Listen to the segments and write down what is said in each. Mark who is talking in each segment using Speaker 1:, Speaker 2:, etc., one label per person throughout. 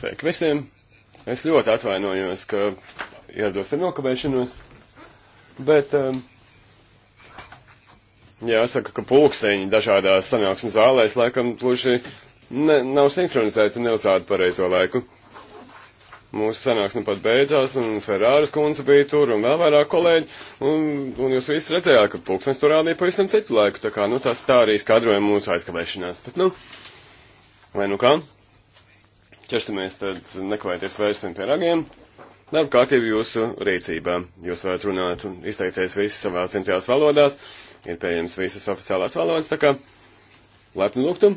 Speaker 1: Sveiki visiem! Es ļoti atvainojos, ka ierados ar nokavēšanos, bet um, jāsaka, ka pulksteņi dažādās sanāksmes zālēs laikam pluši ne, nav sinhronizēti un neuzrāda pareizo laiku. Mūsu sanāksme pat beidzās, un Ferāras kundze bija tur, un vēl vairāk kolēģi, un, un jūs visi redzējāt, ka pulkstenis tur rādīja pavisam citu laiku, tā kā, nu, tas tā arī skaidroja mūsu aizkavēšanās, bet, nu, vai nu kā? ķersimies tad nekavēties vērsim pie ragiem. Darba kārtība jūsu rīcībā. Jūs varat runāt un izteikties visas savās dzimtajās valodās. Ir pieejams visas oficiālās valodas, tā kā laipni lūgtu.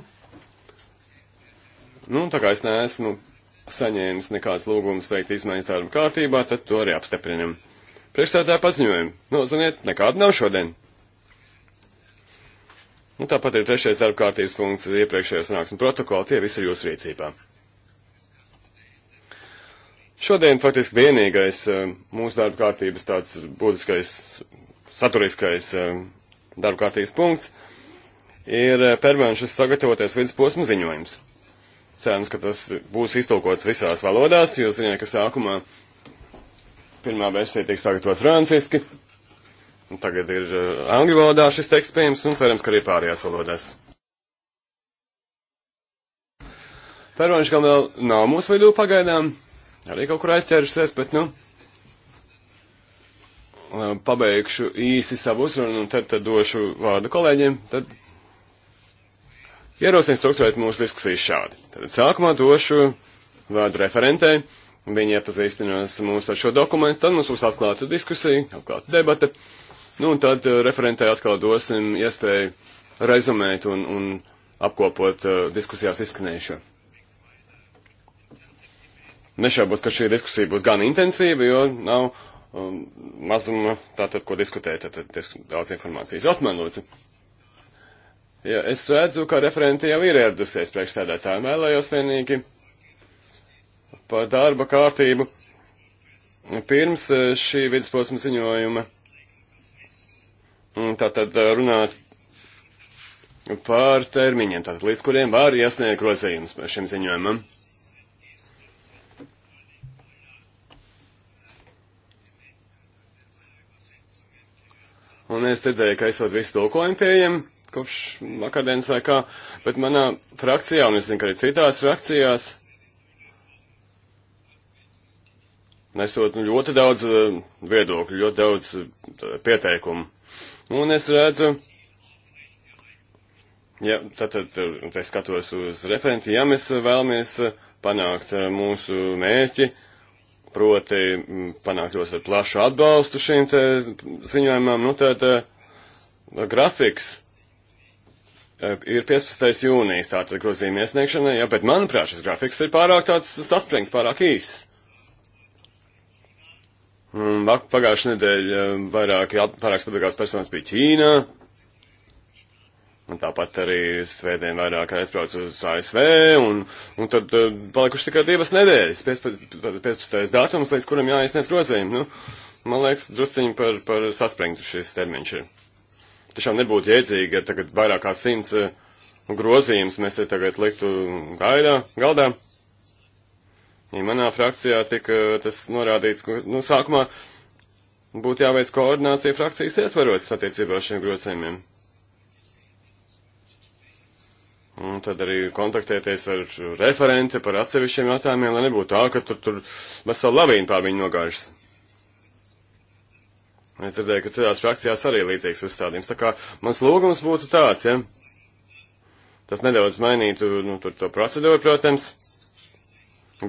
Speaker 1: Nu, tā kā es neesmu saņēmis nekāds lūgums veikt izmaiņas darba kārtībā, tad to arī apstiprinam. Priekšstādā paziņojumi. Nu, ziniet, nekāda nav šodien. Un nu, tāpat ir trešais darba kārtības punkts iepriekšējā sanāksmes protokola, tie visi ir jūsu rīcībā. Šodien faktiski vienīgais eh, mūsu darba kārtības tāds būtiskais, saturiskais eh, darba kārtības punkts ir eh, permanenšas sagatavoties vidusposma ziņojums. Cerams, ka tas būs iztulkots visās valodās, jo ziņā, ka sākumā pirmā versija tiek sagatavot franciski, un tagad ir angļu valodā šis teksts pieejams, un cerams, ka arī pārējās valodās. Permanenšs gan vēl nav mūsu vidū pagaidām arī kaut kur aizķēršos, bet, nu, pabeigšu īsi savu uzrunu un tad, tad došu vārdu kolēģiem. Tad ierosinu struktūrēt mūsu diskusijas šādi. Tad sākumā došu vārdu referentei, viņi iepazīstinās mūs ar šo dokumentu, tad mums būs atklāta diskusija, atklāta debata, nu un tad referentei atkal dosim iespēju rezumēt un, un apkopot uh, diskusijās izskanējušo. Nešaubos, ka šī diskusija būs gan intensīva, jo nav um, mazuma tātad, ko diskutēt, tad disk, daudz informācijas. Otman, lūdzu. Ja, es redzu, ka referenti jau ir ieradusies priekšstādātājiem. Vēlējos vienīgi par darba kārtību. Pirms eh, šī vidusposma ziņojuma mm, tātad eh, runāt par termiņiem, tātad līdz kuriem var iesniegt grozījumus šim ziņojumam. un es dzirdēju, ka esot visu tulkojumu pieejami kopš vakardienas vai kā, bet manā frakcijā, un es zinu, ka arī citās frakcijās, nesot nu, ļoti daudz eh, viedokļu, ļoti daudz eh, pieteikumu. Un es redzu, ja tātad eh, te skatos uz referenti, ja mēs vēlamies panākt mūsu mērķi, uh, proti mm, panākļos ar plašu atbalstu šīm te ziņojumam, nu tad eh, grafiks eh, ir 15. jūnijas tātad grozījuma iesniegšanai, jā, bet manuprāt šis grafiks ir pārāk tāds saspringts, pārāk īs. Mm, Pagājušajā nedēļā eh, vairāk, vairākas obligātas personas bija Ķīnā, Un tāpat arī svētdien vairāk aizbraucu uz ASV, un, un tad uh, eh, palikuši tikai divas nedēļas, 15, 15. datums, līdz kuram jāiesniedz grozījumi. Nu, man liekas, drusciņi par, par saspringts šis termiņš ir. Tiešām nebūtu jēdzīgi, ja tagad vairāk kā simts uh, eh, grozījums mēs te tagad liktu gaidā, galdā. Ja manā frakcijā tika eh, tas norādīts, ka, nu, sākumā būtu jāveic koordinācija frakcijas ietvaros attiecībā ar šiem grozījumiem. Un tad arī kontaktēties ar referenti par atsevišķiem jautājumiem, lai nebūtu tā, ka tur, tur vesela lavīna pār viņu nogāžas. Es dzirdēju, ka citās frakcijās arī līdzīgs uzstādījums. Tā kā mans lūgums būtu tāds, ja? Tas nedaudz mainītu, nu, tur to procedūru, protams.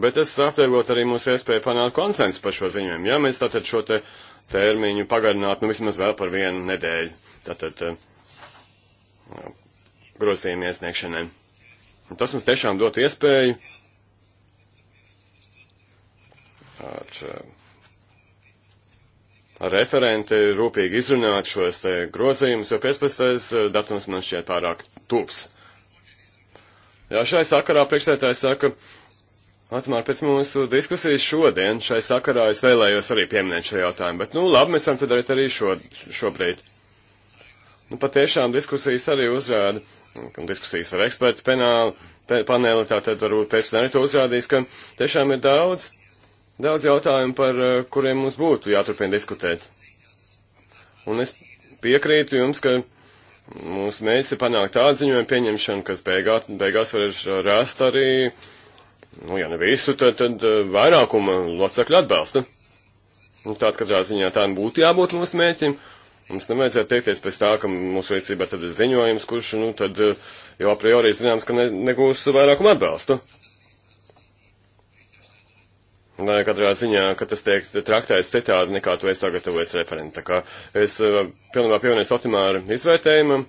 Speaker 1: Bet es atvieglot arī mūsu iespēju panākt konsensu par šo ziņojumu. Ja mēs tātad šo te termiņu pagarinātu, nu, vismaz vēl par vienu nedēļu. Tātad, eh, grozījuma iesniegšanai. Un tas mums tiešām dotu iespēju ar, eh, ar referenti rūpīgi izrunāt šos grozījumus, jo 15. Eh, datums man šķiet pārāk tūks. Jā, šai sakarā priekšsētājs saka, Atmār, pēc mūsu diskusijas šodien šai sakarā es vēlējos arī pieminēt šo jautājumu, bet nu labi, mēs varam to darīt arī šo, šobrīd. Nu, patiešām diskusijas arī uzrāda, diskusijas ar ekspertu penālu, pe, paneli, tā tad varbūt pēcpusdienā arī to uzrādīs, ka tiešām ir daudz, daudz jautājumu, par eh, kuriem mums būtu jāturpina diskutēt. Un es piekrītu jums, ka mūsu mērķis ir panākt tādu ziņojumu pieņemšanu, kas beigā, beigās var rast arī, nu, ja ne visu, tad, tad eh, vairākuma locekļu atbalstu. Nu, Un tāds katrā ziņā tādam būtu jābūt mūsu mērķim. Uh, Mums nevajadzētu teikties pēc tā, ka mūsu rīcībā tad ir ziņojums, kurš, nu, tad eh, jau a priori zināms, ka ne, negūs vairākumu atbalstu. Lai katrā ziņā, ka tas tiek traktēts citādi, nekā to es sagatavoju referenta. Kā es eh, pilnībā pievienojos optimāru izvērtējumam.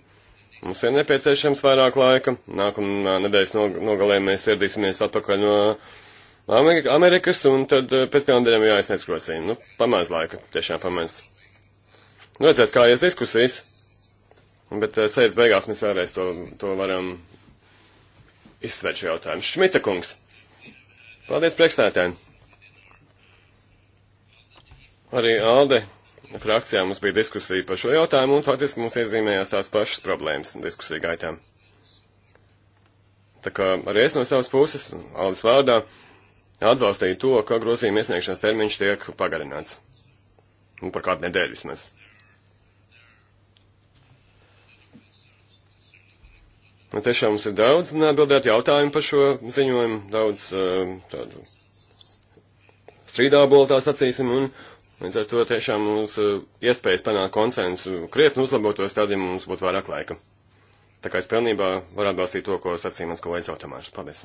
Speaker 1: Mums ir nepieciešams vairāk laika. Nākamā nedēļas nogalē mēs ieradīsimies atpakaļ no Amerikas, un tad eh, pēc tam dienām jāizsniedz grozījumi. Nu, pamēdz laika, tiešām pamēdz. Nu, redzēs, kā ies diskusijas, bet eh, sēdz beigās mēs vēlreiz to, to varam izsvērt šo jautājumu. Šmita kungs. Paldies priekšstādētājiem. Arī Alde frakcijā mums bija diskusija par šo jautājumu, un faktiski mums iezīmējās tās pašas problēmas diskusiju gaitām. Tā kā arī es no savas puses, Aldes vārdā, atbalstīju to, ka grozījuma iesniegšanas termiņš tiek pagarināts. Nu, par kādu nedēļu vismaz. Nu, tiešām mums ir daudz neatbildēt jautājumu par šo ziņojumu, daudz eh, tādu strīdābolu tā sacīsim, un līdz ar to tiešām mums eh, iespējas panākt konsensu krietni uzlabotos, tad mums būtu vairāk laika. Tā kā es pilnībā varu atbalstīt to, ko sacīja mans kolēģis Automārs. Paldies.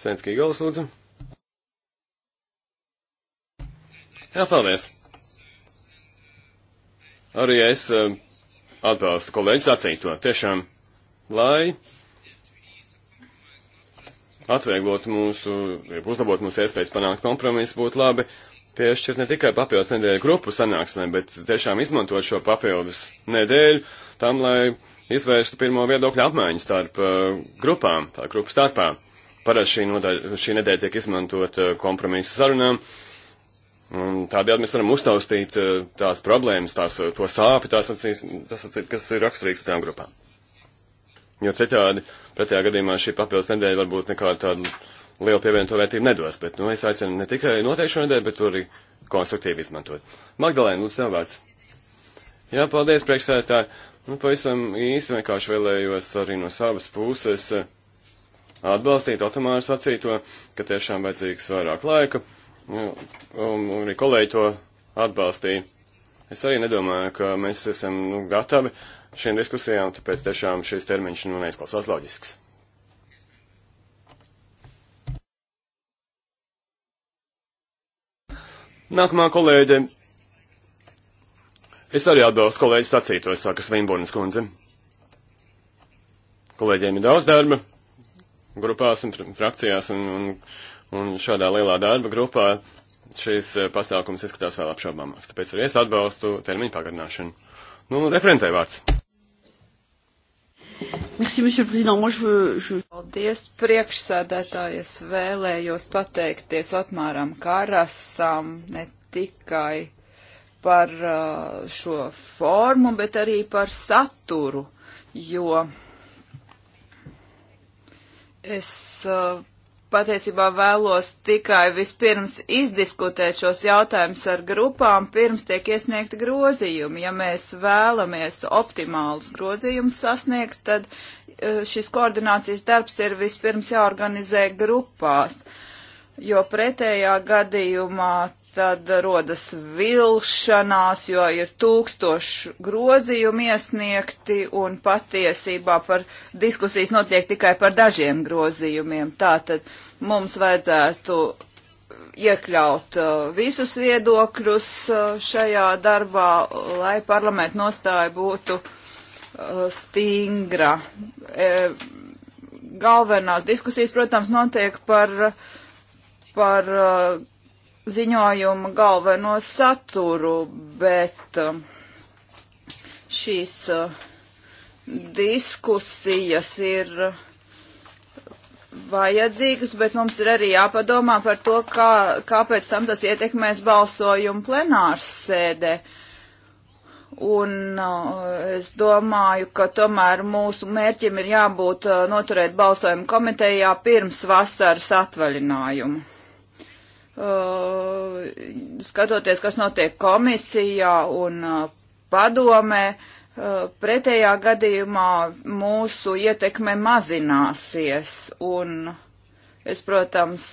Speaker 1: Svenskī Gals, lūdzu. Jā, paldies. Arī es uh, atbalstu kolēģis sacīto. Tiešām, lai atvieglot mūsu, uzlabot mūsu iespējas panākt kompromisu, būtu labi piešķirt ne tikai papildus nedēļu grupu sanāksmē, bet tiešām izmantot šo papildus nedēļu tam, lai izvērstu pirmo viedokļu apmaiņu starp uh, grupām, tā grupu starpā. Parasti šī, nodaļa, šī nedēļa tiek izmantot uh, kompromisu sarunām. Uh, Un tādējādi mēs varam uztaustīt eh, tās problēmas, tās, eh, to sāpi, tās acīs, tas acīs, kas ir raksturīgs tām grupām. Jo citādi, pretējā gadījumā šī papildus nedēļa varbūt nekādu tādu lielu pievienoto vērtību nedos, bet, nu, es aicinu ne tikai noteikšanu nedēļu, bet arī konstruktīvi izmantot. Magdalēna, lūdzu, tev vārds. Jā, paldies, priekšsēdētāji. Nu, pavisam īsti vienkārši vēlējos arī no savas puses eh, atbalstīt Otomāru sacīto, ka tiešām vajadzīgs vairāk laika Nu, un arī kolēģi to atbalstīja. Es arī nedomāju, ka mēs esam nu, gatavi šiem diskusijām, tāpēc tiešām šis termiņš nu, neizklausās loģisks. Nākamā kolēģe. Es arī atbalstu kolēģi sacīto, saka Svinburnas kundze. Kolēģiem ir daudz darba, grupās un frakcijās un, un Un šādā lielā darba grupā šīs eh, pasākums izskatās vēl apšaubāmāks. Tāpēc arī es atbalstu termiņu pagarināšanu. Nu, nu referentē vārds.
Speaker 2: Merci, monsieur le président. Moi, je, je... Paldies, priekšsēdētāji. Es vēlējos pateikties Otmāram Karasam ne tikai par eh, šo formu, bet arī par saturu, jo es uh, patiesībā vēlos tikai vispirms izdiskutēt šos jautājumus ar grupām, pirms tiek iesniegti grozījumi. Ja mēs vēlamies optimālus grozījumus sasniegt, tad eh, šis koordinācijas darbs ir vispirms jāorganizē grupās, jo pretējā gadījumā tad rodas vilšanās, jo ir tūkstoši grozījumu iesniegti un patiesībā par diskusijas notiek tikai par dažiem grozījumiem. Tātad mums vajadzētu iekļaut uh, visus viedokļus uh, šajā darbā, lai parlamentu nostāja būtu uh, stingra. E, galvenās diskusijas, protams, notiek par, par ziņojuma galveno saturu, bet um, šīs uh, diskusijas ir uh, vajadzīgas, bet mums ir arī jāpadomā par to, kā, kāpēc tam tas ietekmēs balsojumu plenārs sēdē. Un uh, es domāju, ka tomēr mūsu mērķim ir jābūt uh, noturēt balsojumu komitejā pirms vasaras atvaļinājumu. Uh, skatoties, kas notiek komisijā un uh, padomē, uh, pretējā gadījumā mūsu ietekme mazināsies. Un es, protams,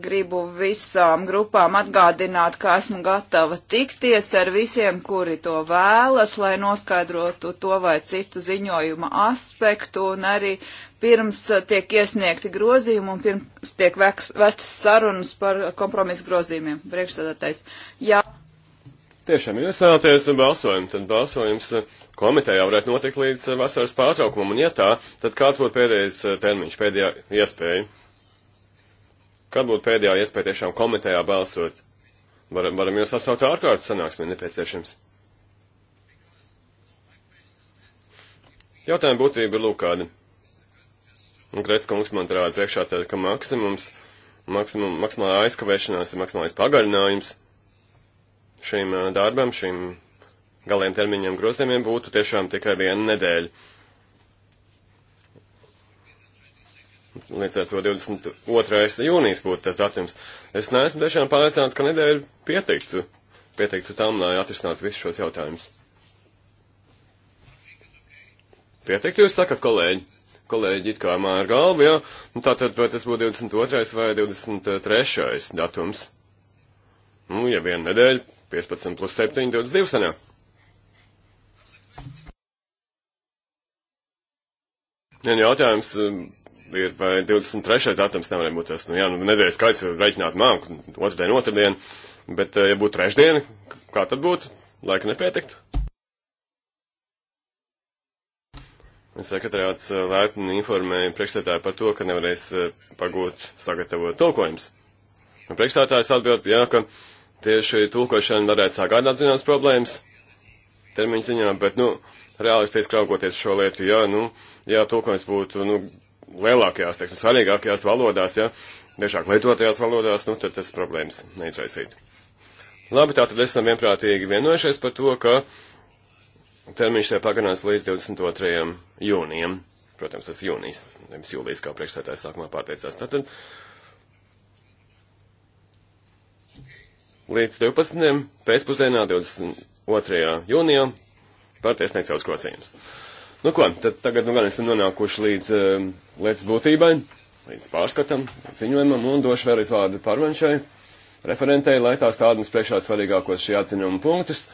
Speaker 2: gribu visām grupām atgādināt, ka esmu gatava tikties ar visiem, kuri to vēlas, lai noskaidrotu to vai citu ziņojuma aspektu un arī pirms eh, tiek iesniegti grozījumi un pirms tiek vestas sarunas par kompromisu grozījumiem. Priekšsēdētais. Jā.
Speaker 1: Tiešām, ja jūs vēlaties balsojumu, tad balsojums eh, komitejā varētu notikt līdz eh, vasaras pārtraukumam, un ja tā, tad kāds būtu pēdējais termiņš, pēdējā iespēja? Kad būtu pēdējā iespēja tiešām komitejā balsot? Varam, varam jūs sasaukt ārkārtas sanāksmi nepieciešams. Jautājuma būtība ir lūkāda. Un Kretskungs man turēja priekšā tāda, ka maksimums, maksimum, maksimālā aizkavēšanās ir maksimālais pagarinājums šīm darbam, šīm galiem termiņiem grozījumiem būtu tiešām tikai viena nedēļa. Līdz ar to 22. jūnijas būtu tas datums. Es neesmu tiešām pārliecināts, ka nedēļa pietiktu, pietiktu tam, lai atrisinātu visus šos jautājumus. Pietiktu jūs sakat, kolēģi? kolēģi it kā māja ar galvu, jā, nu tātad vai tas būtu 22. vai 23. datums. Nu, ja viena nedēļa, 15 plus 7, 22 sanā. Nē, nu jautājums um, ir, vai 23. datums nevarēja būt tas, nu jā, nu nedēļas skaits reiķināt māku, otrdien, otrdien, bet uh, ja būtu trešdiena, kā tad būtu, laika nepietiktu? Sekretariāts eh, laipni informēja priekšstādāju par to, ka nevarēs eh, pagūt sagatavot tulkojums. Un priekšstādājs atbild, jā, ka tieši tulkošana varētu sagādāt zināmas problēmas termiņa ziņā, bet, nu, realistiski raugoties šo lietu, jā, nu, jā, tulkojums būtu, nu, lielākajās, teiksim, svarīgākajās valodās, ja, biežāk lietotajās valodās, nu, tad tas problēmas neizraisītu. Labi, tātad esam vienprātīgi vienojušies par to, ka Termiņš tiek pagarināts līdz 22. jūnijam. Protams, tas jūnijas, nevis jūlijas, kā priekšsētājs sākumā pārteicās. Tātad līdz 12. pēcpusdienā 22. jūnijā pārties necels krosējums. Nu ko, tad tagad nu gan esam nonākuši līdz uh, lietas būtībai, līdz pārskatam, ziņojumam nu, un došu vēl izvārdu parvanšai, referentei, lai tās tādu mums priekšā svarīgākos šī atziņuma punktus.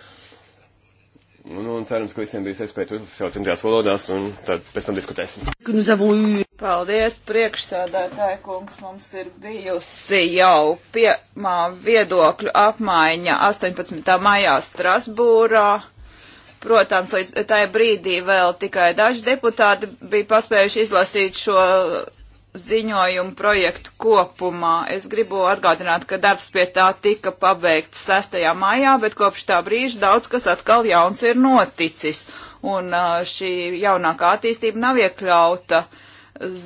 Speaker 1: Un, nu, un cerams, ka visiem bijis iespēja uzlasīt jau cimtajās valodās, un tad pēc tam diskutēsim.
Speaker 2: Nu Paldies, priekšsēdētāji, kungs, mums ir bijusi jau pirmā viedokļu apmaiņa 18. maijā Strasbūrā. Protams, līdz tajā brīdī vēl tikai daži deputāti bija paspējuši izlasīt šo ziņojumu projektu kopumā. Es gribu atgādināt, ka darbs pie tā tika pabeigts 6. maijā, bet kopš tā brīža daudz kas atkal jauns ir noticis. Un šī jaunākā attīstība nav iekļauta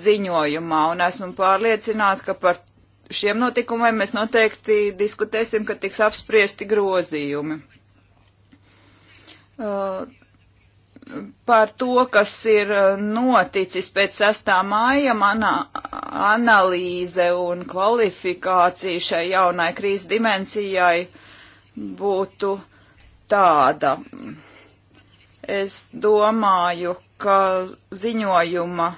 Speaker 2: ziņojumā, un esmu pārliecināta, ka par šiem notikumiem mēs noteikti diskutēsim, kad tiks apspriesti grozījumi. Uh, par to, kas ir uh, noticis pēc 6. māja, manā analīze un kvalifikācija šai jaunai krīzes dimensijai būtu tāda. Es domāju, ka ziņojuma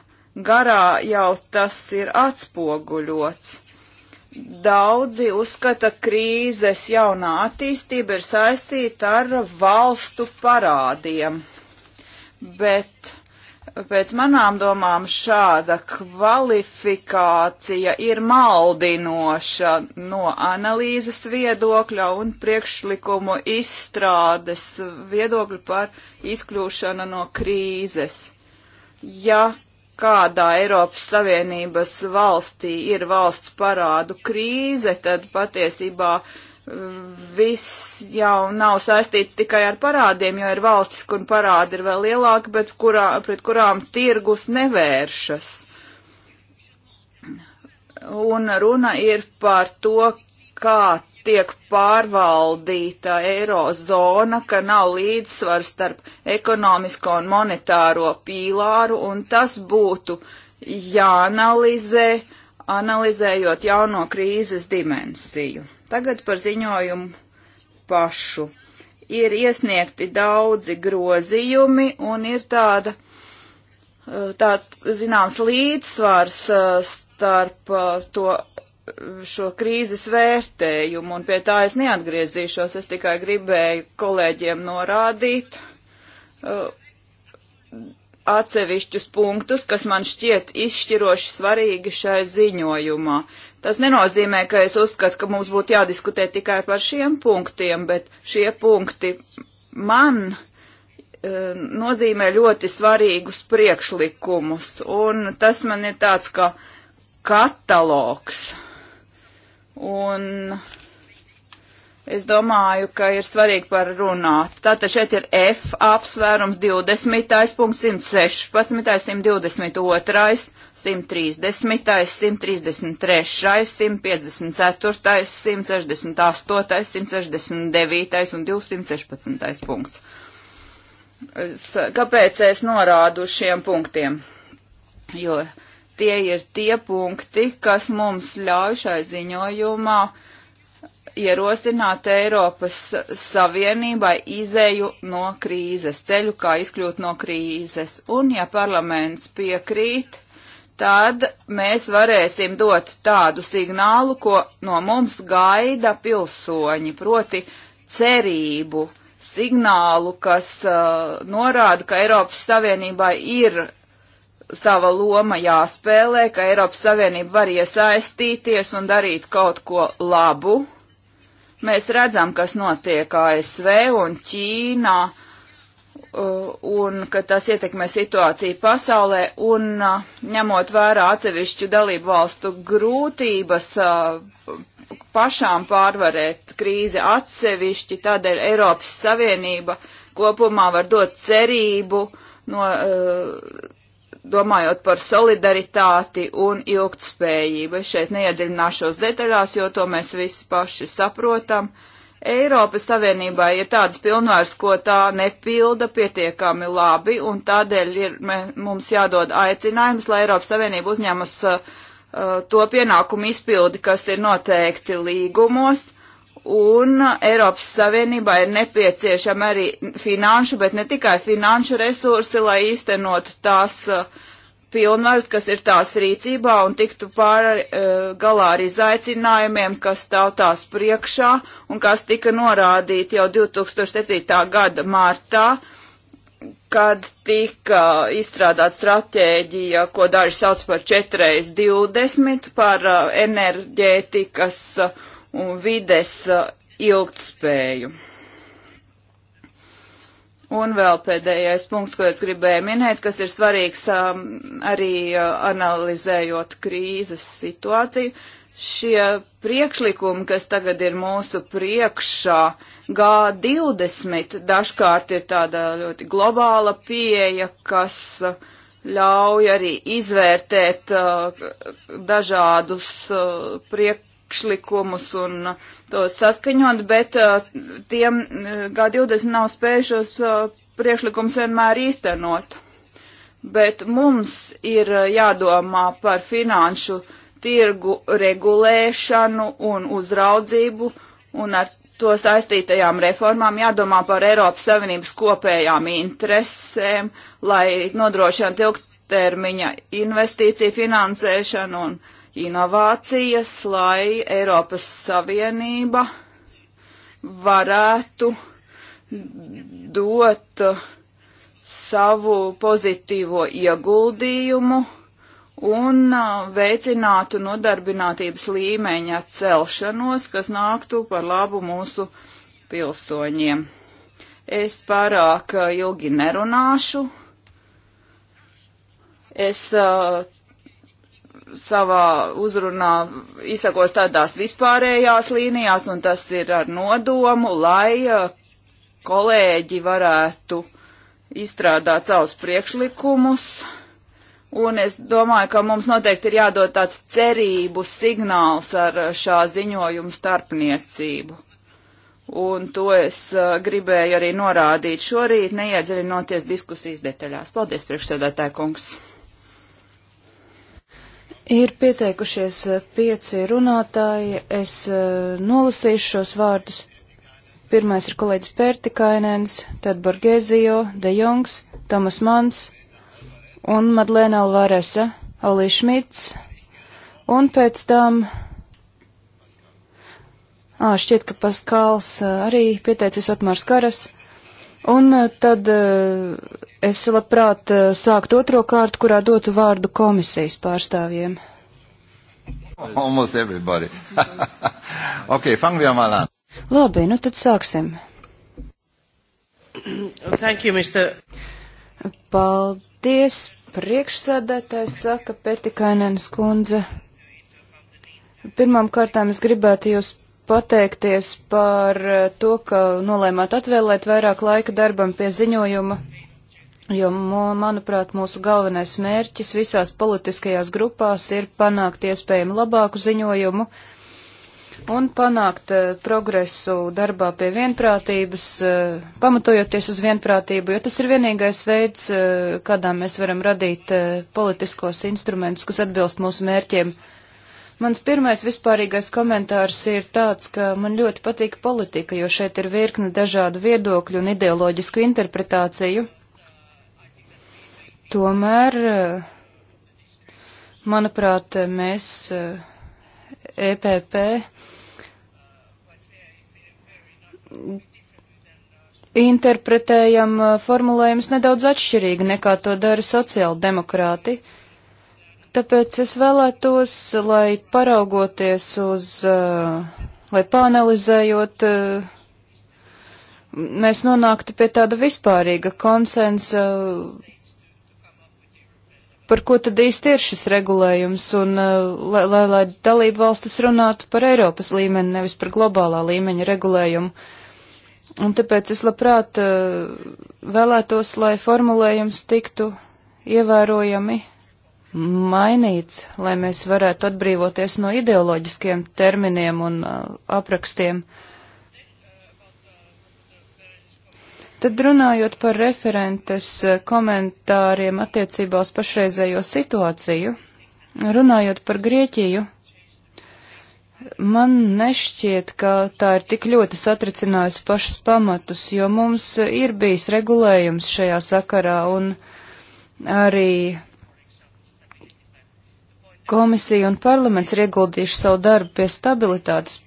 Speaker 2: garā jau tas ir atspoguļots. Daudzi uzskata, krīzes jaunā attīstība ir saistīta ar valstu parādiem bet pēc manām domām šāda kvalifikācija ir maldinoša no analīzes viedokļa un priekšlikumu izstrādes viedokļa par izkļūšanu no krīzes. Ja kādā Eiropas Savienības valstī ir valsts parādu krīze, tad patiesībā uh, viss jau nav saistīts tikai ar parādiem, jo ir valstis, kur parādi ir vēl lielāki, bet kurā, pret kurām tirgus nevēršas. Un runa ir par to, kā tiek pārvaldīta eirozona, ka nav līdzsvars starp ekonomisko un monetāro pīlāru, un tas būtu jāanalizē, analizējot jauno krīzes dimensiju. Tagad par ziņojumu pašu. Ir iesniegti daudzi grozījumi un ir tāda, eh, tāds, zināms, līdzsvars eh, starp eh, to šo krīzes vērtējumu, un pie tā es neatgriezīšos, es tikai gribēju kolēģiem norādīt, atsevišķus punktus, kas man šķiet izšķiroši svarīgi šai ziņojumā. Tas nenozīmē, ka es uzskatu, ka mums būtu jādiskutē tikai par šiem punktiem, bet šie punkti man eh, nozīmē ļoti svarīgus priekšlikumus, un tas man ir tāds kā katalogs. Un Es domāju, ka ir svarīgi par runāt. Tātad šeit ir F apsvērums 20. punkts, 116, 122, 130, 133, 154, 168, 169 un 216 punkts. Es, kāpēc es norādu šiem punktiem? Jo tie ir tie punkti, kas mums ļauj šai ziņojumā uh, ierosināt Eiropas Savienībai izēju no krīzes, ceļu, kā izkļūt no krīzes. Un, ja parlaments piekrīt, tad mēs varēsim dot tādu signālu, ko no mums gaida pilsoņi, proti cerību, signālu, kas uh, norāda, ka Eiropas Savienībai ir sava loma jāspēlē, ka Eiropas Savienība var iesaistīties un darīt kaut ko labu Mēs redzam, kas notiek ASV un Ķīnā, un ka tas ietekmē situāciju pasaulē, un ņemot vērā atsevišķu dalību valstu grūtības pašām pārvarēt krīzi atsevišķi, tādēļ Eiropas Savienība kopumā var dot cerību no uh, domājot par solidaritāti un ilgtspējību. Es šeit neiedziļināšos detaļās, jo to mēs visi paši saprotam. Eiropas Savienībai ir tāds pilnvars, ko tā nepilda pietiekami labi, un tādēļ ir, mē, mums jādod aicinājums, lai Eiropas Savienība uzņemas uh, uh, to pienākumu izpildi, kas ir noteikti līgumos Un Eiropas Savienībā ir nepieciešama arī finanšu, bet ne tikai finanšu resursi, lai īstenot tās uh, pilnvaras, kas ir tās rīcībā un tiktu pār uh, galā ar izaicinājumiem, kas stāv tās priekšā un kas tika norādīti jau 2007. gada martā, kad tika izstrādāta stratēģija, ko daži sauc par 4x20, par uh, enerģētikas uh, un vides uh, ilgtspēju. Un vēl pēdējais punkts, ko es gribēju minēt, kas ir svarīgs um, arī uh, analizējot krīzes situāciju. Šie priekšlikumi, kas tagad ir mūsu priekšā, G20 dažkārt ir tāda ļoti globāla pieeja, kas uh, ļauj arī izvērtēt uh, dažādus uh, priek priekšlikumus un tos saskaņot, bet uh, tiem uh, G20 nav spējušos uh, priekšlikums vienmēr īstenot. Bet mums ir jādomā par finanšu tirgu regulēšanu un uzraudzību un ar to saistītajām reformām jādomā par Eiropas Savienības kopējām interesēm, lai nodrošinātu ilgtermiņa investīciju finansēšanu un uh, inovācijas, lai Eiropas Savienība varētu dot savu pozitīvo ieguldījumu un veicinātu nodarbinātības līmeņa celšanos, kas nāktu par labu mūsu pilsoņiem. Es pārāk ilgi nerunāšu. Es uh, savā uzrunā izsakos tādās vispārējās līnijās, un tas ir ar nodomu, lai uh, kolēģi varētu izstrādāt savus priekšlikumus. Un es domāju, ka mums noteikti ir jādod tāds cerību signāls ar uh, šā ziņojuma starpniecību. Un to es uh, gribēju arī norādīt šorīt, neiedziļinoties diskusijas detaļās. Paldies, priekšsēdētāji kungs!
Speaker 3: Ir pieteikušies pieci runātāji. Es e, nolasīšu šos vārdus. Pirmais ir kolēģis Pērtikainens, tad Borgēzio, De Jongs, Tomas Mans un Madlēna Alvaresa, Olī Šmits, un pēc tam Ā, šķiet, ka Paskāls e, arī pieteicis Otmārs Karas. Un e, tad uh, Es labprāt eh, sāktu otro kārtu, kurā dotu vārdu komisijas pārstāvjiem.
Speaker 2: Almost everybody. ok, fangu jau malā.
Speaker 3: Labi, nu tad sāksim.
Speaker 2: Thank you, Mr.
Speaker 3: Paldies, priekšsēdētājs saka Petikainēnas kundze. Pirmām kārtām es gribētu jūs pateikties par eh, to, ka nolēmāt atvēlēt vairāk laika darbam pie ziņojuma. Jo, manuprāt, mūsu galvenais mērķis visās politiskajās grupās ir panākt iespējami labāku ziņojumu un panākt uh, progresu darbā pie vienprātības, uh, pamatojoties uz vienprātību, jo tas ir vienīgais veids, uh, kādā mēs varam radīt politiskos instrumentus, kas atbilst mūsu mērķiem. Mans pirmais vispārīgais komentārs ir tāds, ka man ļoti patīk politika, jo šeit ir virkne dažādu viedokļu un ideoloģisku interpretāciju Tomēr, eh, manuprāt, mēs EPP eh, e interpretējam eh, formulējumus nedaudz atšķirīgi nekā to dara sociāldemokrāti. Tāpēc es vēlētos, lai paraugoties uz, lai pāanalizējot, mēs nonāktu pie tāda vispārīga konsensa par ko tad īsti ir šis regulējums, un uh, lai, lai, lai dalību valstis runātu par Eiropas līmeni, nevis par globālā līmeņa regulējumu. Un tāpēc es labprāt uh, vēlētos, lai formulējums tiktu ievērojami mainīts, lai mēs varētu atbrīvoties no ideoloģiskiem terminiem un uh, aprakstiem. Uh, Tad runājot par referentes eh, komentāriem attiecībā uz pašreizējo situāciju, runājot par Grieķiju, man nešķiet, ka tā ir tik ļoti satricinājusi pašus pamatus, jo mums ir bijis regulējums šajā sakarā un arī komisija un parlaments ir ieguldījuši savu darbu pie stabilitātes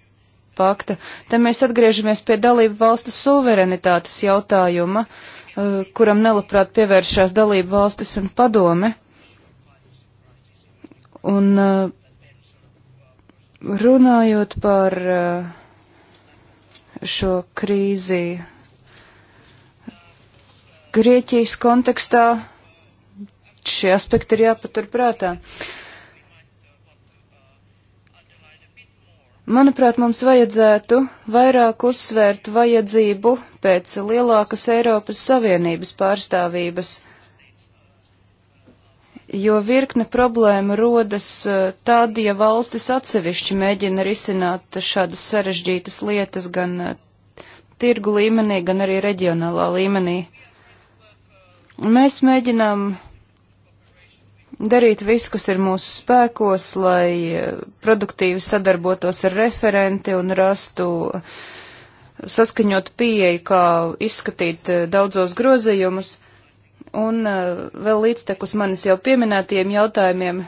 Speaker 3: pakta. Te mēs atgriežamies pie dalību valstu suverenitātes jautājuma, eh, kuram nelabprāt pievēršās dalību valstis un padome. Un eh, runājot par eh, šo krīzi Grieķijas kontekstā, šie aspekti ir jāpatur prātā. Uh, Manuprāt, mums vajadzētu vairāk uzsvērt vajadzību pēc lielākas Eiropas Savienības pārstāvības, jo virkne problēma rodas eh, tad, ja valstis atsevišķi mēģina risināt šādas sarežģītas lietas gan eh, tirgu līmenī, gan arī reģionālā līmenī. Mēs mēģinām darīt visu, kas ir mūsu spēkos, lai eh, produktīvi sadarbotos ar referenti un rastu eh, saskaņot pieeju, kā izskatīt eh, daudzos grozījumus. Un vēl līdztekus manis jau pieminētiem jautājumiem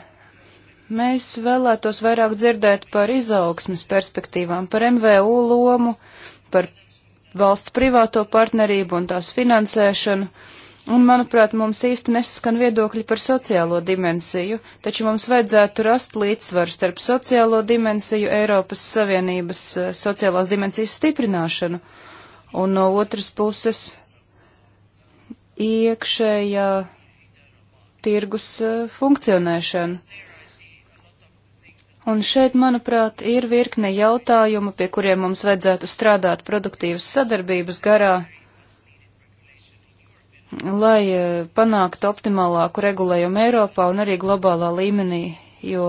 Speaker 3: mēs vēlētos vairāk dzirdēt par izaugsmas perspektīvām, par MVU lomu, par valsts privāto partnerību un tās finansēšanu Un, manuprāt, mums īsti nesaskan viedokļi par sociālo dimensiju, taču mums vajadzētu rast līdzsvaru starp sociālo dimensiju, Eiropas Savienības eh, sociālās dimensijas stiprināšanu un no otras puses iekšējā tirgus eh, funkcionēšanu. Un šeit, manuprāt, ir virkne jautājumu, pie kuriem mums vedzētu strādāt produktīvas sadarbības garā lai e, panāktu optimālāku regulējumu Eiropā un arī globālā līmenī, jo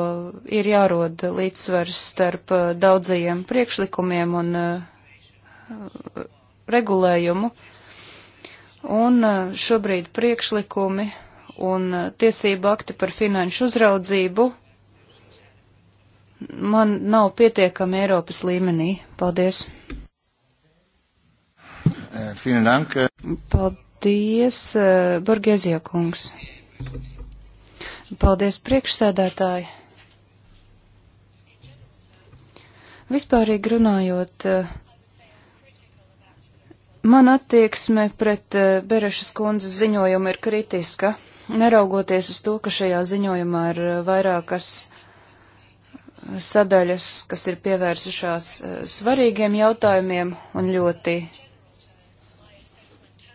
Speaker 3: ir jārod līdzsvars starp e, daudzajiem priekšlikumiem un e, regulējumu. Un šobrīd priekšlikumi un tiesību akti par finanšu uzraudzību man nav pietiekami Eiropas līmenī. Paldies!
Speaker 1: Paldies!
Speaker 3: Paldies, eh, Borgēzija kungs. Paldies, priekšsēdētāji. Vispārīgi runājot, eh, man attieksme pret eh, Berešas kundzes ziņojumu ir kritiska, neraugoties uz to, ka šajā ziņojumā ir vairākas sadaļas, kas ir pievērsušās svarīgiem jautājumiem un ļoti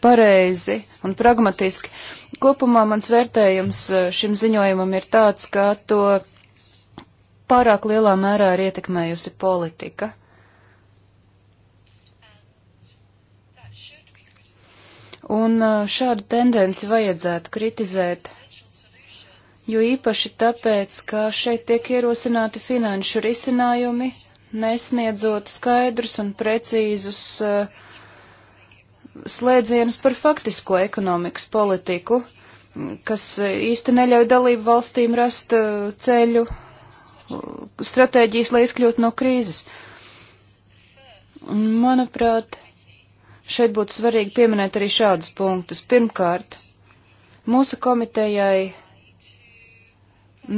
Speaker 3: pareizi un pragmatiski. Kopumā mans vērtējums e, šim ziņojumam ir tāds, ka to pārāk lielā mērā ir ietekmējusi politika. Un e, šādu tendenci vajadzētu kritizēt, jo īpaši tāpēc, ka šeit tiek ierosināti finanšu risinājumi, nesniedzot skaidrus un precīzus uh, slēdzienus par faktisko ekonomikas politiku, kas īsti neļauj dalību valstīm rast uh, ceļu uh, stratēģijas, lai izkļūtu no krīzes. Manuprāt, šeit būtu svarīgi pieminēt arī šādus punktus. Pirmkārt, mūsu komitejai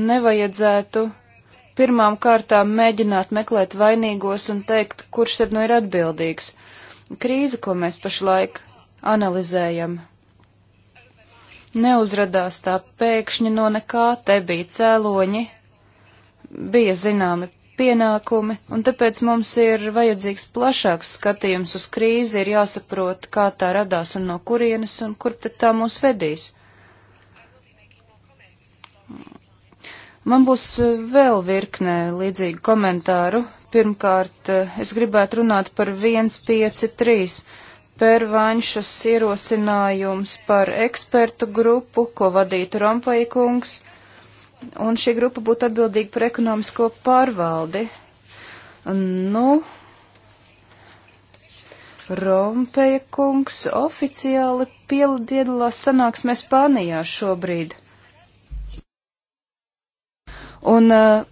Speaker 3: nevajadzētu pirmām kārtām mēģināt meklēt vainīgos un teikt, kurš tad nu ir atbildīgs krīze, ko mēs pašlaik analizējam, neuzradās tā pēkšņi no nekā, te bija cēloņi, bija zināmi pienākumi, un tāpēc mums ir vajadzīgs plašāks skatījums uz krīzi, ir jāsaprot, kā tā radās un no kurienes un kur tad tā mūs vedīs. Man būs vēl virknē līdzīgu komentāru Pirmkārt, eh, es gribētu runāt par 153. Pērvāņšas ierosinājums par ekspertu grupu, ko vadītu Rompaikungs, un šī grupa būtu atbildīga par ekonomisko pārvaldi. Nu, Rompeja kungs oficiāli piedalās sanāksmē Spānijā šobrīd. Un uh,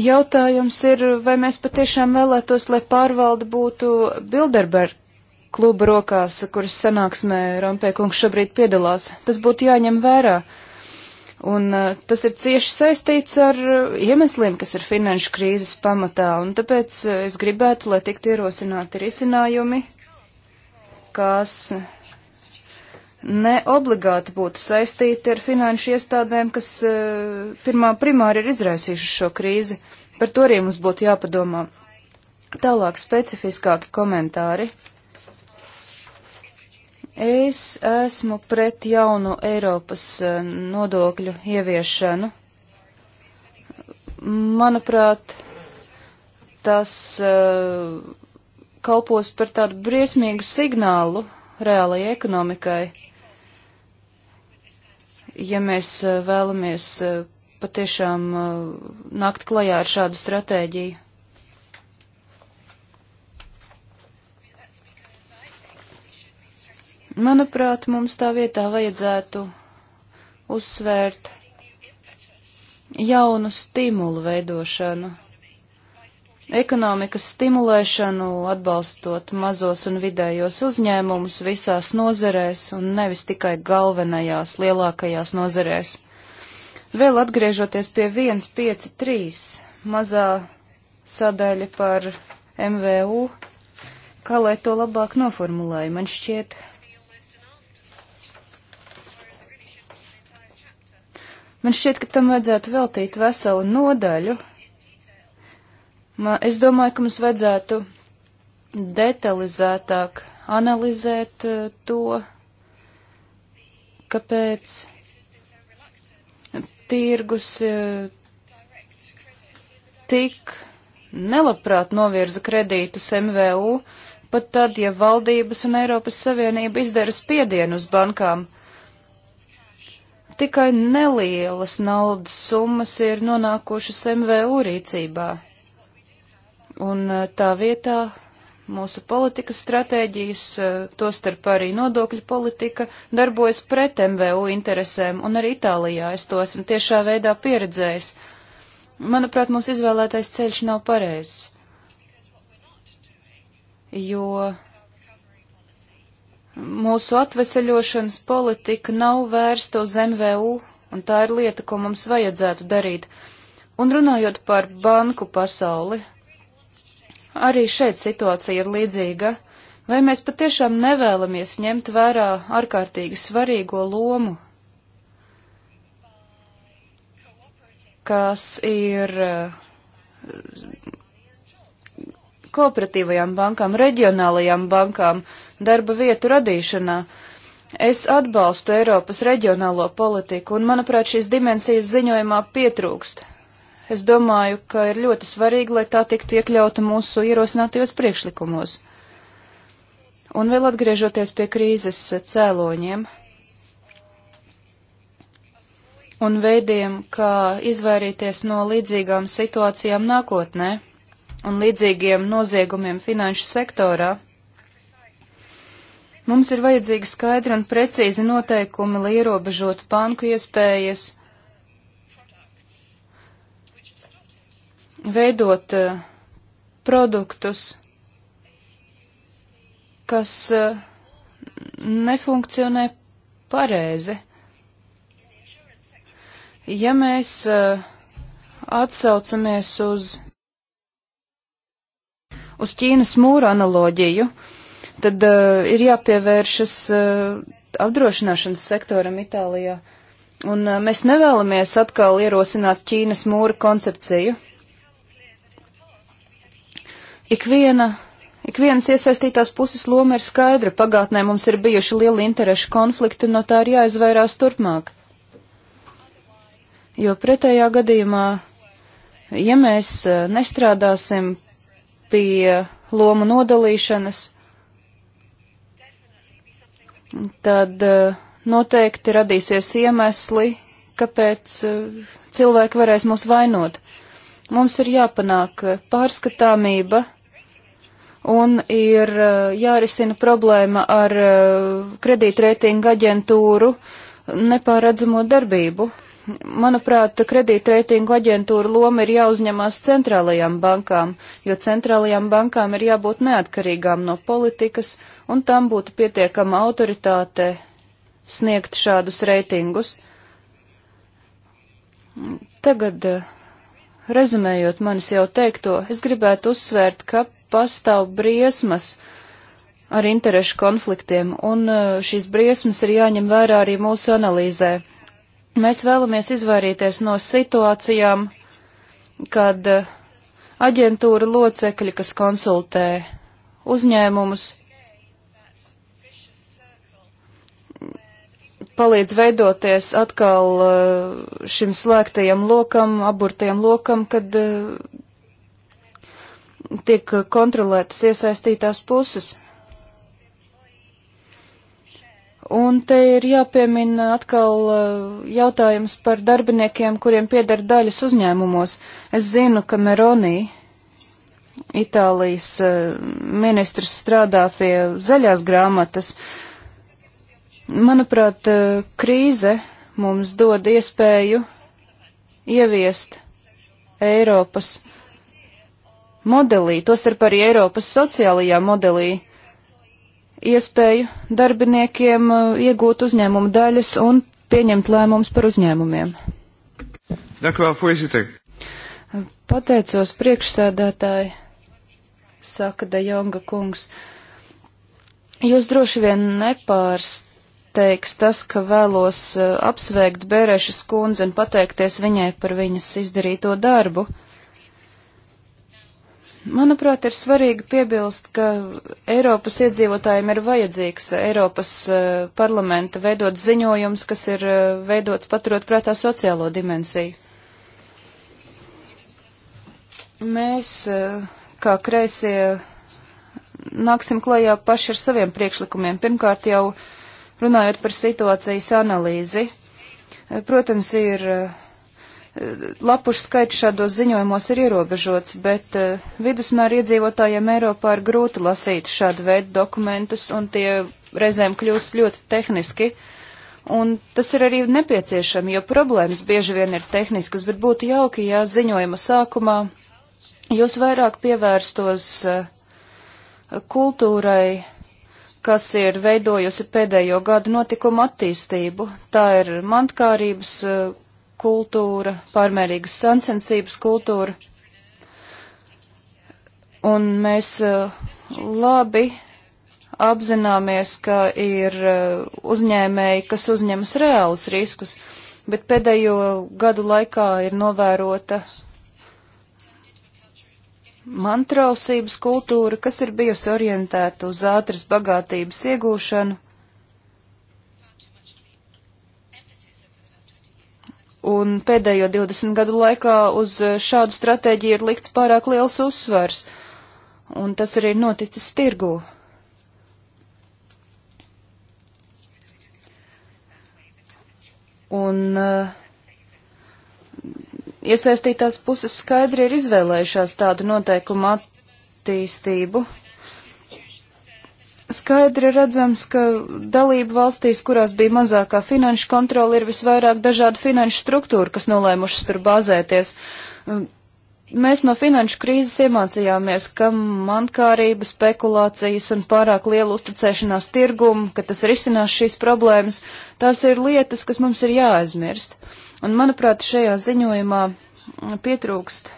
Speaker 3: Jautājums ir, vai mēs patiešām vēlētos, lai pārvalde būtu Bilderberg kluba rokās, kuras sanāksmē Rompēkungs šobrīd piedalās. Tas būtu jāņem vērā. Un uh, tas ir cieši saistīts ar uh, iemesliem, kas ir finanšu krīzes pamatā, un tāpēc uh, es gribētu, lai tiktu ierosināti risinājumi, kas ne obligāti būtu saistīti ar finanšu iestādēm, kas e, pirmā primāri ir izraisījuši šo krīzi. Par to arī mums būtu jāpadomā. Tālāk specifiskāki komentāri. Es esmu pret jaunu Eiropas e, nodokļu ieviešanu. Manuprāt, tas e, kalpos par tādu briesmīgu signālu reālajai ekonomikai ja mēs eh, vēlamies eh, patiešām eh, nākt klajā ar šādu stratēģiju. Manuprāt, mums tā vietā vajadzētu uzsvērt jaunu stimulu veidošanu ekonomikas stimulēšanu, atbalstot mazos un vidējos uzņēmumus visās nozerēs un nevis tikai galvenajās lielākajās nozerēs. Vēl atgriežoties pie 153, mazā sadaļa par MVU, kā lai to labāk noformulēju, man šķiet. Man šķiet, ka tam vajadzētu veltīt veselu nodaļu, Es domāju, ka mums vajadzētu detalizētāk analizēt eh, to, kāpēc tirgus eh, tik nelabprāt novirza kredītus MVU, pat tad, ja valdības un Eiropas Savienība izdara spiedienu uz bankām. Tikai nelielas naudas summas ir nonākušas MVU rīcībā. Un eh, tā vietā mūsu politikas stratēģijas, eh, tostarp arī nodokļu politika, darbojas pret MVU interesēm, un arī Itālijā es to esmu tiešā veidā pieredzējis. Manuprāt, mūsu izvēlētais ceļš nav pareizs, jo mūsu atveseļošanas politika nav vērsta uz MVU, un tā ir lieta, ko mums vajadzētu darīt. Un runājot par banku pasauli, Arī šeit situācija ir līdzīga. Vai mēs patiešām nevēlamies ņemt vērā ārkārtīgi svarīgo lomu, kas ir eh, kooperatīvajām bankām, reģionālajām bankām, darba vietu radīšanā. Es atbalstu Eiropas reģionālo politiku, un, manuprāt, šīs dimensijas ziņojumā pietrūkst. Es domāju, ka ir ļoti svarīgi, lai tā tiktu iekļauta mūsu ierosinātajos priekšlikumos. Un vēl atgriežoties pie krīzes cēloņiem un veidiem, kā izvairīties no līdzīgām situācijām nākotnē un līdzīgiem noziegumiem finanšu sektorā. Mums ir vajadzīgi skaidri un precīzi noteikumi, lai ierobežotu banku iespējas veidot uh, produktus, kas uh, nefunkcionē pareizi. Ja mēs uh, atsaucamies uz, uz Ķīnas mūra analoģiju, tad uh, ir jāpievēršas uh, apdrošināšanas sektoram Itālijā. Un uh, mēs nevēlamies atkal ierosināt Ķīnas mūra koncepciju. Ikviena, ikvienas iesaistītās puses loma ir skaidra. Pagātnē mums ir bijuši lieli interešu konflikti, un no tā ir jāizvairās turpmāk. Jo pretējā gadījumā, ja mēs eh, nestrādāsim pie lomu nodalīšanas, tad eh, noteikti radīsies iemesli, kāpēc eh, cilvēki varēs mūs vainot. Mums ir jāpanāk pārskatāmība, un ir eh, jārisina problēma ar eh, kredītreitinga aģentūru nepāredzamo darbību. Manuprāt, kredītreitingu aģentūra loma ir jāuzņemās centrālajām bankām, jo centrālajām bankām ir jābūt neatkarīgām no politikas, un tam būtu pietiekama autoritāte sniegt šādus reitingus. Tagad, eh, rezumējot manis jau teikto, es gribētu uzsvērt, ka pastāv briesmas ar interešu konfliktiem, un uh, šīs briesmas ir jāņem vērā arī mūsu analīzē. Mēs vēlamies izvairīties no situācijām, kad uh, aģentūra locekļi, kas konsultē uzņēmumus, palīdz veidoties atkal uh, šim slēgtajam lokam, aburtajam lokam, kad tiek kontrolētas iesaistītās puses. Un te ir jāpiemina atkal eh, jautājums par darbiniekiem, kuriem pieder daļas uzņēmumos. Es zinu, ka Meronī, Itālijas eh, ministrs, strādā pie zaļās grāmatas. Manuprāt, eh, krīze mums dod iespēju ieviest Eiropas modelī, tostarp arī Eiropas sociālajā modelī, iespēju darbiniekiem uh, iegūt uzņēmumu daļas un pieņemt lēmumus par uzņēmumiem. Pateicos priekšsēdētāji, saka De Jonga kungs. Jūs droši vien nepārsteigs tas, ka vēlos uh, apsveikt Bērešas kundzi un pateikties viņai par viņas izdarīto darbu. Manuprāt, ir svarīgi piebilst, ka Eiropas iedzīvotājiem ir vajadzīgs Eiropas e, parlamenta veidot ziņojums, kas ir e, veidots paturot prātā sociālo dimensiju. Mēs, e, kā kreisie, nāksim klajā paši ar saviem priekšlikumiem. Pirmkārt jau runājot par situācijas analīzi. Protams, ir Lapušu skaits šādos ziņojumos ir ierobežots, bet uh, vidusmēra iedzīvotājiem Eiropā ir grūti lasīt šādu veidu dokumentus, un tie reizēm kļūst ļoti tehniski. Un tas ir arī nepieciešami, jo problēmas bieži vien ir tehniskas, bet būtu jauki, ja ziņojuma sākumā jūs vairāk pievērstos uh, kultūrai, kas ir veidojusi pēdējo gadu notikumu attīstību. Tā ir mantkārības uh, eh, kultūra, pārmērīgas sancensības kultūra. Un mēs eh, labi apzināmies, ka ir eh, uzņēmēji, kas uzņemas reālus riskus, bet pēdējo gadu laikā ir novērota mantrausības kultūra, kas ir bijusi orientēta uz ātras bagātības iegūšanu un pēdējo 20 gadu laikā uz šādu stratēģiju ir likts pārāk liels uzsvars, un tas arī ir noticis tirgū. Un uh, iesaistītās puses skaidri ir izvēlējušās tādu noteikumu attīstību, skaidri redzams, ka dalību valstīs, kurās bija mazākā finanšu kontrola, ir visvairāk dažādu finanšu struktūru, kas nolēmušas tur bāzēties. Mēs no finanšu krīzes iemācījāmies, ka mankārība, spekulācijas un pārāk liela uzticēšanās tirgumu, ka tas risinās šīs problēmas, tās ir lietas, kas mums ir jāaizmirst. Un, manuprāt, šajā ziņojumā pietrūkst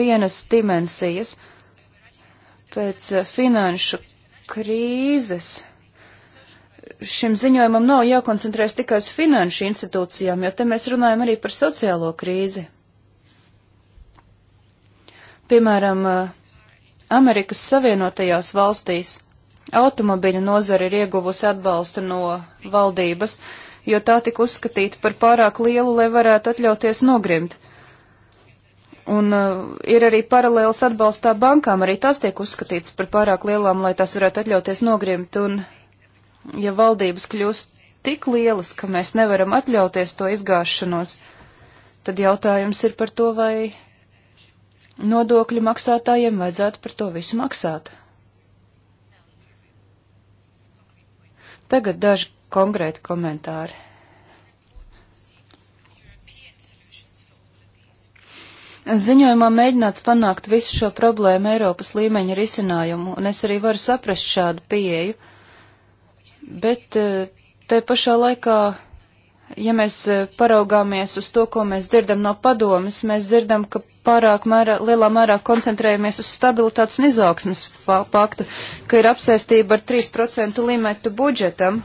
Speaker 3: vienas dimensijas. Uh, pēc eh, finanšu krīzes šim ziņojumam nav jākoncentrēs tikai uz finanšu institūcijām, jo te mēs runājam arī par sociālo krīzi. Piemēram, eh, Amerikas Savienotajās valstīs automobiļu nozara ir ieguvusi atbalstu no valdības, jo tā tika uzskatīta par pārāk lielu, lai varētu atļauties nogrimt. Un uh, ir arī paralēls atbalstā bankām, arī tas tiek uzskatīts par pārāk lielām, lai tās varētu atļauties nogrimt. Un ja valdības kļūst tik lielas, ka mēs nevaram atļauties to izgāšanos, tad jautājums ir par to, vai nodokļu maksātājiem vajadzētu par to visu maksāt. Tagad daži konkrēti komentāri. Ziņojumā mēģināts panākt visu šo problēmu Eiropas līmeņa risinājumu, un es arī varu saprast šādu pieeju, bet eh, te pašā laikā, ja mēs eh, paraugāmies uz to, ko mēs dzirdam no padomis, mēs dzirdam, ka pārāk mērā, lielā mērā koncentrējamies uz stabilitātes un izaugsmas faktu, ka ir apsēstība ar 3% līmetu budžetam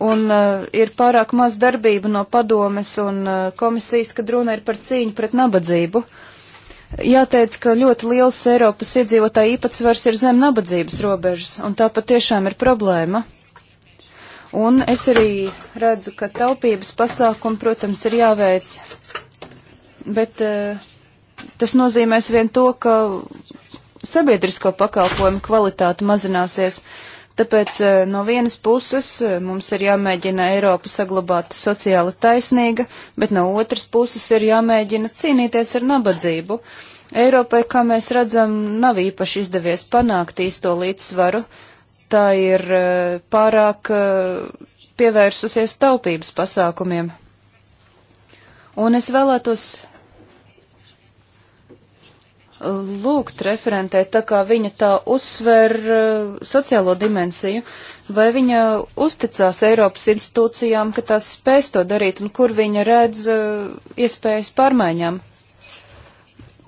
Speaker 3: un uh, ir pārāk maz darbība no padomes un uh, komisijas, kad runa ir par cīņu pret nabadzību. Jāteic, ka ļoti liels Eiropas iedzīvotāju īpatsvars ir zem nabadzības robežas, un tā patiešām ir problēma. Un es arī redzu, ka taupības pasākumi, protams, ir jāveic, bet uh, tas nozīmēs vien to, ka sabiedrisko pakalpojumu kvalitāte mazināsies. Uh, Tāpēc eh, no vienas puses eh, mums ir jāmēģina Eiropu saglabāt sociāli taisnīga, bet no otras puses ir jāmēģina cīnīties ar nabadzību. Eiropai, kā mēs redzam, nav īpaši izdevies panākt īsto līdzsvaru. Tā ir eh, pārāk pievērsusies taupības pasākumiem. Un es vēlētos lūgt referentē, tā kā viņa tā uzsver eh, sociālo dimensiju, vai viņa uzticās Eiropas institūcijām, ka tās spēs to darīt, un kur viņa redz eh, iespējas pārmaiņām?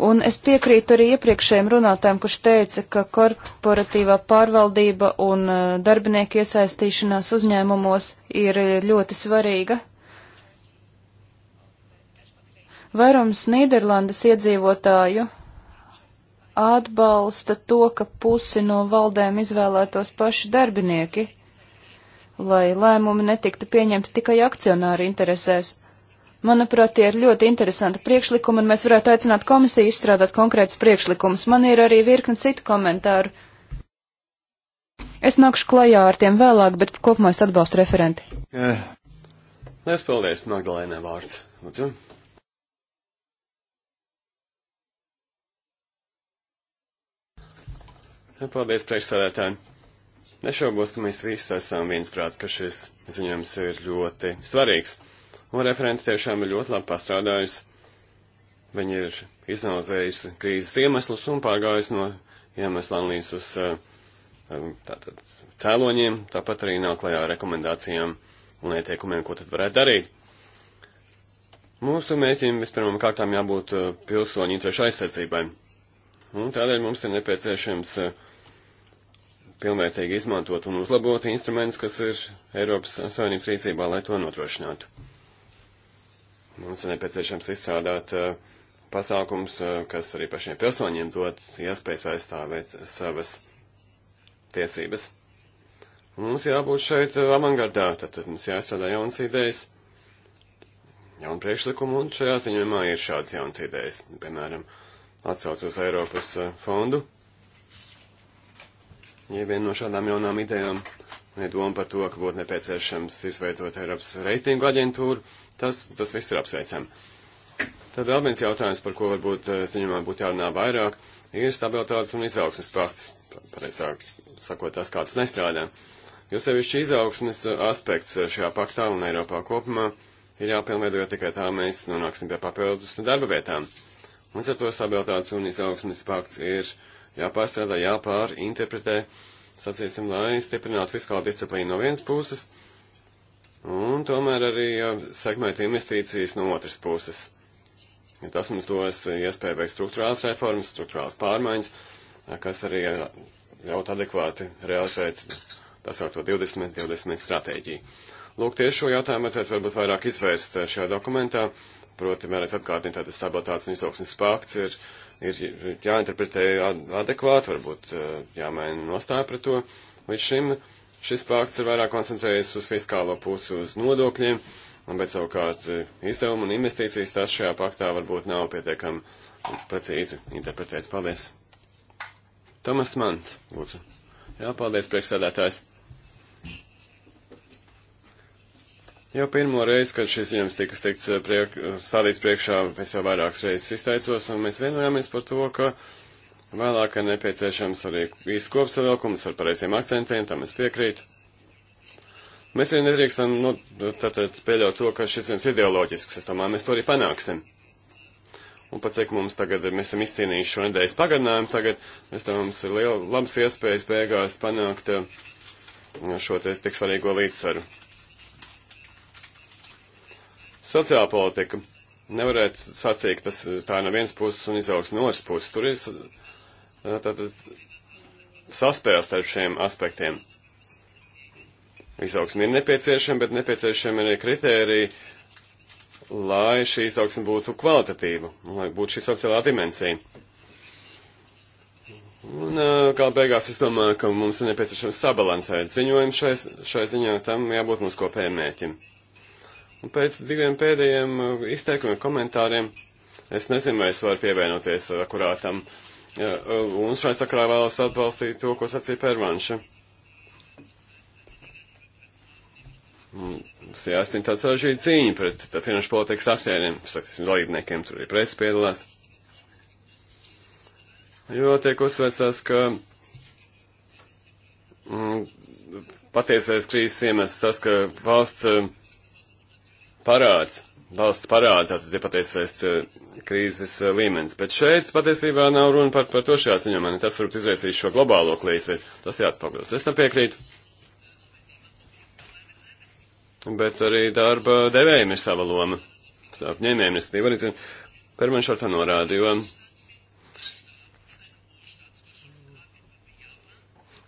Speaker 3: Un es piekrītu arī iepriekšējiem runātājiem, kurš teica, ka korporatīvā pārvaldība un eh, darbinieku iesaistīšanās uzņēmumos ir ļoti svarīga. Vairums Nīderlandes iedzīvotāju atbalsta to, ka pusi no valdēm izvēlētos paši darbinieki, lai lēmumi netiktu pieņemti tikai akcionāri interesēs. Manuprāt, tie ir ļoti interesanti priekšlikumi, un mēs varētu aicināt komisiju izstrādāt konkrētus priekšlikumus. Man ir arī virkni citu komentāru. Es nākušu klajā ar tiem vēlāk, bet kopumā es atbalstu referenti.
Speaker 1: Nespēlēs, Magdalēnē vārds. Lūdzu. Nu, paldies, priekšsādētāji. Nešaubos, ka mēs visi esam viensprāts, ka šis ziņojums ir ļoti svarīgs. Un referenti tiešām ir ļoti labi pastrādājusi. Viņi ir izanalizējusi krīzes iemeslus un pārgājusi no iemeslām līdz uz eh, um, tātad, cēloņiem, tāpat arī nāk klajā rekomendācijām un ieteikumiem, ko tad varētu darīt. Mūsu mēķim vispirmām kārtām jābūt eh, pilsoņu interešu aizsardzībai. Un tādēļ mums ir nepieciešams uh, pilnvērtīgi izmantot un uzlabot instrumentus, kas ir Eiropas Savienības rīcībā, lai to nodrošinātu. Mums ir nepieciešams izstrādāt uh, pasākums, uh, kas arī pašiem pilsoņiem dod iespējas aizstāvēt savas tiesības. Un mums jābūt šeit uh, avangardā, tad mums jāizstrādā jaunas idejas, jaunu priekšlikumu, un šajā ziņojumā ir šāds jauns idejas. Piemēram, atsaucos Eiropas uh, fondu Ja viena no šādām jaunām idejām ir doma par to, ka būtu nepieciešams izveidot Eiropas reitingu aģentūru, tas, tas viss ir apsveicami. Tad vēl viens jautājums, par ko varbūt eh, ziņumā būtu jārunā vairāk, ir stabilitātes un izaugsmes pakts. Pareizāk sakot, tas kāds nestrādā. Jo sevišķi izaugsmes eh, aspekts eh, šajā paktā un Eiropā kopumā ir jāpielveido, jo tikai tā mēs nonāksim pie papildus darba vietām. Un ar to stabilitātes un izaugsmes pakts ir jāpārstrādā, jāpārinterpretē, sacīsim, lai stiprinātu fiskālu disciplīnu no vienas puses, un tomēr arī sekmēt investīcijas no otras puses. Ja tas mums dos iespēju veikt struktūrāls reformas, struktūrāls pārmaiņas, kas arī ļaut adekvāti realizēt tā saucamo 20-20 stratēģiju. Lūk, tieši šo jautājumu vajadzētu varbūt vairāk izvērst šajā dokumentā, proti, vēlreiz atkārtināt, tātad stabilitātes un izaugsmes pakts ir ir jāinterpretē adekvāti, varbūt eh, jāmaina nostāja pret to. Līdz šim šis pakts ir vairāk koncentrējies uz fiskālo pusi, uz nodokļiem, un bet savukārt eh, izdevumu un investīcijas tas šajā paktā varbūt nav pietiekami precīzi interpretēts. Paldies! Tomas Mans, lūdzu. Jā, paldies, priekšsēdētājs. Jau pirmo reizi, kad šis jums tika stikts eh, priek, stādīts priekšā, es jau vairākas reizes izteicos, un mēs vienojāmies par to, ka vēlāk ir nepieciešams arī īsts kopsavilkums ar pareiziem akcentiem, tam es piekrītu. Mēs arī nedrīkstam, nu, tātad pieļaut to, ka šis jums ideoloģisks, es domāju, mēs to arī panāksim. Un pat cik mums tagad, mēs esam izcīnījuši šo nedēļas pagarinājumu, tagad, es domāju, mums ir liela, labas iespējas beigās panākt eh, šo te tik svarīgo līdzsvaru. Sociāla politika. Nevarētu sacīt, ka tas tā ir no vienas puses un izaugs no otras puses. Tur ir eh, tātad saspēles starp šiem aspektiem. Izaugsme ir nepieciešama, bet nepieciešama ir kritērija, lai šī izaugsme būtu kvalitatīva, lai būtu šī sociālā dimensija. Un, kā eh, beigās es domāju, ka mums ir nepieciešams sabalansēt ziņojumu šai, šai ziņā, tam jābūt mūsu kopējiem mēķim. Un pēc diviem pēdējiem uh, izteikumiem, komentāriem, es nezinu, vai es varu pievienoties uh, akurātam. Uh, un šai sakarā vēlos atbalstīt to, ko sacīja Pērvanša. Mums jāstin tāds sarežģīta cīņa pret tā, finanšu politikas aktieriem, saksim, dalībniekiem, tur ir presa piedalās. Jo tiek uzsvērts, ka mm, patiesais krīzes iemesls tas, ka valsts parāds, valsts parāda, tātad ir patiesais eh, krīzes eh, līmenis. Bet šeit patiesībā nav runa par, par to šajā ziņā, man tas varbūt izraisīs šo globālo krīzi, tas jāatspogļos. Es tam piekrītu. Bet arī darba devējiem ir sava loma. Apņēmējiem ir stīva, arī Permanš ar to norāda, jo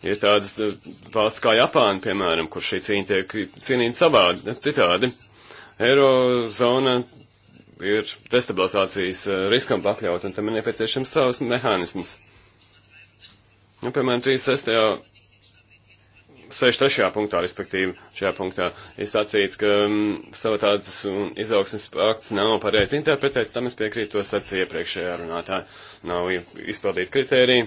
Speaker 1: ir tādas eh, valsts kā Japāna, piemēram, kur šī cīņa tiek cīnīta savādi, citādi. Eirozona ir destabilizācijas eh, riskam pakļaut, un tam ir nepieciešams savs mehānisms. Nu, piemēram, 36. 63. punktā, respektīvi, šajā punktā ir sacīts, ka um, sava tādas mm, izaugsmes akts nav pareizi interpretēts, tam es piekrītu, to sacīja iepriekšējā runātā. Nav izpildīti kriteriji.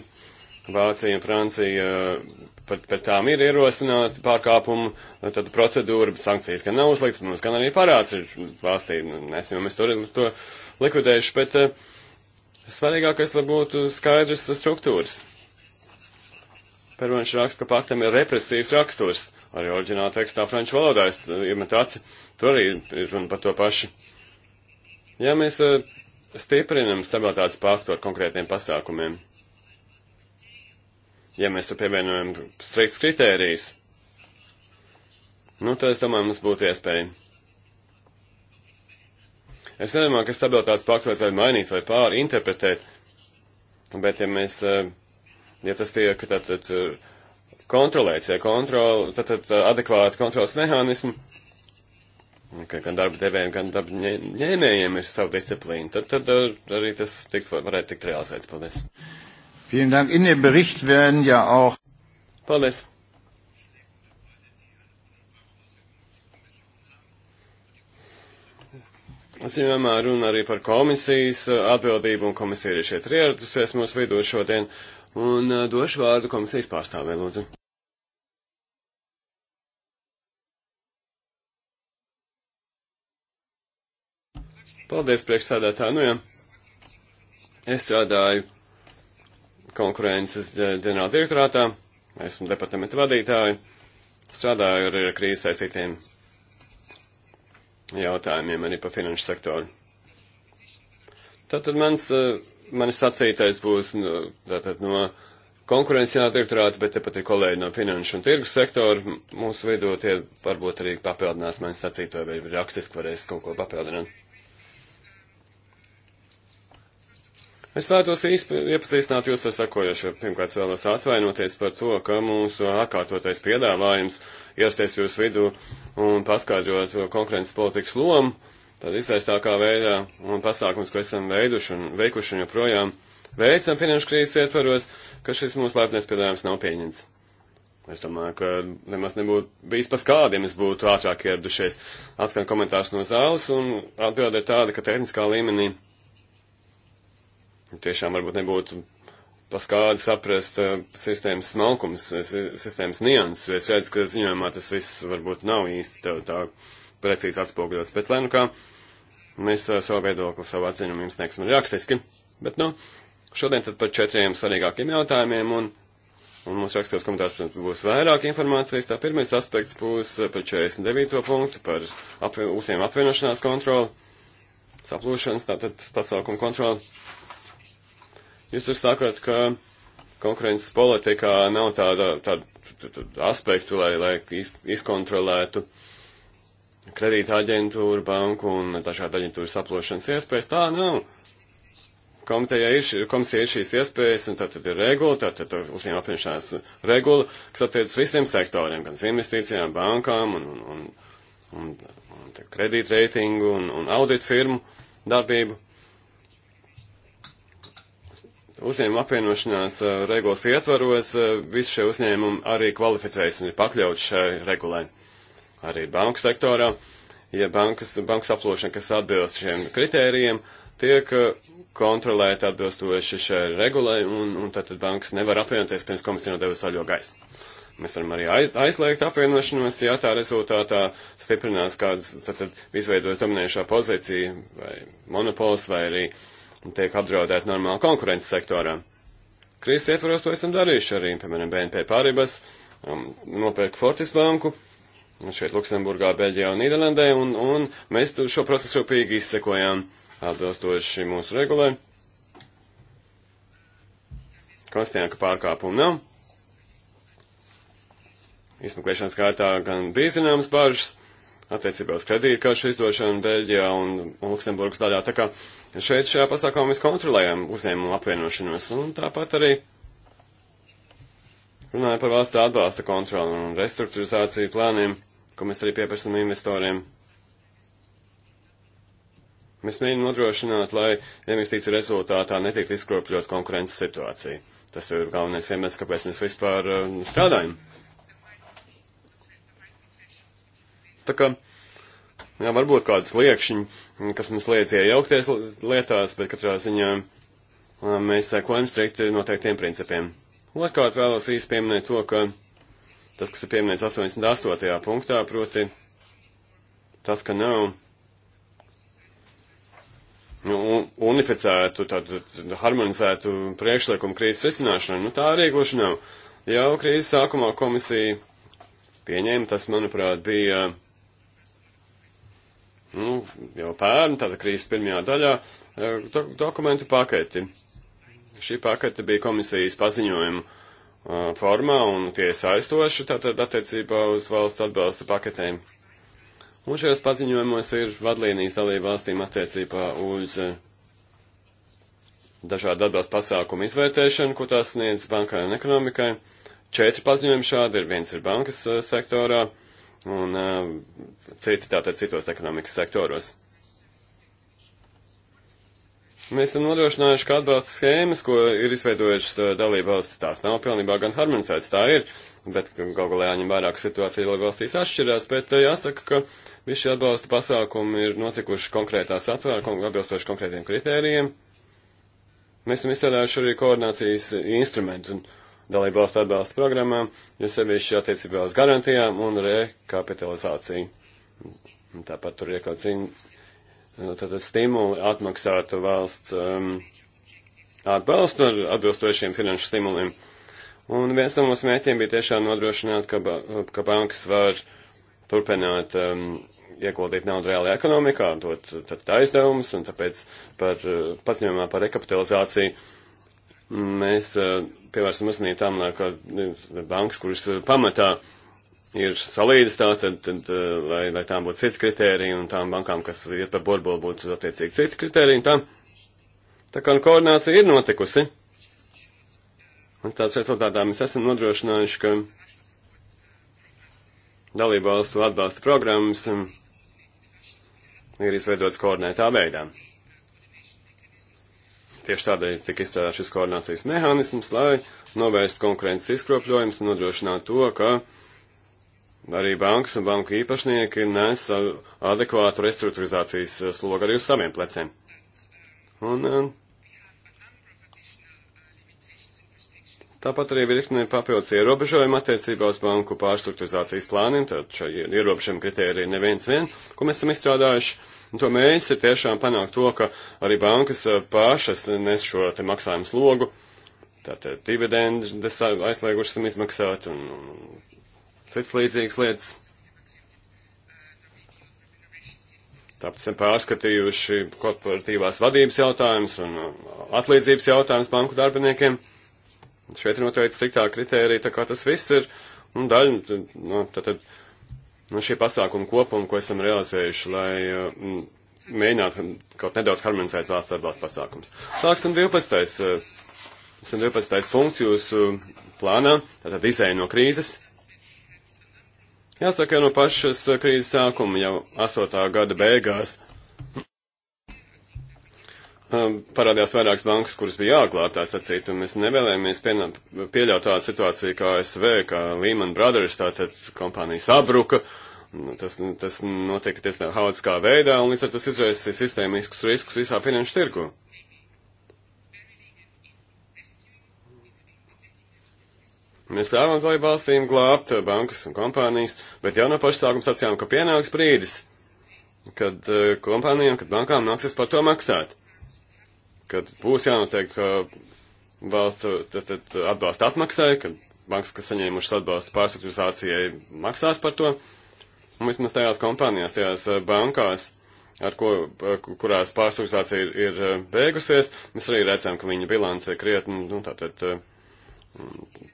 Speaker 1: Vācija un Francija uh, pret, pret tām ir ierosināti pārkāpumu, tad procedūra, sankcijas gan nav uzlikts, mums gan arī parāds ir valstī, nu, nesam mēs to, to likvidējuši, bet eh, svarīgākais, lai būtu skaidrs struktūras. Pervenš raksta, ka paktam ir represīvs raksturs, arī oriģinālā tekstā franču valodā es iemetu aci, tur arī ir runa par to pašu. Ja mēs eh, stiprinam stabilitātes paktu ar konkrētiem pasākumiem, ja mēs tur pievienojam strikts kritērijas, nu, tad es domāju, mums būtu iespēja. Es nedomāju, ka stabilitātes paktu vajadzētu mainīt vai pārinterpretēt, bet ja mēs, eh, ja tas tiek tātad eh, kontrolēts, ja kontrol, tātad eh, adekvāti kontrols mehānismi, ka gan darba devējiem, gan darba ņēmējiem ir sava disciplīna, tad, tad arī tas tik, varētu tikt realizēts. Paldies! Vielen Dank. In dem Bericht werden ja auch. Paldies. Ziņojumā runa arī par komisijas eh, atbildību, un komisija ir šeit ieradusies mūsu vidū šodien, un eh, došu vārdu komisijas pārstāvē, lūdzu. Paldies, priekšsādātā. Nu jā, es strādāju konkurences ģenerāla direktorātā, esmu departamenta vadītāja, strādāju arī ar krīzes saistītiem jautājumiem arī pa finanšu sektoru. Tātad mans, eh, manis sacītais būs nu, tātad no konkurences ģenerāla direktorāta, bet tepat ir kolēģi no finanšu un tirgus sektora. Mūsu vidū tie varbūt arī papildinās manis sacīto, vai rakstiski varēs kaut ko papildināt. Es vēlētos īsti iepazīstināt jūs ar sakojošo. Pirmkārt, vēlos atvainoties par to, ka mūsu atkārtotais piedāvājums ierasties jūsu vidū un paskaidrot konkurences politikas lomu, tad izsaistākā veidā un pasākums, ko esam veiduši un veikuši un joprojām veicam finanšu krīzes ietvaros, ka šis mūsu laipnēs piedāvājums nav pieņemts. Es domāju, ka nemaz nebūtu bijis pas kādiem, es būtu ātrāk ieradušies. Atskan komentārs no zāles, un atbilde ir tāda, ka tehniskā līmenī tiešām varbūt nebūtu paskādi saprast uh, sistēmas smalkums, eh, sistēmas nianses. Es redzu, ka ziņojumā tas viss varbūt nav īsti tā, tā precīzi atspoguļots, bet lai nu kā, mēs uh, savu viedokli, savu atziņumu jums sniegsim rakstiski. Bet, nu, šodien tad par četriem svarīgākiem jautājumiem, un, un mums rakstos komentārs, protams, būs vairāk informācijas. Tā pirmais aspekts būs par 49. punktu, par apvi, uzņēmumu apvienošanās kontroli, saplūšanas, tātad pasākumu kontroli. Jūs tur sakāt, ka konkurences politikā nav tāda, tāda aspektu, lai, lai iz, izkontrolētu kredīta aģentūru, banku un dažādu aģentūru saplošanas iespējas. Tā nav. Komiteja ir, komisija ir šīs iespējas, un tad, tad ir regula, tad, tad uzņēma apvienošanās regula, kas attiec uz visiem sektoriem, gan investīcijām, bankām un, un, un, un, un kredītreitingu un, un auditfirmu darbību uzņēmuma apvienošanās eh, regulas ietvaros eh, visi šie uzņēmumi arī kvalificējas un ir pakļauts šai regulē. Arī banku sektorā, ja bankas, bankas aplošana, kas atbilst šiem kritērijiem, tiek eh, kontrolēta atbilstoši šai regulē, un, un tad bankas nevar apvienoties pirms komisija nodevis zaļo gaisu. Mēs varam arī aiz, aizliegt apvienošanos, ja tā rezultātā stiprinās kādas, tad, tad izveidojas dominējušā pozīcija vai monopols vai arī uh, tiek apdraudēta normāla konkurences sektorā. Krīzes ietvaros to esam darījuši arī, piemēram, BNP Pārības, um, nopērk Fortis banku, šeit Luksemburgā, Beļģijā un Nīderlandē, un, un mēs šo procesu rūpīgi izsekojām atbilstoši mūsu regulē. Konstatējām, ka pārkāpumu nav. Izmeklēšanas kārtā gan bija zināmas bažas attiecībā uz kredītkaršu izdošanu Beļģijā un, un Luksemburgas daļā. Tā kā Šeit šajā pasākumā mēs kontrolējam uzņēmumu apvienošanos un tāpat arī runājam par valsts atbalsta kontroli un restruktūrizāciju plāniem, ko mēs arī pieprasām investoriem. Mēs mēģinām nodrošināt, lai investīciju rezultātā netiktu izkropļot konkurences situācija. Tas ir galvenais iemesls, kāpēc mēs vispār uh, strādājam. Tā kā Jā, varbūt kādas liekšņi, kas mums liec iejaukties lietās, bet katrā ziņā mēs sekojam strikti noteiktiem principiem. Otrkārt vēlos īsti pieminēt to, ka tas, kas ir pieminēts 88. punktā, proti tas, ka nav nu, unificētu, tādu harmonizētu priekšlikumu krīzes risināšanai, nu tā arī gluži nav. Jau krīzes sākumā komisija pieņēma, tas, manuprāt, bija uh, nu, jau pērn, tāda krīzes pirmajā daļā, e, do, dokumentu paketi. Šī pakete bija komisijas paziņojuma uh, e, formā un tie saistoši tātad attiecībā uz valsts atbalsta paketēm. Un šajos paziņojumos ir vadlīnijas dalība valstīm attiecībā uz uh, dažādu atbalsta pasākumu izvērtēšanu, ko tās sniedz bankai un ekonomikai. Četri paziņojumi šādi ir. Viens ir bankas uh, sektorā, uh, un uh, citi tātad citos ekonomikas sektoros. Mēs esam nodrošinājuši, ka atbalsta schēmas, ko ir izveidojušas eh, dalībvalstis, tās nav pilnībā gan harmonizētas, tā ir, bet gal galā jāņem vērā, ka situācija dalībvalstīs atšķirās, bet eh, jāsaka, ka visi šie atbalsta pasākumi ir notikuši konkrētā satvērā, atbilstoši konkrētiem kritērijiem. Mēs esam izstrādājuši arī koordinācijas instrumentu, un dalību valstu atbalsta programmām, jo sevišķi attiecībā uz garantijām un rekapitalizāciju. Tāpat tur iekļauts tātad stimuli atmaksāt valsts um, atbalstu ar atbilstošiem finanšu stimuliem. Un viens no mūsu mērķiem bija tiešām nodrošināt, ka, ba ka bankas var turpināt um, ieguldīt naudu reālajā ekonomikā, dot tad, aizdevumus, un tāpēc par uh, paziņojumā par rekapitalizāciju mēs pievērsim uzmanību tam, ka nu, bankas, kuras pamatā ir salīdzas tā, tad, tad lai, lai tām būtu citi kriteriji, un tām bankām, kas iet par burbuli, būtu attiecīgi citi kriteriji, un tā. Tā kā nu, koordinācija ir notikusi. Un tāds rezultātā mēs esam nodrošinājuši, ka dalībvalstu atbalsta programmas ir izveidotas koordinētā veidā. Tieši tādēļ tika izstrādāts šis koordinācijas mehānisms, lai novērstu konkurences izkropļojumus un nodrošinātu to, ka arī bankas un banku īpašnieki nes adekvātu restruktūrizācijas slogu arī uz saviem pleciem. Un, un Tāpat arī virkne papildus ierobežojumi attiecībā uz banku pārstrukturizācijas plāniem, tad šai ierobežojuma kritērija neviens vien, ko mēs esam izstrādājuši. Un to mērķis ir tiešām panākt to, ka arī bankas eh, pašas nes šo te maksājumu slogu, tātad dividendes aizliegušas esam izmaksāt un, un cits līdzīgas lietas. Tāpēc esam pārskatījuši korporatīvās vadības jautājumus un atlīdzības jautājumus banku darbiniekiem. Šeit ir noteikti striktā kritērija, tā kā tas viss ir nu, daļa no, tātad, no nu, šī pasākuma kopuma, ko esam realizējuši, lai m, mm, mēģinātu kaut nedaudz harmonizēt valsts atbalsta pasākums. Tālāk 112. 112. Eh, punkts jūsu mm, plānā, tātad izēja no krīzes. Jāsaka, no pašas eh, krīzes sākuma jau 8. gada beigās Ehm, parādījās vairākas bankas, kuras bija jāglābtā sacīt, un mēs nevēlējāmies pieļaut tādu situāciju kā ASV, kā Lehman Brothers, tātad kompānija sabruka. Nu, tas, tas notika tiešām haotiskā veidā, un līdz ar to tas izraisīja sistēmiskus riskus visā finanšu tirgu. Mēs ļāvām to valstīm glābt bankas un kompānijas, bet jau no paša sākuma sacījām, ka pienāks brīdis, kad eh, kompānijām, kad bankām nāksies par to maksāt kad būs jānotiek valsts uh, tad, tad atbalsta atmaksai, kad bankas, kas saņēmušas atbalstu pārstrukturizācijai, maksās par to. Un vismaz tajās kompānijās, tajās uh, bankās, ar ko, uh, kurās pārstrukturizācija ir beigusies, mēs arī redzam, ka viņa bilance ir krietni, nu, tātad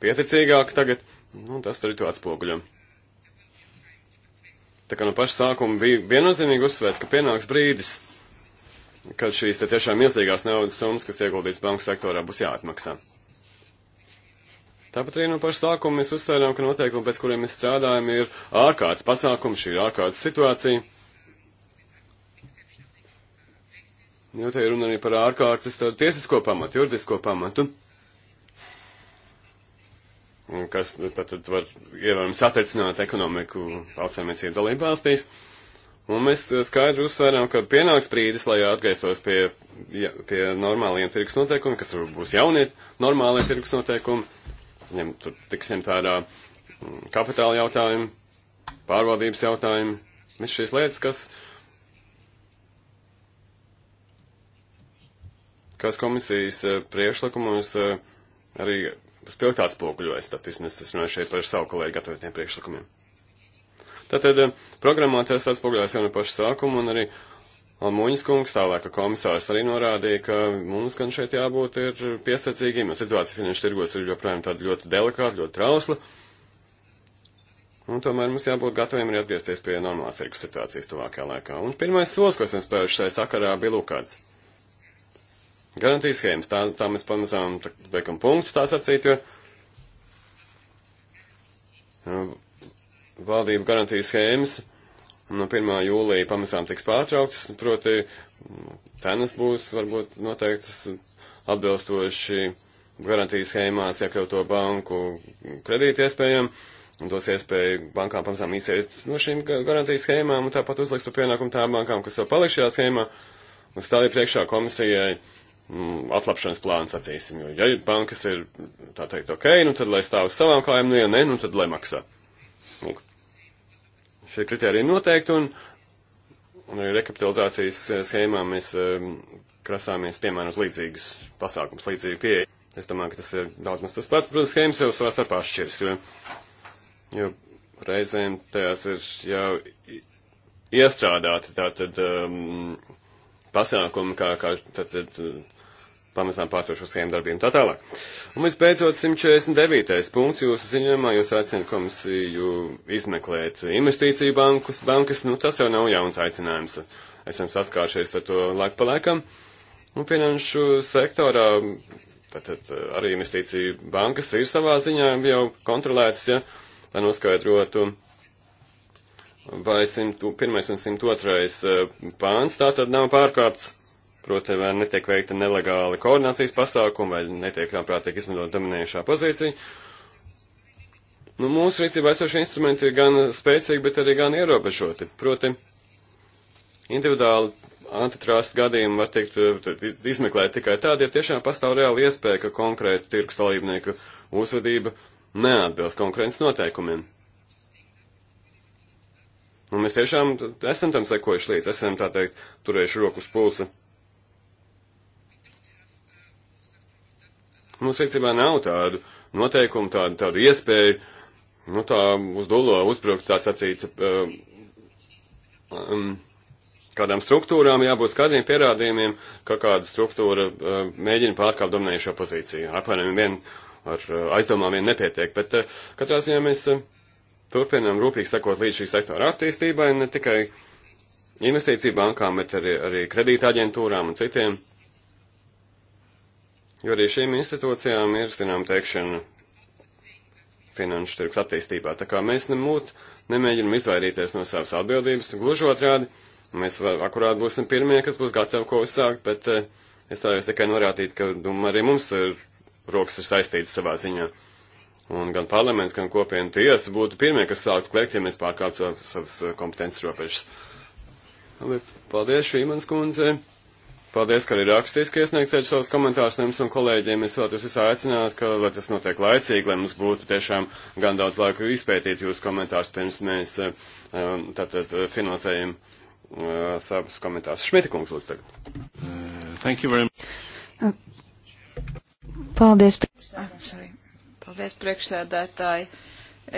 Speaker 1: pieticīgāka tagad, nu, tas arī to atspoguļo. Tā kā no paša sākuma bija viennozīmīgi uzsvērts, ka pienāks brīdis, kad šīs tiešām milzīgās naudas summas, kas ieguldīts banku sektorā, būs jāatmaksā. Tāpat arī no paša sākuma mēs uzstādām, ka noteikumi, pēc kuriem mēs strādājam, ir ārkārtas pasākums, šī ir ārkārtas situācija. Jo te ir runa arī par ārkārtas tiesisko pamatu, juridisko pamatu, kas tad, tad var ievērojami satricināt ekonomiku tautsēmniecību dalību valstīs. Un mēs eh, skaidri uzsvērām, ka pienāks brīdis, lai atgrieztos pie, ja, pie normāliem tirgus noteikumiem, kas būs jaunie normālie tirgus noteikumi. Ņem, tur tiksim tādā mm, kapitāla jautājumi, pārvaldības jautājumi, visas šīs lietas, kas, kas komisijas eh, priekšlikumos eh, arī spilgtāt spoguļojas, tāpēc mēs esam šeit par savu kolēģi gatavotiem priekšlikumiem. Tātad eh, programmā tas atspoguļās jau no paša sākuma, un arī Almuņas kungs, tālāka komisārs arī norādīja, ka mums gan šeit jābūt ir piesardzīgiem, jo situācija finanšu tirgos ir joprojām tāda ļoti delikāta, ļoti trausla. Un tomēr mums jābūt gataviem arī atgriezties pie normālās tirgus situācijas tuvākajā laikā. Un pirmais solis, ko esam spējuši šai sakarā, bija lūkāds. Garantijas schēmas, tā, tā mēs pamazām liekam punktu tā sacīt, jo nu, valdību garantijas schēmas no 1. jūlija pamazām tiks pārtrauktas, proti cenas būs varbūt noteiktas atbilstoši garantijas schēmās iekļauto banku kredīti iespējām un dos iespēju bankām pamazām izsēļot no šīm garantijas schēmām un tāpat uzliks par pienākumu tām bankām, kas vēl paliks šajā schēmā, un stāvīja priekšā komisijai mm, atlapšanas plānu, sacīsim, jo ja bankas ir, tā teikt, ok, nu tad lai stāv uz savām kājām, nu ja ne, nu tad lai maksā. Lūk šie kriteriji noteikti, un, un arī rekapitalizācijas eh, schēmā mēs eh, krasāmies piemērot līdzīgas pasākums, līdzīgu pieeju. Es domāju, ka tas ir daudz maz tas pats, protams, schēmas jau savā starpā šķirs, jo, jo reizēm tajās ir jau iestrādāti tātad um, pasākumi, kā, kā tātad. Uh, pamazām pārcošu schēmu darbiem tā tālāk. Un visbeidzot, 149. punkts jūsu ziņojumā, jūs aicināt komisiju izmeklēt investīciju bankus, bankas, nu tas jau nav jauns aicinājums. Esam saskāršies ar to laiku pa laikam. Un finanšu sektorā, tātad arī investīciju bankas ir savā ziņā jau kontrolētas, ja, lai noskaidrotu. Vai 101. un 102. Eh, pāns tā tad nav pārkāpts Proti, vai netiek veikta nelegāla koordinācijas pasākuma, vai netiek ļaunprātīgi izmantot dominējušā pozīcija. Nu, mūsu rīcībā esošie instrumenti ir gan spēcīgi, bet arī gan ierobežoti. Proti, individuāli antitrāsta gadījumi var tikt eh, izmeklēt tikai tad, ja tiešām pastāv reāla iespēja, ka konkrēta tirgus dalībnieku uzvedība neatbilst konkurences noteikumiem. Un nu, mēs tiešām esam tam sekojuši līdz, esam tā teikt turējuši rokas pulsa. Mums rīcībā nav tādu noteikumu, tādu, tādu iespēju, nu tā uz dulo uzbrukt, tā sacīt, um, um, kādām struktūrām jābūt skaidriem pierādījumiem, ka kāda struktūra uh, mēģina pārkāpt dominējušo pozīciju. Apmēram vien ar uh, aizdomām vien nepietiek, bet uh, katrā ziņā mēs uh, turpinām rūpīgi sekot līdz šī sektora attīstībai, ne tikai investīciju bankām, bet arī, arī kredīta aģentūrām un citiem jo arī šīm institūcijām ir, zinām, teikšana finanšu tirgus attīstībā. Tā kā mēs nemūt, nemēģinam izvairīties no savas atbildības, gluži otrādi, mēs akurāt būsim pirmie, kas būs gatavi ko uzsākt, bet eh, es tā jau tikai norādītu, ka, domāju, arī mums ir, rokas ir saistītas savā ziņā. Un gan parlaments, gan kopiena tiesa būtu pirmie, kas sāktu kliegt, ja mēs pārkāptu savas, savas eh, kompetences robežas. Paldies, Šīmans kundze. Paldies, ka arī rakstiski iesniegsiet savus komentārus no jums un kolēģiem. Es vēlētos jūs aicināt, ka, lai tas notiek laicīgi, lai mums būtu tiešām gan daudz laika izpētīt jūsu komentārus, pirms mēs eh, um, tātad eh, finansējam eh, savus komentārus. Šmita kungs, lūdzu tagad. Thank you very
Speaker 3: much. Paldies, priekšsēdētāji.
Speaker 2: Ah, paldies, priekšsēdētāji.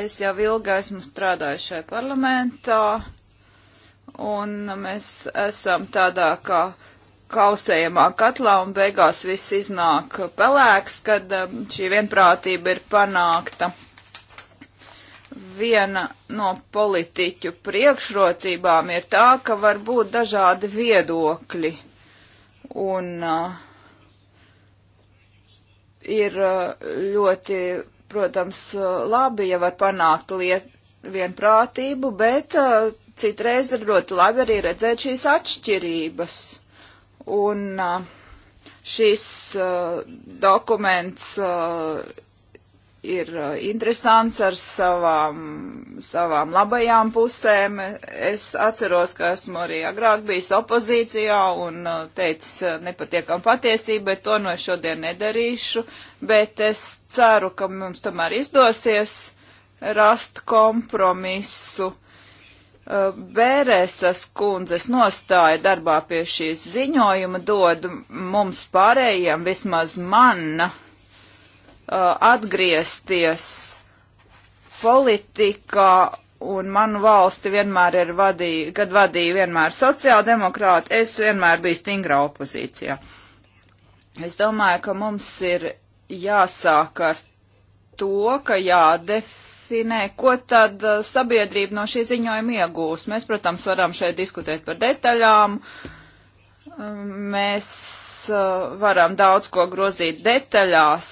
Speaker 2: Es jau ilgi esmu strādājis šajā parlamentā, un mēs esam tādā kā. Ka kausējamā katlā un beigās viss iznāk pelēks, kad um, šī vienprātība ir panākta. Viena no politiķu priekšrocībām ir tā, ka var būt dažādi viedokļi un uh, ir uh, ļoti, protams, uh, labi, ja var panākt liet, vienprātību, bet uh, citreiz ir ļoti labi arī redzēt šīs atšķirības. Un uh, šis uh, dokuments uh, ir interesants ar savām, savām labajām pusēm. Es atceros, ka esmu arī agrāk bijis opozīcijā un teicis nepatiekam patiesību, bet to no šodien nedarīšu. Bet es ceru, ka mums tomēr izdosies rast kompromisu Eh, Bērēsas kundzes nostāja darbā pie šīs ziņojuma dod mums pārējiem, vismaz man, eh, atgriezties politikā un manu valsti vienmēr ir vadīja, kad vadīja vienmēr sociāldemokrāti, es vienmēr biju stingrā opozīcijā. Es domāju, ka mums ir jāsāk ar to, ka jādefinē definē, ko tad uh, sabiedrība no šī ziņojuma iegūs. Mēs, protams, varam šeit diskutēt par detaļām. Um, mēs uh, varam daudz ko grozīt detaļās,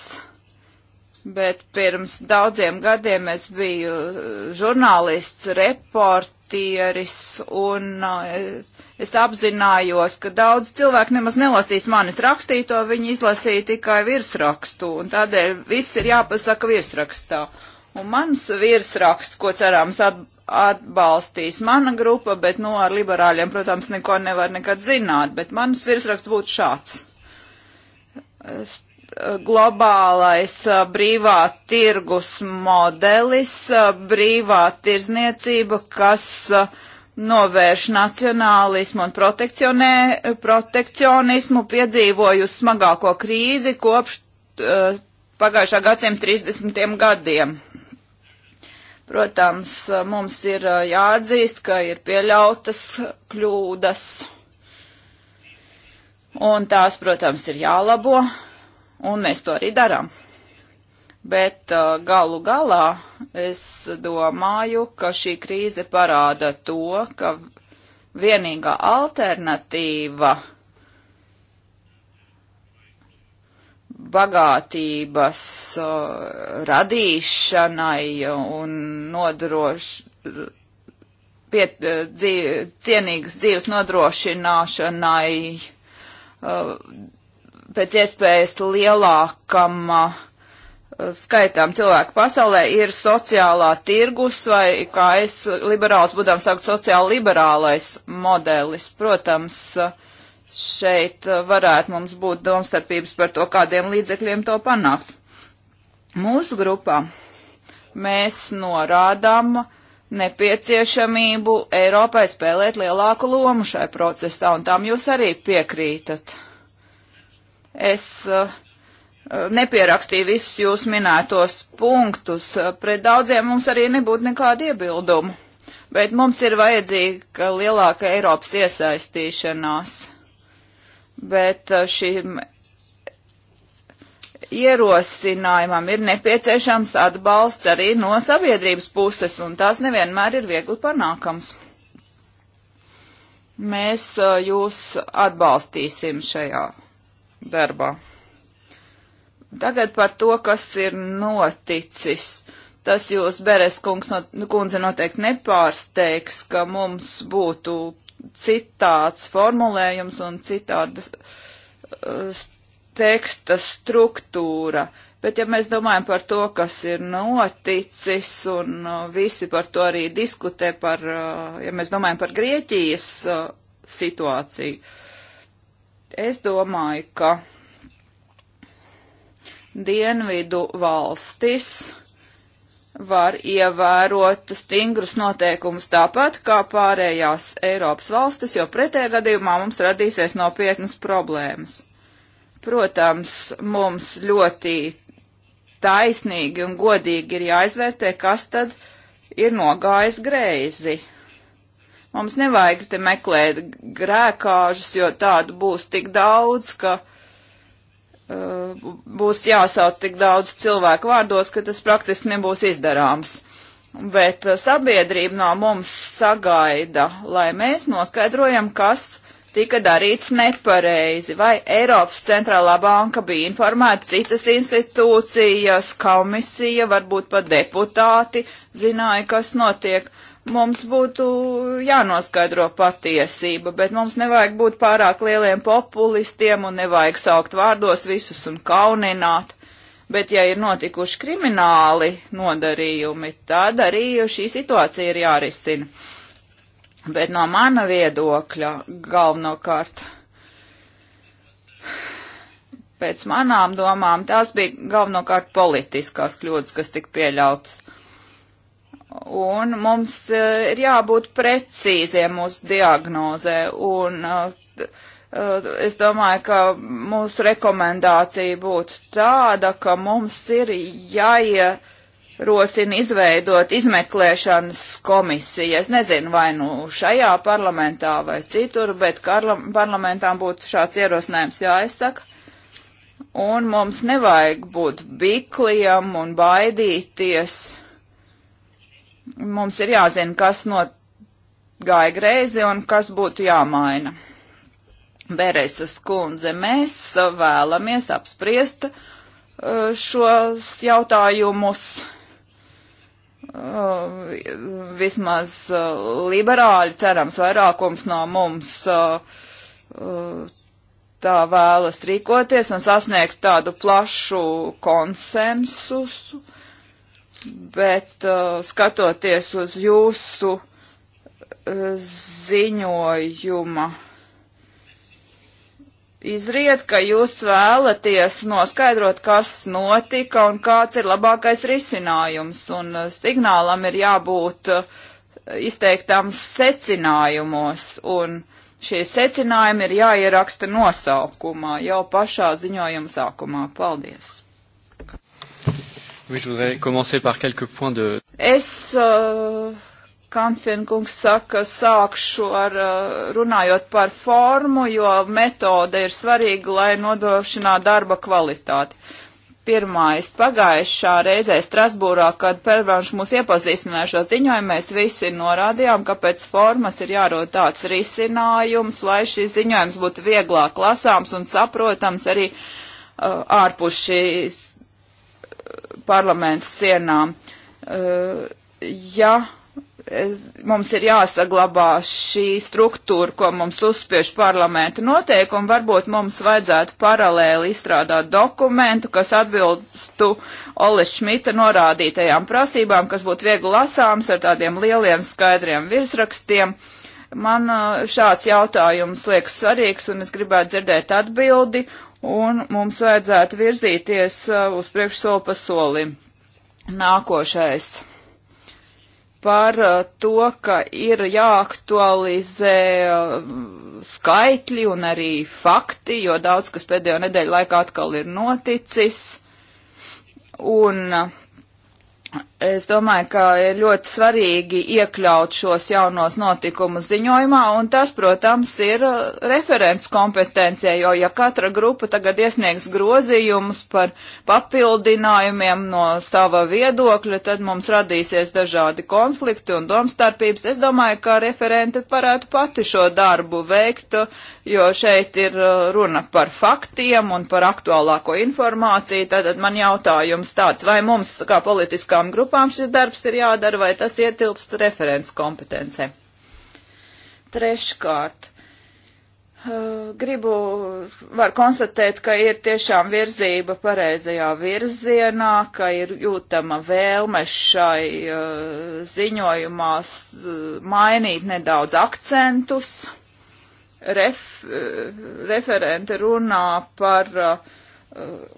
Speaker 2: bet pirms daudziem gadiem es biju uh, žurnālists, reportieris, un es apzinājos, ka daudz cilvēku nemaz nelasīs manis rakstīto, viņi izlasīja tikai virsrakstu, un tādēļ viss ir jāpasaka virsrakstā. Un mans virsraksts, ko cerams atbalstīs mana grupa, bet, nu, ar liberāļiem, protams, neko nevar nekad zināt, bet mans virsraksts būtu šāds. St globālais brīvā tirgus modelis, brīvā tirzniecība, kas novērš nacionālismu un protekcionismu, piedzīvojusi smagāko krīzi kopš uh, pagājušā gadsimta 30. gadiem. Protams, mums ir jāatzīst, ka ir pieļautas kļūdas, un tās, protams, ir jālabo, un mēs to arī darām. Bet galu galā es domāju, ka šī krīze parāda to, ka vienīgā alternatīva uh, bagātības uh, radīšanai un nodroš, piet, e, dzīv, cienīgas dzīves nodrošināšanai uh, pēc iespējas lielākam uh, skaitām cilvēku pasaulē ir sociālā tirgus vai, kā es liberāls būdams tagad, sociāli liberālais modelis. Protams, uh, šeit eh, varētu mums būt domstarpības par to, kādiem līdzekļiem to panākt. Mūsu grupā mēs norādām nepieciešamību Eiropai spēlēt lielāku lomu šai procesā, un tam jūs arī piekrītat. Es uh, nepierakstīju visus jūs minētos punktus, pret daudziem mums arī nebūtu nekāda iebilduma, bet mums ir vajadzīga lielāka Eiropas iesaistīšanās bet uh, šim ierosinājumam ir nepieciešams atbalsts arī no sabiedrības puses, un tās nevienmēr ir viegli panākams. Mēs uh, jūs atbalstīsim šajā darbā. Tagad par to, kas ir noticis. Tas jūs, Beres kungs, no, kundze noteikti nepārsteigs, ka mums būtu citāds formulējums un citāda uh, teksta struktūra. Bet ja mēs domājam par to, kas ir noticis, un uh, visi par to arī diskutē, par, uh, ja mēs domājam par Grieķijas uh, situāciju, es domāju, ka dienvidu valstis var ievērot stingrus noteikumus tāpat kā pārējās Eiropas valstis, jo pretējā gadījumā mums radīsies nopietnas problēmas. Protams, mums ļoti taisnīgi un godīgi ir jāizvērtē, kas tad ir nogājis greizi. Mums nevajag te meklēt grēkāžus, jo tādu būs tik daudz, ka Eh, būs jāsauc tik daudz cilvēku vārdos, ka tas praktiski nebūs izdarāms. Bet eh, sabiedrība no mums sagaida, lai mēs noskaidrojam, kas tika darīts nepareizi, vai Eiropas centrālā banka bija informēta citas institūcijas, komisija, varbūt pat deputāti zināja, kas notiek. Uh, mums būtu jānoskaidro patiesība, bet mums nevajag būt pārāk lieliem populistiem un nevajag saukt vārdos visus un kaunināt. Bet, ja ir notikuši krimināli nodarījumi, tad arī šī situācija ir jārisina. Bet no mana viedokļa galvenokārt, pēc manām domām, tās bija galvenokārt politiskās kļūdas, kas tika pieļautas Un mums eh, ir jābūt precīziem mūsu diagnozē, un eh, eh, es domāju, ka mūsu rekomendācija būtu tāda, ka mums ir jāierosina izveidot izmeklēšanas komisiju. Es nezinu, vai nu šajā parlamentā vai citur, bet parlamentām būtu šāds ierosinājums jāizsaka. Un mums nevajag būt bikliem un baidīties mums ir jāzina, kas nogāja greizi un kas būtu jāmaina. Bereses kundze, mēs vēlamies apspriest uh, šos jautājumus uh, vismaz uh, liberāļi, cerams, vairākums no mums tā vēlas rīkoties un sasniegt tādu plašu konsensusu bet uh, skatoties uz jūsu uh, ziņojuma izriet, ka jūs vēlaties noskaidrot, kas notika un kāds ir labākais risinājums, un uh, signālam ir jābūt uh, izteiktām secinājumos, un šie secinājumi ir jāieraksta nosaukumā jau pašā ziņojuma sākumā. Paldies!
Speaker 1: Oui, je voudrais commencer par quelques points de...
Speaker 2: Es, uh, eh, Kanfinkungs saka, sākšu ar uh, runājot par formu, jo metode ir svarīga, lai nodrošinātu darba kvalitāti. Pirmais, pagājušā reizē Strasbūrā, kad Pervanš mūs iepazīstināja šo ziņojumu, mēs visi norādījām, ka pēc formas ir jārod tāds risinājums, lai šis ziņojums būtu vieglāk lasāms un saprotams arī uh, ārpus šīs parlamentu sienām. Eh, ja mums ir jāsaglabā šī struktūra, ko mums uzspiež parlamenta noteikumi, varbūt mums vajadzētu paralēli izstrādāt dokumentu, kas atbilstu Ole Šmita norādītajām prasībām, kas būtu viegli lasāms ar tādiem lieliem skaidriem virsrakstiem. Man eh, šāds jautājums liekas svarīgs, un es gribētu dzirdēt atbildi, un mums vajadzētu virzīties uh, uz priekšu soli pa solim. Nākošais par uh, to, ka ir jāaktualizē uh, skaitļi un arī fakti, jo daudz kas pēdējo nedēļu laikā atkal ir noticis. Un Es domāju, ka ir ļoti svarīgi iekļaut šos jaunos notikumus ziņojumā, un tas, protams, ir uh, referents kompetencija, jo ja katra grupa tagad iesniegs grozījumus par papildinājumiem no sava viedokļa, tad mums radīsies dažādi konflikti un domstarpības. Es domāju, ka referente varētu pati šo darbu veikt, uh, jo šeit ir uh, runa par faktiem un par aktuālāko informāciju. Tātad man jautājums tāds, vai mums kā politiskām grupām grupām šis darbs ir jādara, vai tas ietilpst referents kompetencē. Treškārt, uh, gribu, var konstatēt, ka ir tiešām virzība pareizajā virzienā, ka ir jūtama vēlme šai uh, ziņojumā mainīt nedaudz akcentus. Ref, uh, referente runā par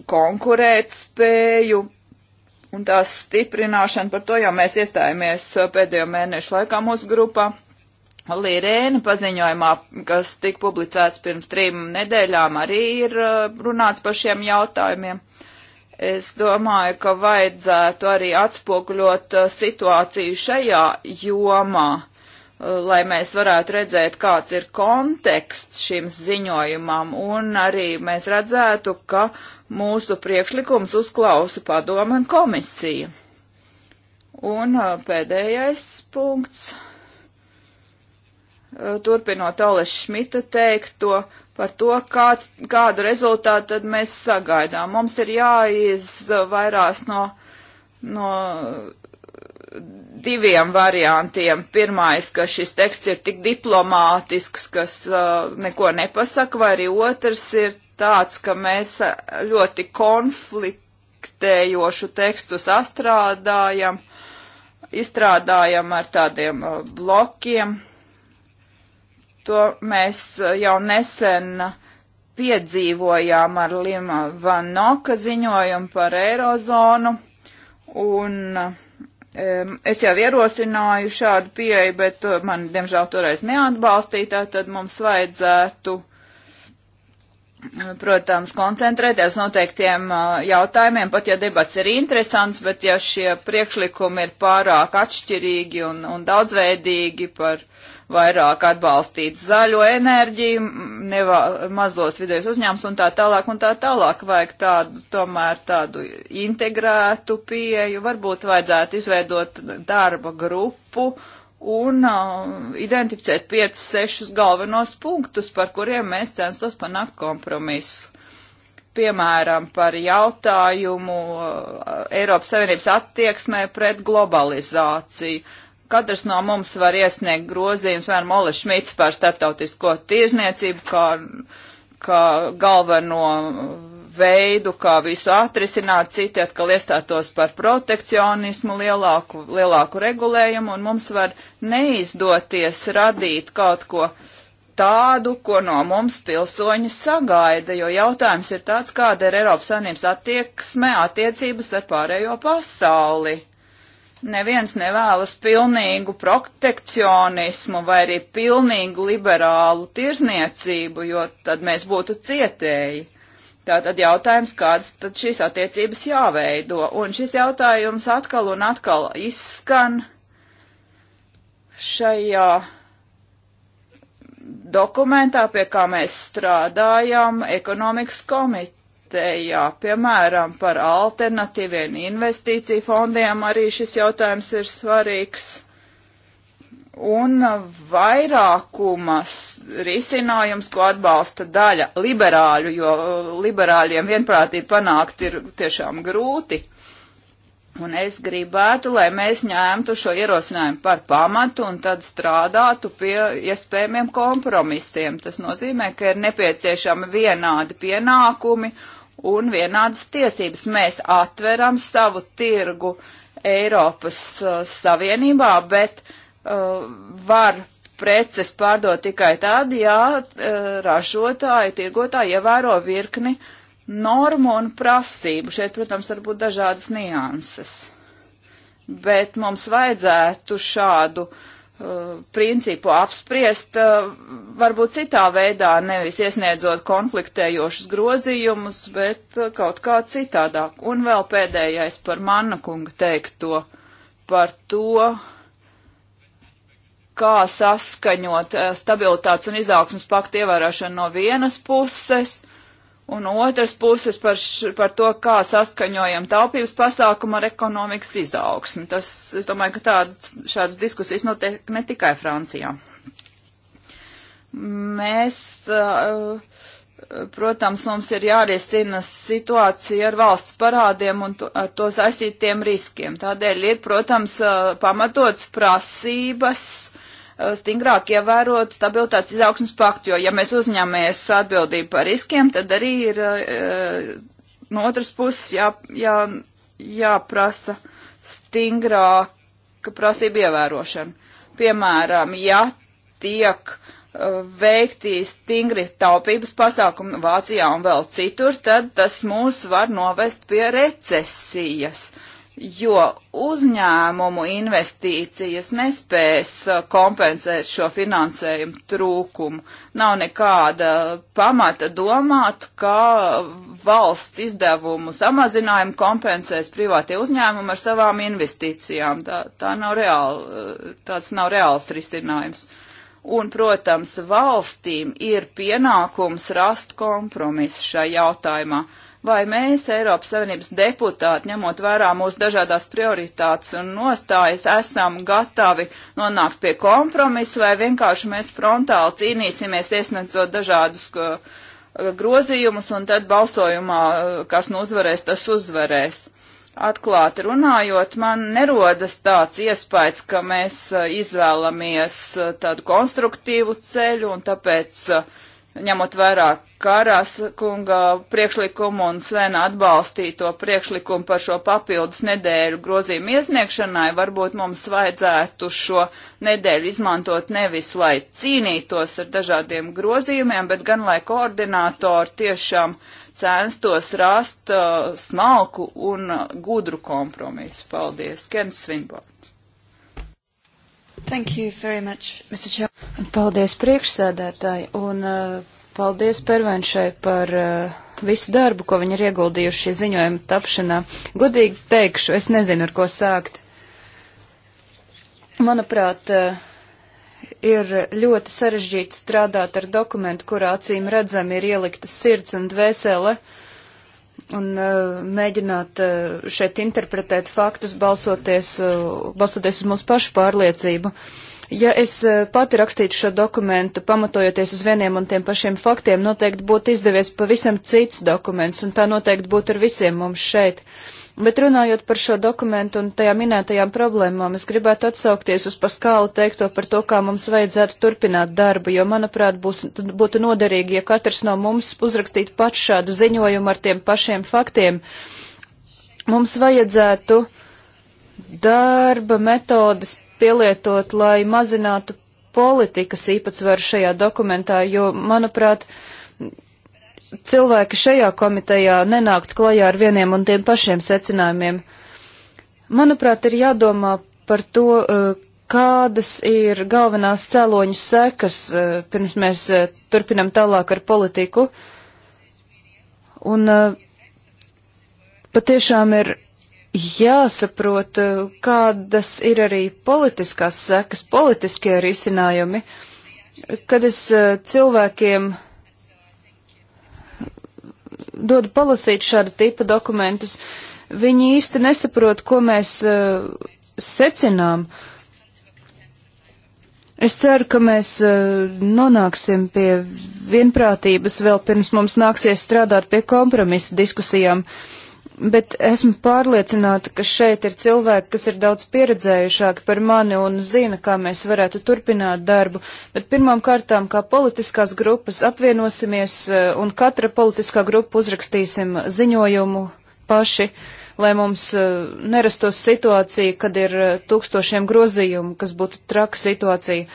Speaker 2: konkurētspēju un tās stiprināšana, par to jau mēs iestājāmies uh, pēdējo mēnešu laikā mūsu grupā. Lirēna paziņojumā, kas tika publicēts pirms trim nedēļām, arī ir uh, runāts par šiem jautājumiem. Es domāju, ka vajadzētu arī atspoguļot uh, situāciju šajā jomā, lai mēs varētu redzēt, kāds ir konteksts šim ziņojumam, un arī mēs redzētu, ka uh, mūsu priekšlikums uzklausa padoma un komisija. Un uh, pēdējais punkts, uh, turpinot Oles Šmita teikto par to, kāds, kādu rezultātu tad mēs sagaidām. Mums ir jāizvairās no, no diviem variantiem. Pirmais, ka šis teksts ir tik diplomātisks, kas uh, neko nepasaka, vai arī otrs ir tāds, ka mēs ļoti konfliktējošu tekstu sastrādājam, izstrādājam ar tādiem uh, blokiem. To mēs uh, jau nesen piedzīvojām ar Lima Vanoka ziņojumu par Eirozonu, un um, Es jau ierosināju šādu pieeju, bet uh, man, diemžēl, toreiz neatbalstītā, tad mums vajadzētu protams, koncentrēties noteiktiem jautājumiem, pat ja debats ir interesants, bet ja šie priekšlikumi ir pārāk atšķirīgi un, un daudzveidīgi par vairāk atbalstīt zaļo enerģiju, nevā, mazos vidējos uzņēmums un tā tālāk un tā tālāk, vajag tādu, tomēr tādu integrētu pieeju, varbūt vajadzētu izveidot darba grupu un uh, identificēt 5-6 galvenos punktus, par kuriem mēs censtos panākt kompromisu. Piemēram, par jautājumu uh, Eiropas Savienības attieksmē pret globalizāciju. Katrs no mums var iesniegt grozījums, piemēram, Ola Šmits par starptautisko tirzniecību, kā, kā galveno veidu, kā visu atrisināt, citi atkal iestātos par protekcionismu, lielāku, lielāku regulējumu, un mums var neizdoties radīt kaut ko tādu, ko no mums pilsoņi sagaida, jo jautājums ir tāds, kāda ir Eiropas Savienības attieksme attiecības ar pārējo pasauli. Neviens nevēlas pilnīgu protekcionismu vai arī pilnīgu liberālu tirzniecību, jo tad mēs būtu cietēji. Tātad jautājums, kādas tad šīs attiecības jāveido, un šis jautājums atkal un atkal izskan šajā dokumentā, pie kā mēs strādājam ekonomikas komitejā, piemēram, par alternatīviem investīciju fondiem arī šis jautājums ir svarīgs un vairākumas risinājums, ko atbalsta daļa liberāļu, jo uh, liberāļiem vienprātīgi panākt ir tiešām grūti. Un es gribētu, lai mēs ņemtu šo ierosinājumu par pamatu un tad strādātu pie iespējamiem kompromisiem. Tas nozīmē, ka ir nepieciešami vienādi pienākumi un vienādas tiesības. Mēs atveram savu tirgu Eiropas uh, Savienībā, bet uh, Uh, var preces pārdot tikai tad, ja uh, ražotāji, tirgotāji ievēro virkni normu un prasību. Šeit, protams, var būt dažādas nianses. Bet mums vajadzētu šādu uh, principu apspriest, uh, varbūt citā veidā, nevis iesniedzot konfliktējošus grozījumus, bet uh, kaut kā citādāk. Un vēl pēdējais par Manna kunga teikto par to, kā saskaņot eh, stabilitātes un izaugsmas paktu ievērošanu no vienas puses, un otras puses par, š, par to, kā saskaņojam taupības pasākumu ar ekonomikas izaugsmu. Tas, es domāju, ka tāds, šādas diskusijas notiek ne tikai Francijā. Mēs, eh, protams, mums ir jārisina situācija ar valsts parādiem un to, ar to saistītiem riskiem. Tādēļ ir, protams, eh, pamatots prasības Uh, stingrāk ievērot stabilitātes izaugsmas paktu, jo ja mēs uzņemamies atbildību par riskiem, tad arī ir uh, no otras puses jā, jā, jāprasa stingrāka prasība ievērošana. Piemēram, ja tiek uh, veikti stingri taupības pasākumi Vācijā un vēl citur, tad tas mūs var novest pie recesijas jo uzņēmumu investīcijas nespēs uh, kompensēt šo finansējumu trūkumu. Nav nekāda pamata domāt, ka valsts izdevumu samazinājumu kompensēs privātie uzņēmumi ar savām investīcijām. Tā, tā nav reāla, uh, tāds nav reāls risinājums. Uh, Un, protams, valstīm ir pienākums rast kompromisu šajā jautājumā. Vai mēs, Eiropas Savienības deputāti, ņemot vērā mūsu dažādās prioritātes un nostājas, esam gatavi nonākt pie kompromisa, vai vienkārši mēs frontāli cīnīsimies, iesniedzot dažādus uh, grozījumus, un tad balsojumā, uh, kas nu uzvarēs, tas uzvarēs atklāti runājot, man nerodas tāds iespējas, ka mēs uh, izvēlamies uh, tādu konstruktīvu ceļu un tāpēc, uh, ņemot vērā Kārās kunga priekšlikumu un Svena atbalstīto priekšlikumu par šo papildus nedēļu grozījumu iesniegšanai, varbūt mums vajadzētu šo nedēļu izmantot nevis, lai cīnītos ar dažādiem grozījumiem, bet gan, lai koordinātori tiešām uh, censtos rast uh, smalku un uh, gudru kompromisu. Paldies, Kens Svinborn. Thank you very much, Mr. Chair. Paldies
Speaker 3: priekšsēdētāji un uh, paldies Pervenšai par uh, visu darbu, ko viņi ir ieguldījuši šī ziņojuma tapšanā. Godīgi teikšu, es nezinu, ar ko sākt. Manuprāt, uh, ir ļoti sarežģīti strādāt ar dokumentu, kurā acīm redzami ir ielikta sirds un dvēsele, un uh, mēģināt uh, šeit interpretēt faktus, balsoties, uh, balstoties uz mūsu pašu pārliecību. Ja es uh, pati rakstītu šo dokumentu, pamatojoties uz vieniem un tiem pašiem faktiem, noteikti būtu izdevies pavisam cits dokuments, un tā noteikti būtu ar visiem mums šeit. Uh, Bet runājot par šo dokumentu un tajā minētajām problēmām, es gribētu atsaukties uz Paskāla teikto par to, kā mums vajadzētu turpināt darbu, jo, manuprāt, būs, būtu noderīgi, ja katrs no mums uzrakstītu pats šādu ziņojumu ar tiem pašiem faktiem. Mums vajadzētu darba metodas pielietot, lai mazinātu politikas īpatsvaru šajā dokumentā, jo, manuprāt, cilvēki šajā komitejā nenāktu klajā ar vieniem un tiem pašiem secinājumiem. Manuprāt, ir jādomā par to, e, kādas ir galvenās cēloņu sekas, e, pirms mēs e, turpinam tālāk ar politiku. Un patiešām ir jāsaprot, kādas ir arī politiskās sekas, politiskie risinājumi. Kad es cilvēkiem uh, dodu palasīt šāda tipa dokumentus, viņi īsti nesaprot, ko mēs uh, secinām. Es ceru, ka mēs uh, nonāksim pie vienprātības vēl pirms mums nāksies strādāt pie kompromisa diskusijām. Uh, bet esmu pārliecināta, ka šeit ir cilvēki, kas ir daudz pieredzējušāki par mani un zina, kā mēs varētu turpināt darbu, bet pirmām kārtām, kā politiskās grupas apvienosimies eh, un katra politiskā grupa uzrakstīsim ziņojumu paši, lai mums eh, nerastos situācija, kad ir eh, tūkstošiem grozījumu, kas būtu traka situācija.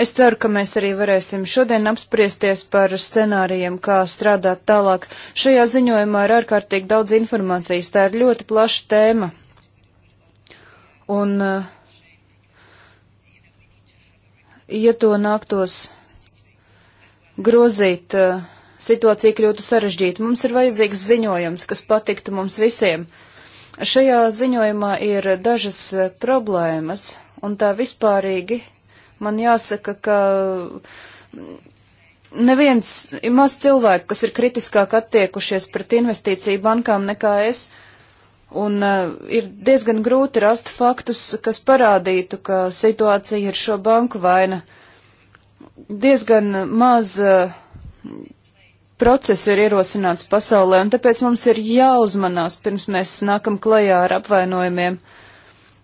Speaker 3: Es ceru, ka mēs arī varēsim šodien apspriesties par scenārijiem, kā strādāt tālāk. Šajā ziņojumā ir ārkārtīgi daudz informācijas, tā ir ļoti plaša tēma. Un, eh, ja to nāktos grozīt, eh, situācija kļūtu sarežģīta. Mums ir vajadzīgs ziņojums, kas patiktu mums visiem. Šajā ziņojumā ir dažas eh, problēmas, un tā vispārīgi Man jāsaka, ka neviens ir maz cilvēku, kas ir kritiskāk attiekušies pret investīciju bankām nekā es. Un uh, ir diezgan grūti rast faktus, kas parādītu, ka situācija ir šo banku vaina. Diezgan maz uh, eh, procesu ir ierosināts pasaulē, un tāpēc mums ir jāuzmanās, pirms mēs nākam klajā ar apvainojumiem. Uh,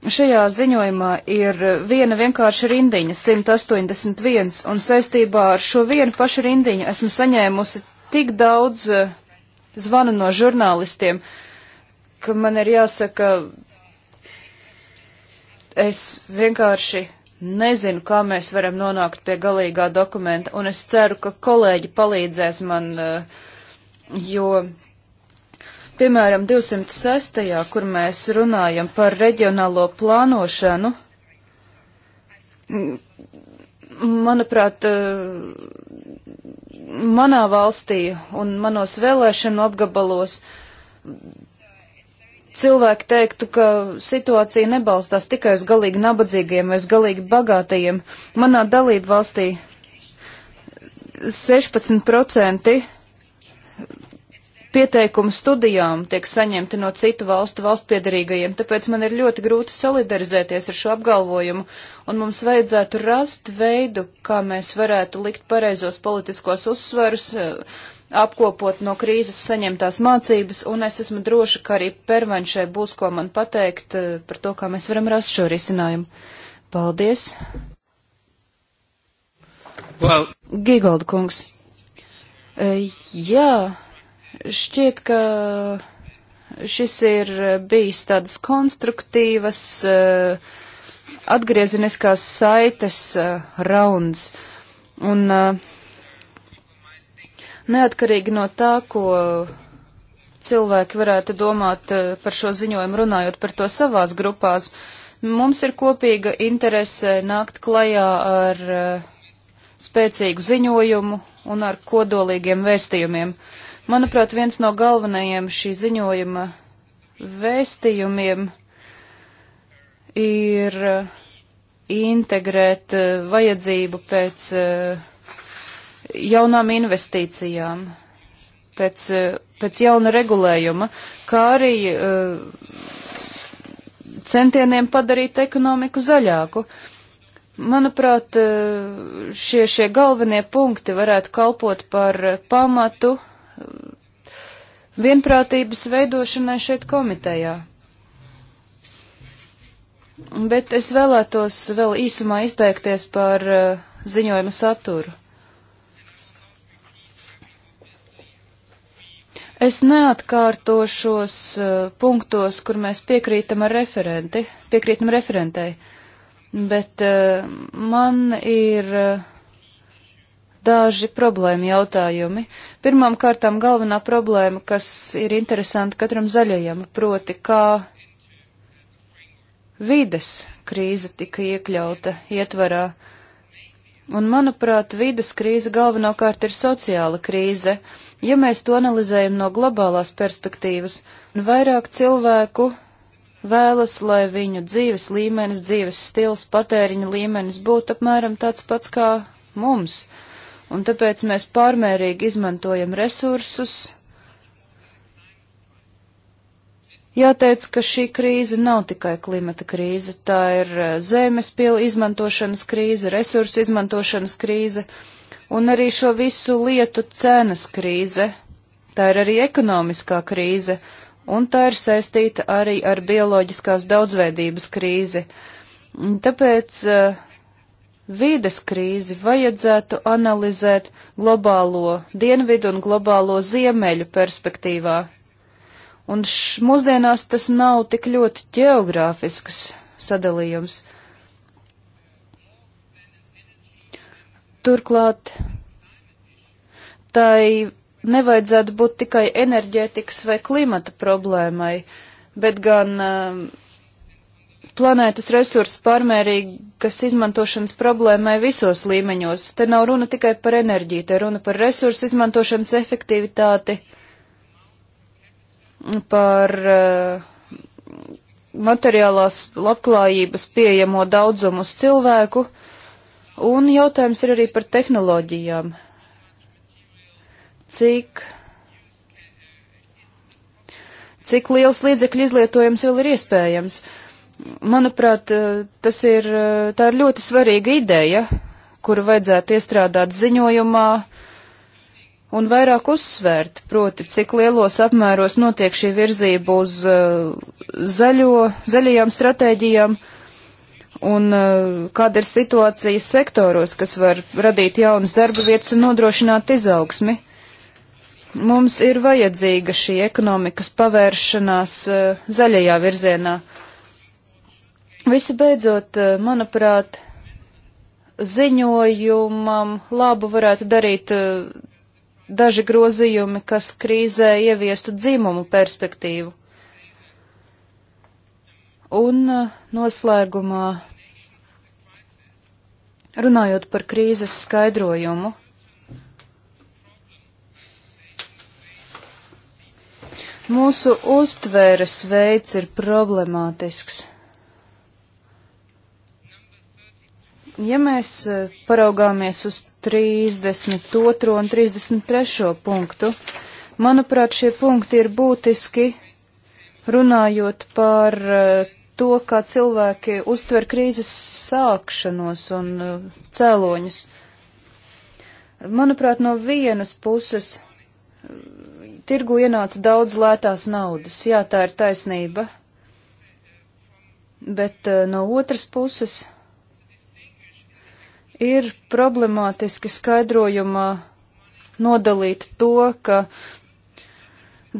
Speaker 3: Šajā ziņojumā ir viena vienkārša rindiņa, 181, un saistībā ar šo vienu pašu rindiņu esmu saņēmusi tik daudz eh, zvanu no žurnālistiem, ka man ir jāsaka, es vienkārši nezinu, kā mēs varam nonākt pie galīgā dokumenta, un es ceru, ka kolēģi palīdzēs man, eh, jo Piemēram, 206. kur mēs runājam par reģionālo plānošanu, manuprāt, manā valstī un manos vēlēšanu apgabalos cilvēki teiktu, ka situācija nebalstās tikai uz galīgi nabadzīgiem vai uz galīgi bagātajiem. Manā dalību valstī 16% Pieteikumu studijām tiek saņemti no citu valstu valstpiedarīgajiem, tāpēc man ir ļoti grūti solidarizēties ar šo apgalvojumu, un mums vajadzētu rast veidu, kā mēs varētu likt pareizos politiskos uzsvarus, eh, apkopot no krīzes saņemtās mācības, un es esmu droša, ka arī pervenšai būs ko man pateikt eh, par to, kā mēs varam rast šo risinājumu. Paldies! Well. Gigolda kungs. Uh, jā. Šķiet, ka šis ir bijis tādas konstruktīvas, eh, atgriezeniskās saites eh, rauns. Un eh, neatkarīgi no tā, ko cilvēki varētu domāt par šo ziņojumu, runājot par to savās grupās, mums ir kopīga interese nākt klajā ar spēcīgu ziņojumu un ar kodolīgiem vēstījumiem. Manuprāt, viens no galvenajiem šī ziņojuma vēstījumiem ir uh, integrēt uh, vajadzību pēc uh, jaunām investīcijām, pēc, pēc jauna regulējuma, kā arī centieniem padarīt ekonomiku zaļāku. Manuprāt, šie, šie galvenie punkti varētu kalpot par pamatu vienprātības veidošanai šeit komitejā. Bet es vēlētos vēl īsumā izteikties par uh, ziņojuma saturu. Es neatkārtošos uh, punktos, kur mēs piekrītam ar referenti, piekrītam referentei, bet uh, man ir. Uh, daži problēma jautājumi. Pirmām kārtām galvenā problēma, kas ir interesanta katram zaļajam, proti, kā vides krīze tika iekļauta ietvarā. Un, manuprāt, vides krīze galvenokārt ir sociāla krīze, ja mēs to analizējam no globālās perspektīvas, un vairāk cilvēku vēlas, lai viņu dzīves līmenis, dzīves stils, patēriņa līmenis būtu apmēram tāds pats kā mums un tāpēc mēs pārmērīgi izmantojam resursus. Jāteic, ka šī krīze nav tikai klimata krīze, tā ir eh, zemes piela izmantošanas krīze, resursu izmantošanas krīze un arī šo visu lietu cenas krīze. Tā ir arī ekonomiskā krīze, un tā ir saistīta arī ar bioloģiskās daudzveidības krīzi. Tāpēc uh, vīdes krīzi vajadzētu analizēt globālo dienvidu un globālo ziemeļu perspektīvā. Un š, mūsdienās tas nav tik ļoti ģeogrāfisks sadalījums. Turklāt tai nevajadzētu būt tikai enerģētikas vai klimata problēmai, bet gan uh, planētas resursu pārmērīgas izmantošanas problēmai visos līmeņos. Te nav runa tikai par enerģiju, te runa par resursu izmantošanas efektivitāti, par uh, materiālās labklājības pieejamo daudzumu uz cilvēku, un jautājums ir arī par tehnoloģijām. Cik cik liels līdzekļu izlietojums vēl ir iespējams. Uh, Manuprāt, eh, tas ir, eh, tā ir ļoti svarīga ideja, kuru vajadzētu iestrādāt ziņojumā un vairāk uzsvērt, proti, cik lielos apmēros notiek šī virzība uz eh, zaļo, zaļajām stratēģijām un kāda ir situācija sektoros, kas var radīt jaunas darba vietas un nodrošināt izaugsmi. Mums ir vajadzīga šī ekonomikas pavēršanās zaļajā virzienā. Visu beidzot, eh, manuprāt, ziņojumam labu varētu darīt eh, daži grozījumi, kas krīzē ieviestu dzimumu perspektīvu. Un eh, noslēgumā, runājot par krīzes skaidrojumu, mūsu uztvēres veids ir problemātisks. Ja mēs e, paraugāmies uz 32. un 33. punktu, manuprāt, šie punkti ir būtiski runājot par e, to, kā cilvēki uztver krīzes sākšanos un e, cēloņus. Manuprāt, no vienas puses tirgu ienāca daudz lētās naudas. Jā, tā ir taisnība. Bet no otras puses Ir problemātiski skaidrojumā nodalīt to, ka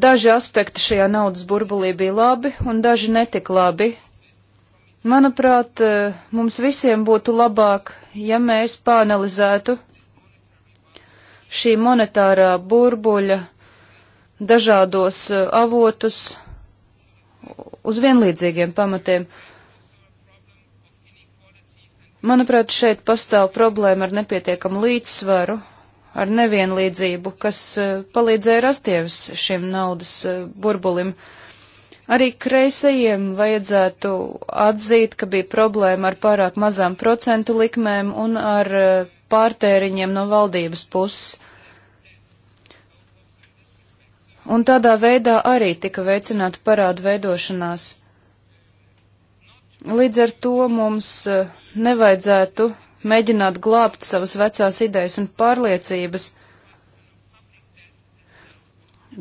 Speaker 3: daži aspekti šajā naudas burbulī bija labi un daži netik labi. Manuprāt, eh, mums visiem būtu labāk, ja mēs pāanalizētu šī monetārā burbuļa dažādos eh, avotus uz vienlīdzīgiem pamatiem. Manuprāt, šeit pastāv problēma ar nepietiekamu līdzsvaru, ar nevienlīdzību, kas eh, palīdzēja rasties šim naudas eh, burbulim. Arī kreisajiem vajadzētu atzīt, ka bija problēma ar pārāk mazām procentu likmēm un ar eh, pārtēriņiem no valdības puses. Un tādā veidā arī tika veicināta parādu veidošanās. Līdz ar to mums uh, nevajadzētu mēģināt glābt savas vecās idejas un pārliecības.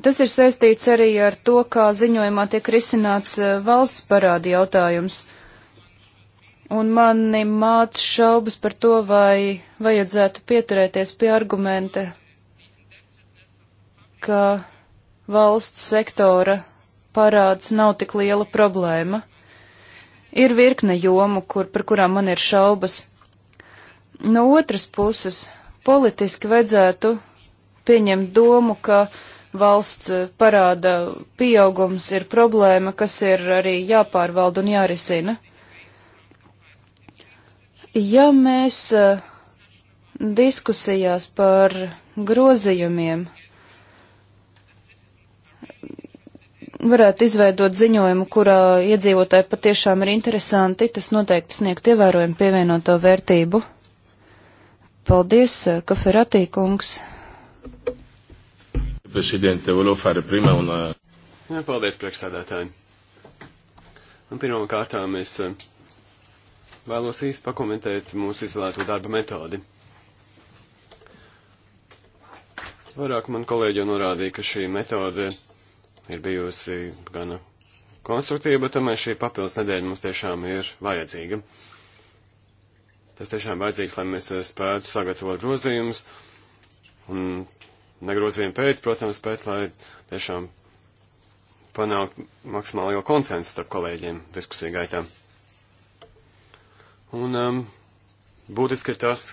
Speaker 3: Tas ir saistīts arī ar to, kā ziņojumā tiek risināts eh, valsts parādi jautājums. Un mani māca šaubas par to, vai vajadzētu pieturēties pie argumenta, ka valsts sektora parāds nav tik liela problēma. Ir virkne jomu, kur, par kurām man ir šaubas. No otras puses, politiski vajadzētu pieņemt domu, ka valsts eh, parāda pieaugums ir problēma, kas ir arī jāpārvalda un jārisina. Ja mēs eh, diskusijās par grozījumiem varētu izveidot ziņojumu, kurā iedzīvotāji patiešām ir interesanti, tas noteikti sniegt ievērojumu pievienoto vērtību. Paldies, Kaferatī kungs.
Speaker 1: Presidente, volevo fare prima una... Jā, paldies, priekšstādātāji. Un pirmām kārtām es eh, vēlos īsti pakomentēt mūsu izvēlēto darba metodi. Vairāk man kolēģi jau norādīja, ka šī metode ir bijusi gana konstruktīva, bet tomēr šī papildus nedēļa mums tiešām ir vajadzīga. Tas tiešām vajadzīgs, lai mēs eh, spētu sagatavot grozījumus, un negrozījumi pēc, protams, bet lai tiešām panākt maksimālo konsensu starp kolēģiem diskusiju gaitā. Un um, būtiski ir tas,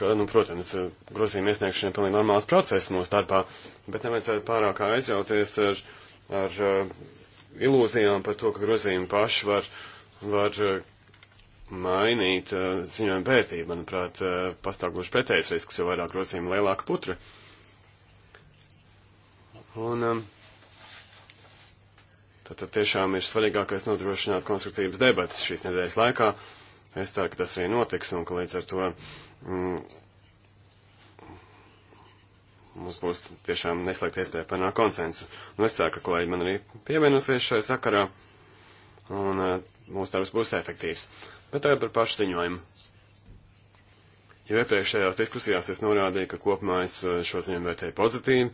Speaker 1: ka, nu, protams, grozījuma iesniegšana ir pilnīgi normāls process mūsu darbā, bet nevajadzētu pārāk aizrauties ar, ar uh, ilūzijām par to, ka grozījumi paši var, var uh, mainīt uh, ziņojumu vērtību. Manuprāt, pastāv gluži pretējs risks, jo vairāk grozījumu lielāka putra. Un tātad um, tiešām ir svarīgākais nodrošināt konstruktīvas debatas šīs nedēļas laikā. Es ceru, ka tas arī notiks un ka līdz ar to Mm. mums būs tiešām neslēgt iespēja panākt konsensu. Nu, es ceru, ka kolēģi man arī pievienosies šajā sakarā, un uh, mūsu darbs būs efektīvs. Bet tagad par pašu ziņojumu. Jau iepriekšējās diskusijās es norādīju, ka kopumā es uh, šo ziņu vērtēju pozitīvi,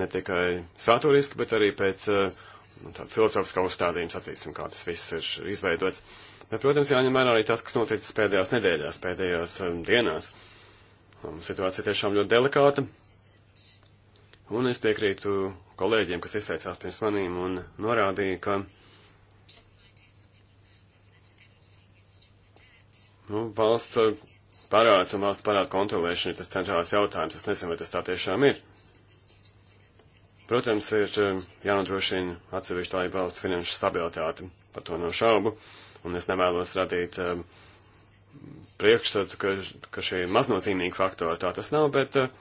Speaker 1: ne tikai saturiski, bet arī pēc uh, nu, tāda filozofiskā uzstādījuma, sacīsim, kā tas viss ir izveidots. Uh, Bet, protams, jāņem vērā arī tas, kas noticis pēdējās nedēļās, pēdējās um, dienās. Um, situācija tiešām ļoti delikāta. Un es piekrītu kolēģiem, kas izteicās pirms manīm un norādīja, ka nu, valsts uh, parāds un valsts parāda kontrolēšana ir tas centrālais jautājums. Es nezinu, vai tas tā tiešām ir. Protams, ir um, jānodrošina atsevišķu laibalstu finanšu stabilitāti. Par to nav no šaubu. Uh, Un es nevēlos radīt um, priekšstatu, ka, ka šie maznozīmīgi faktori tā tas nav, bet uh,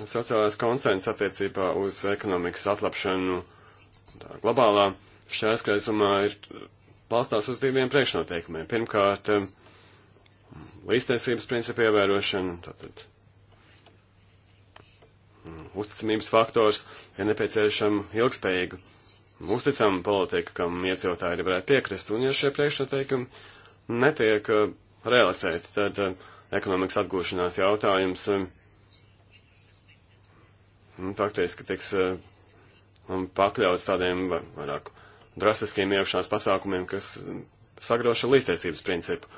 Speaker 1: sociālais konsens attiecībā uz ekonomikas atlapšanu tā, globālā šķērskaisumā ir balstās uz diviem priekšnoteikumiem. Pirmkārt, um, līdztiesības principu ievērošana, tātad um, uzticamības faktors ir nepieciešama ilgspējīga uzticama politika, kam iedzīvotāji varētu piekrist, un ja šie priekšnoteikumi netiek eh, realizēti, tad eh, ekonomikas atgūšanās jautājums eh, nu, faktiski tiks pakļauts tādiem vairāk drastiskiem iekšās pasākumiem, kas sagroša līdztiesības principu.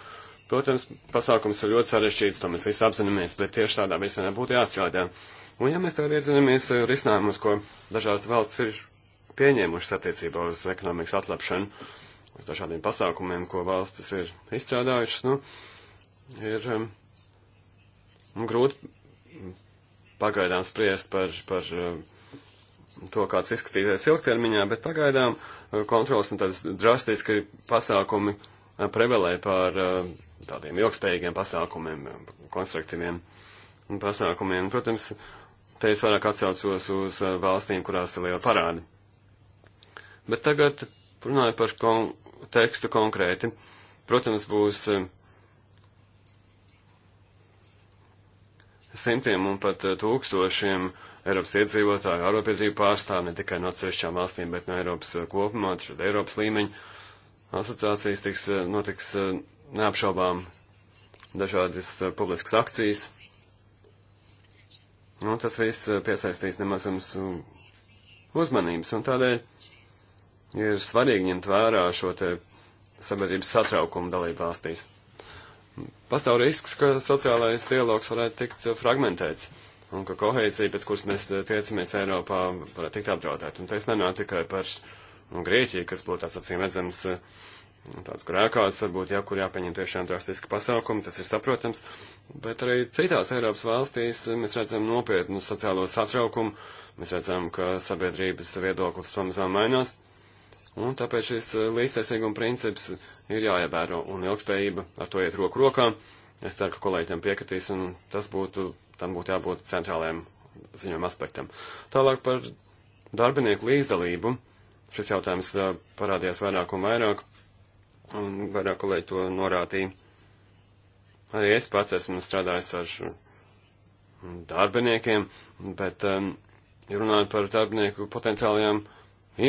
Speaker 1: Protams, pasākums ir ļoti sarežģīts, to mēs visi apzināmies, bet tieši tādā visā būtu jāstrādā. Un ja mēs tagad iedzinamies risinājumus, ko dažās valsts ir pieņēmušas attiecībā uz ekonomikas atlapšanu, uz dažādiem pasākumiem, ko valstis ir izstrādājušas, nu, ir um, nu, grūti pagaidām spriest par, par um, to, kāds izskatīsies ilgtermiņā, bet pagaidām uh, kontrols un nu, tādas drastiski pasākumi uh, prevelē par uh, tādiem ilgspējīgiem pasākumiem, konstruktīviem pasākumiem. Protams, te es vairāk atsaucos uz valstīm, kurās ir liela parāda. Bet tagad runāju par kon tekstu konkrēti. Protams, būs eh, simtiem un pat eh, tūkstošiem Eiropas iedzīvotāju, Eiropiedzīvu pārstāv ne tikai no atsevišķām valstīm, bet no Eiropas eh, kopumā, tad Eiropas līmeņa asociācijas tiks, notiks neapšaubām dažādas publiskas akcijas. Nu, tas viss piesaistīs nemaz jums uzmanības, un tādēļ ir svarīgi ņemt vērā šo te sabiedrības satraukumu dalību valstīs. Pastāv risks, ka sociālais dialogs varētu tikt fragmentēts un ka kohēzija, pēc kuras mēs tiecamies Eiropā, varētu tikt apdraudēta. Un te es nenāku tikai par Grieķiju, kas būtu tāds acīm redzams tāds grēkās, varbūt, ja kur jāpieņem tiešām drastiski pasākumi, tas ir saprotams, bet arī citās Eiropas valstīs mēs redzam nopietnu sociālo satraukumu, mēs redzam, ka sabiedrības viedoklis pamazām mainās, Un tāpēc šis eh, līdztaisīguma princips ir jāievēro, un ilgspējība ar to iet roku rokā. Es ceru, ka kolēģi tam piekritīs, un tas būtu, tam būtu jābūt centrālajiem ziņojuma aspektam. Tālāk par darbinieku līdzdalību. Šis jautājums eh, parādījās vairāk un vairāk, un vairāk kolēģi to norādīja. Arī es pats esmu strādājis ar darbiniekiem, bet um, runājot par darbinieku potenciālajām uh,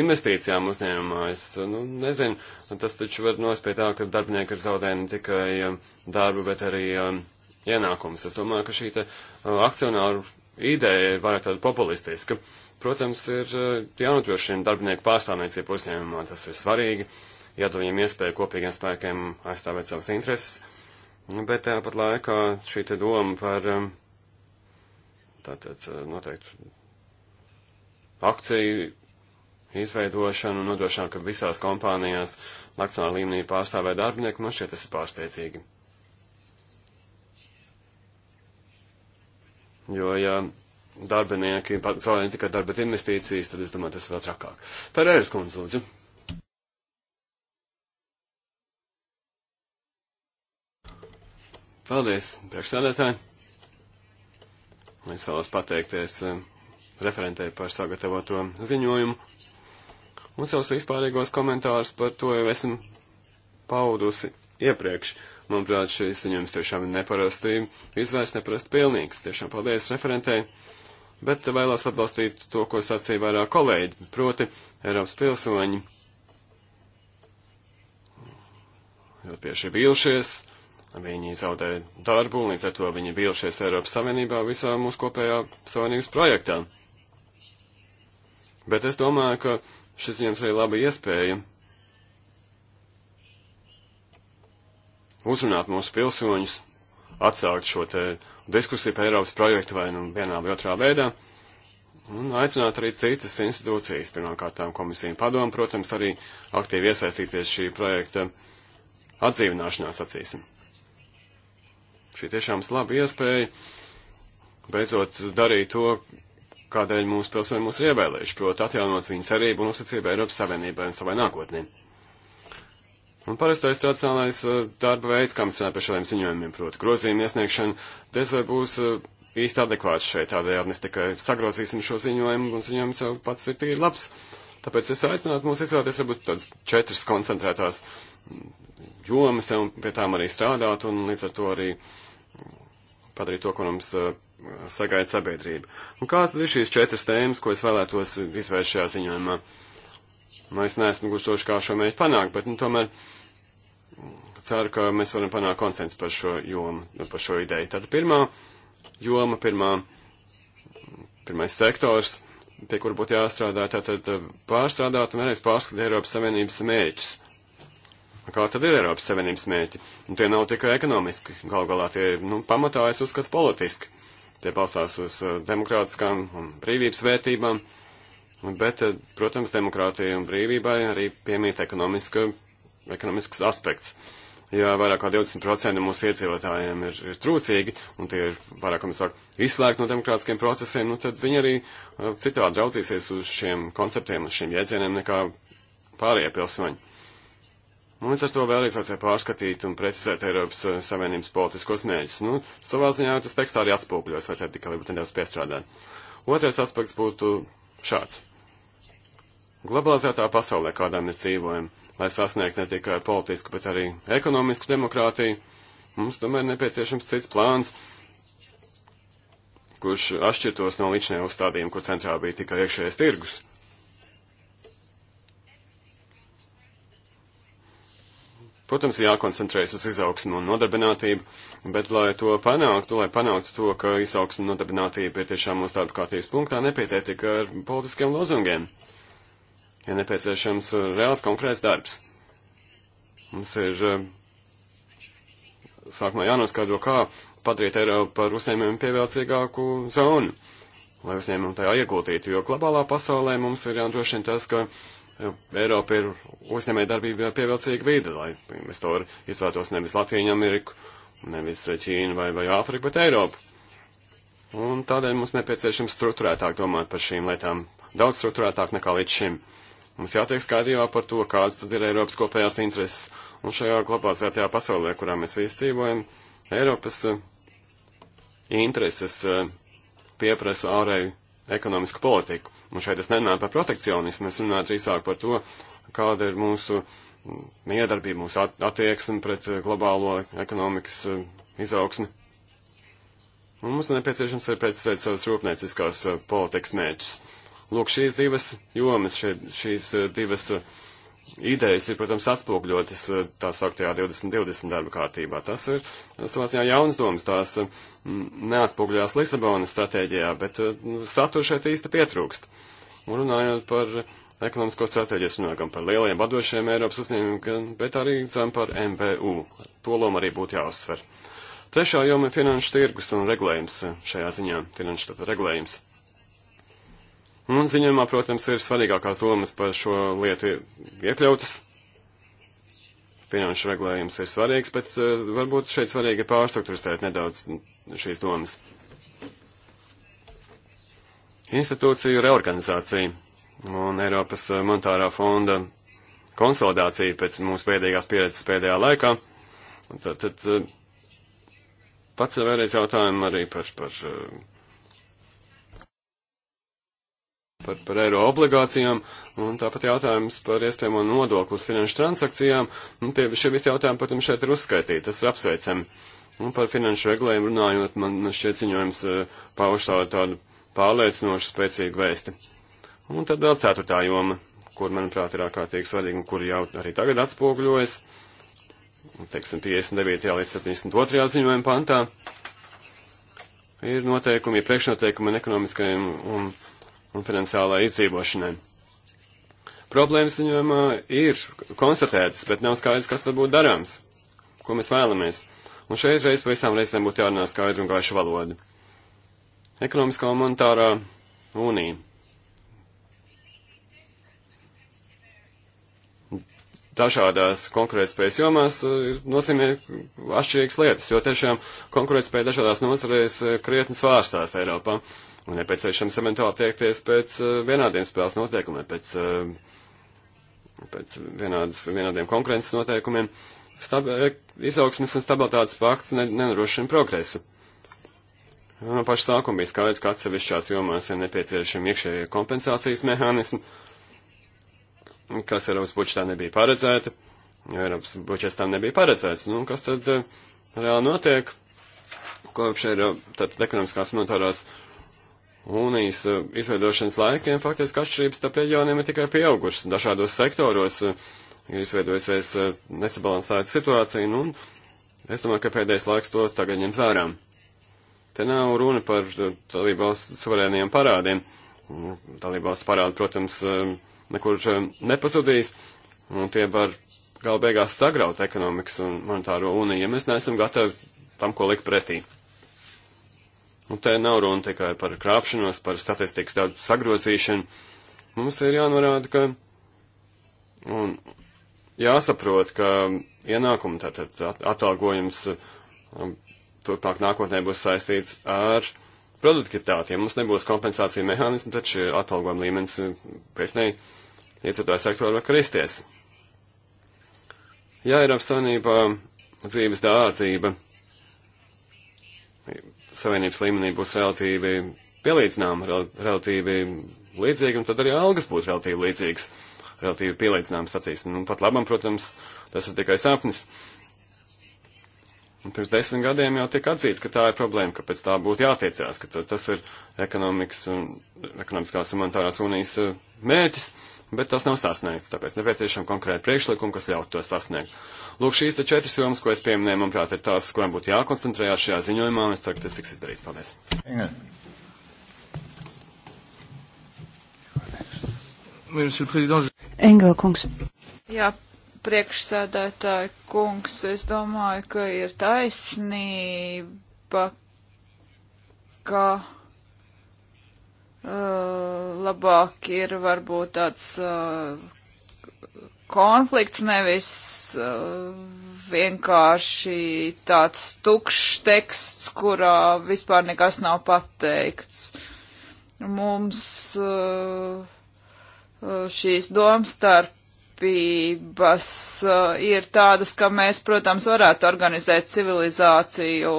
Speaker 1: investīcijām uzņēmumā. Es nu, nezinu, tas taču var nost pie tā, ka darbinieki ir zaudējuši ne tikai darbu, bet arī ienākumus. Es domāju, ka šī te, akcionāru ideja ir vairāk tāda populistiska. Protams, ir jānodrošina darbinieku pārstāvniecība uzņēmumā, tas ir svarīgi, jādod viņiem iespēju kopīgiem spēkiem aizstāvēt savas intereses, bet tāpat laikā šī te doma par tātad noteikti akciju izveidošanu un nodrošināt, ka visās kompānijās nacionāla līmenī pārstāvē darbinieku, man šķiet tas ir pārsteidzīgi. Jo, ja darbinieki zaudē ne tikai darba, bet investīcijas, tad es domāju, tas ir vēl trakāk. Ferēras kundze, lūdzu. Paldies, priekšsēdētāji. Es vēlos pateikties eh, referentei par sagatavoto ziņojumu un savus vispārīgos komentārus par to jau esam paudusi iepriekš. Manuprāt, šis ziņojums tiešām ir neparasti izvērsts, neparasti pilnīgs. Tiešām paldies referentei, bet vēlos atbalstīt to, ko sacīja vairāk kolēģi, proti Eiropas pilsoņi. Ļoti bieži vīlušies, viņi zaudēja darbu, un līdz ar to viņi vīlušies Eiropas Savienībā visā mūsu kopējā savienības projektā. Bet es domāju, ka šis viņiem arī laba iespēja uzrunāt mūsu pilsoņus, atsākt šo te diskusiju par Eiropas projektu vai nu vienā vai otrā veidā, un aicināt arī citas institūcijas, pirmkārtām komisiju padomu, protams, arī aktīvi iesaistīties šī projekta atdzīvināšanā, sacīsim. Šī tiešām slaba iespēja beidzot darīt to, kādēļ mūsu pilsoņi mūs ir ievēlējuši, proti atjaunot viņu cerību un uzticību Eiropas Savienībai un savai nākotnē. Un parastais tradicionālais uh, darba veids, kā mēs runājam par šādiem ziņojumiem, proti grozījumu iesniegšanu, tas uh, būs uh, īsti adekvāts šeit, tādējādi mēs tikai sagrozīsim šo ziņojumu, un ziņojums jau pats ir tīri labs. Tāpēc es aicinātu mūs izvēlēties varbūt tādas četras koncentrētās mm, jomas, un pie tām arī strādāt, un līdz ar to arī padarīt to, ko mums sagaida sabiedrība. Un kādas ir šīs četras tēmas, ko es vēlētos izvērst šajā ziņojumā? Nu, es neesmu gluži toši kā šo mērķi panākt, bet nu, tomēr ceru, ka mēs varam panākt konsensu par šo jomu, par šo ideju. Tātad pirmā joma, pirmā, pirmais sektors, pie kur būtu jāstrādā, tātad pārstrādāt un vēlreiz pārskatīt Eiropas Savienības mērķus. Kā tad ir Eiropas Savienības mērķi? Un tie nav tikai ekonomiski, gal galā tie, nu, pamatā es uzskatu politiski tie balstās uz uh, demokrātiskām un brīvības vērtībām, bet, uh, protams, demokrātijai un brīvībai arī piemīt ekonomiska, ekonomisks aspekts. Ja vairāk kā 20% mūsu iedzīvotājiem ir, ir trūcīgi, un tie ir vairāk, kā mēs sākam, izslēgt no demokrātiskiem procesiem, nu tad viņi arī uh, citādi draudzīsies uz šiem konceptiem, uz šiem jēdzieniem nekā pārējie pilsoņi. Un nu, līdz ar to vēlreiz vajadzēja pārskatīt un precizēt Eiropas eh, Savienības politiskos mērķus. Nu, savā ziņā tas tekstā arī atspūkļos, vajadzētu tikai varbūt nedaudz piestrādāt. Otrais aspekts būtu šāds. Globalizētā pasaulē, kādā mēs dzīvojam, lai sasniegtu ne tikai politisku, bet arī ekonomisku demokrātiju, mums tomēr nepieciešams cits plāns, kurš atšķirtos no līdšanai uzstādījuma, kur centrā bija tikai iekšējais tirgus. Protams, jākoncentrējas uz izaugsmu un nodarbinātību, bet, lai to panāktu, lai panāktu to, ka izaugsmu un nodarbinātība ir tiešām mūsu darba kārtības punktā, nepietiek tikai ar politiskiem lozungiem. Ir ja nepieciešams uh, reāls konkrēts darbs. Mums ir uh, sākumā jānoskaidro, kā padarīt Eiropu par uzņēmumiem pievilcīgāku zonu, lai uzņēmumi tajā ieguldītu, jo globālā pasaulē mums ir jānodrošina tas, ka Eiropa ir uzņēmē darbībā pievilcīga vide, lai investori izvēlētos nevis Latviju, Ameriku, nevis Ķīnu vai, vai Āfriku, bet Eiropu. Un tādēļ mums nepieciešams struktūrētāk domāt par šīm lietām, daudz struktūrētāk nekā līdz šim. Mums jātiek skaidrībā par to, kādas tad ir Eiropas kopējās intereses. Un šajā globalizētajā pasaulē, kurā mēs visi dzīvojam, Eiropas eh, intereses eh, pieprasa ārēju ekonomisku politiku. Un šeit es nenāju par protekcionismu, es runāju drīzāk par to, kāda ir mūsu miedarbība, mūsu attieksme pret eh, globālo ekonomikas eh, izaugsmi. Un mums nepieciešams ir pēcstēt savas rūpnieciskās eh, politikas mērķus. Lūk, šīs divas jomas, šie, šīs divas uh, idejas ir, protams, atspūgļotas eh, tā sauktajā 2020 darba kārtībā. Tas ir savā ziņā jaunas domas, tās eh, neatspūgļojās Lisabonas stratēģijā, bet eh, nu, satura šeit īsti pietrūkst. Un runājot par ekonomisko stratēģiju, runājot gan par lielajiem vadošiem Eiropas uzņēmumiem, bet arī gan par MVU. To lomu arī būtu jāuzsver. Trešā joma ir finanšu tirgus un regulējums šajā ziņā, finanšu regulējums. Un ziņojumā, protams, ir svarīgākās domas par šo lietu iekļautas. Finanšu regulējums ir svarīgs, bet uh, varbūt šeit svarīgi pārstrukturistēt nedaudz šīs domas. Institūciju reorganizācija un Eiropas monetārā fonda konsolidācija pēc mūsu pēdējās pieredzes pēdējā laikā. Tad, tad eh, pats vēl reiz jautājumu arī par, par uh, par, par eiro obligācijām, un tāpat jautājums par iespējamo nodoklu uz finanšu transakcijām. Un nu, tie šie visi jautājumi, protams, šeit ir uzskaitīti, tas ir apsveicami. Un par finanšu regulējumu runājot, man, man šķiet ziņojums eh, pauž tādu, tādu pārliecinošu, spēcīgu vēsti. Un tad vēl ceturtā joma, kur, manuprāt, ir ārkārtīgi svarīga un kur jau arī tagad atspoguļojas, teiksim, 59. līdz 72. ziņojuma pantā, ir noteikumi, ir priekšnoteikumi ekonomiskajiem un un finansiālai izdzīvošanai. Problēmas viņam ir konstatētas, bet nav skaidrs, kas tad būtu darāms, ko mēs vēlamies. Un šeit reiz visām reizēm būtu jārunā skaidru un gaišu valodu. Ekonomiskā un monetārā unija. dažādās konkurētspējas jomās nozīmē atšķirīgas lietas, jo tiešām konkurētspēja dažādās nozarēs krietni svārstās Eiropā un nepieciešams eventuāli tiekties pēc eh, vienādiem spēles noteikumiem, pēc, eh, pēc vienādas, vienādiem konkurences noteikumiem. Stab eh, izaugsmes un stabilitātes pakts ne, nenorošina progresu. No paša sākuma bija skaidrs, ka atsevišķās jomās ir nepieciešami iekšējie kompensācijas mehānismi, kas Eiropas budžetā nebija paredzēta, jo Eiropas budžets tam nebija paredzēts. Nu, kas tad reāli notiek? Kopš ir tad ekonomiskās monetārās uh, Unijas uh, izveidošanas laikiem faktiski atšķirības starp reģioniem ir tikai pieaugušas. Dažādos sektoros uh, ir izveidojusies uh, nesabalansēta situācija, nu, un es domāju, ka pēdējais laiks to tagad ņemt vērā. Te nav runa par dalību valstu suverēniem parādiem. Mm, dalību valstu parādi, protams, nekur nepazudīs, un tie var galu beigās sagraut ekonomikas un monetāro uniju, ja mēs neesam gatavi tam, ko likt pretī. Un nu, te nav runa tikai par krāpšanos, par statistikas tādu sagrozīšanu. Mums ir jānorāda, ka un jāsaprot, ka ienākumi, tātad atalgojums um, turpmāk nākotnē būs saistīts ar produktivitāti. Ja mums nebūs kompensācija mehānismi, tad šī atalgojuma līmenis uh, pēkšņi iecetotāju sektoru var kristies. Ja ir apsaunība dzīves dārdzība, savienības līmenī būs relatīvi pielīdzināma, rel relatīvi līdzīga, un tad arī algas būtu relatīvi līdzīgas, relatīvi pielīdzināmas, sacīsim. Nu, pat labam, protams, tas ir tikai sapnis. Un pirms desmit gadiem jau tiek atzīts, ka tā ir problēma, ka pēc tā būtu jātiecās, ka tas ir ekonomikas un ekonomiskās un monetārās unijas eh, mērķis. Uh, bet tas nav sasniegts, tāpēc nepieciešama konkrēta priekšlikuma, kas ļautu to sasniegt. Lūk, šīs te četras jomas, ko es pieminēju, manuprāt, ir tās, kurām būtu jākoncentrējās šajā ziņojumā, un es ceru, ka tas tiks izdarīts. Paldies!
Speaker 2: Inga.
Speaker 3: Engela kungs.
Speaker 2: Jā, priekšsēdētāji kungs, es domāju, ka ir taisnība, ka Uh, labāk ir varbūt tāds uh, konflikts, nevis uh, vienkārši tāds tukšs teksts, kurā vispār nekas nav pateikts. Mums šīs domas starp grūtības eh, ir tādas, ka mēs, protams, varētu organizēt civilizāciju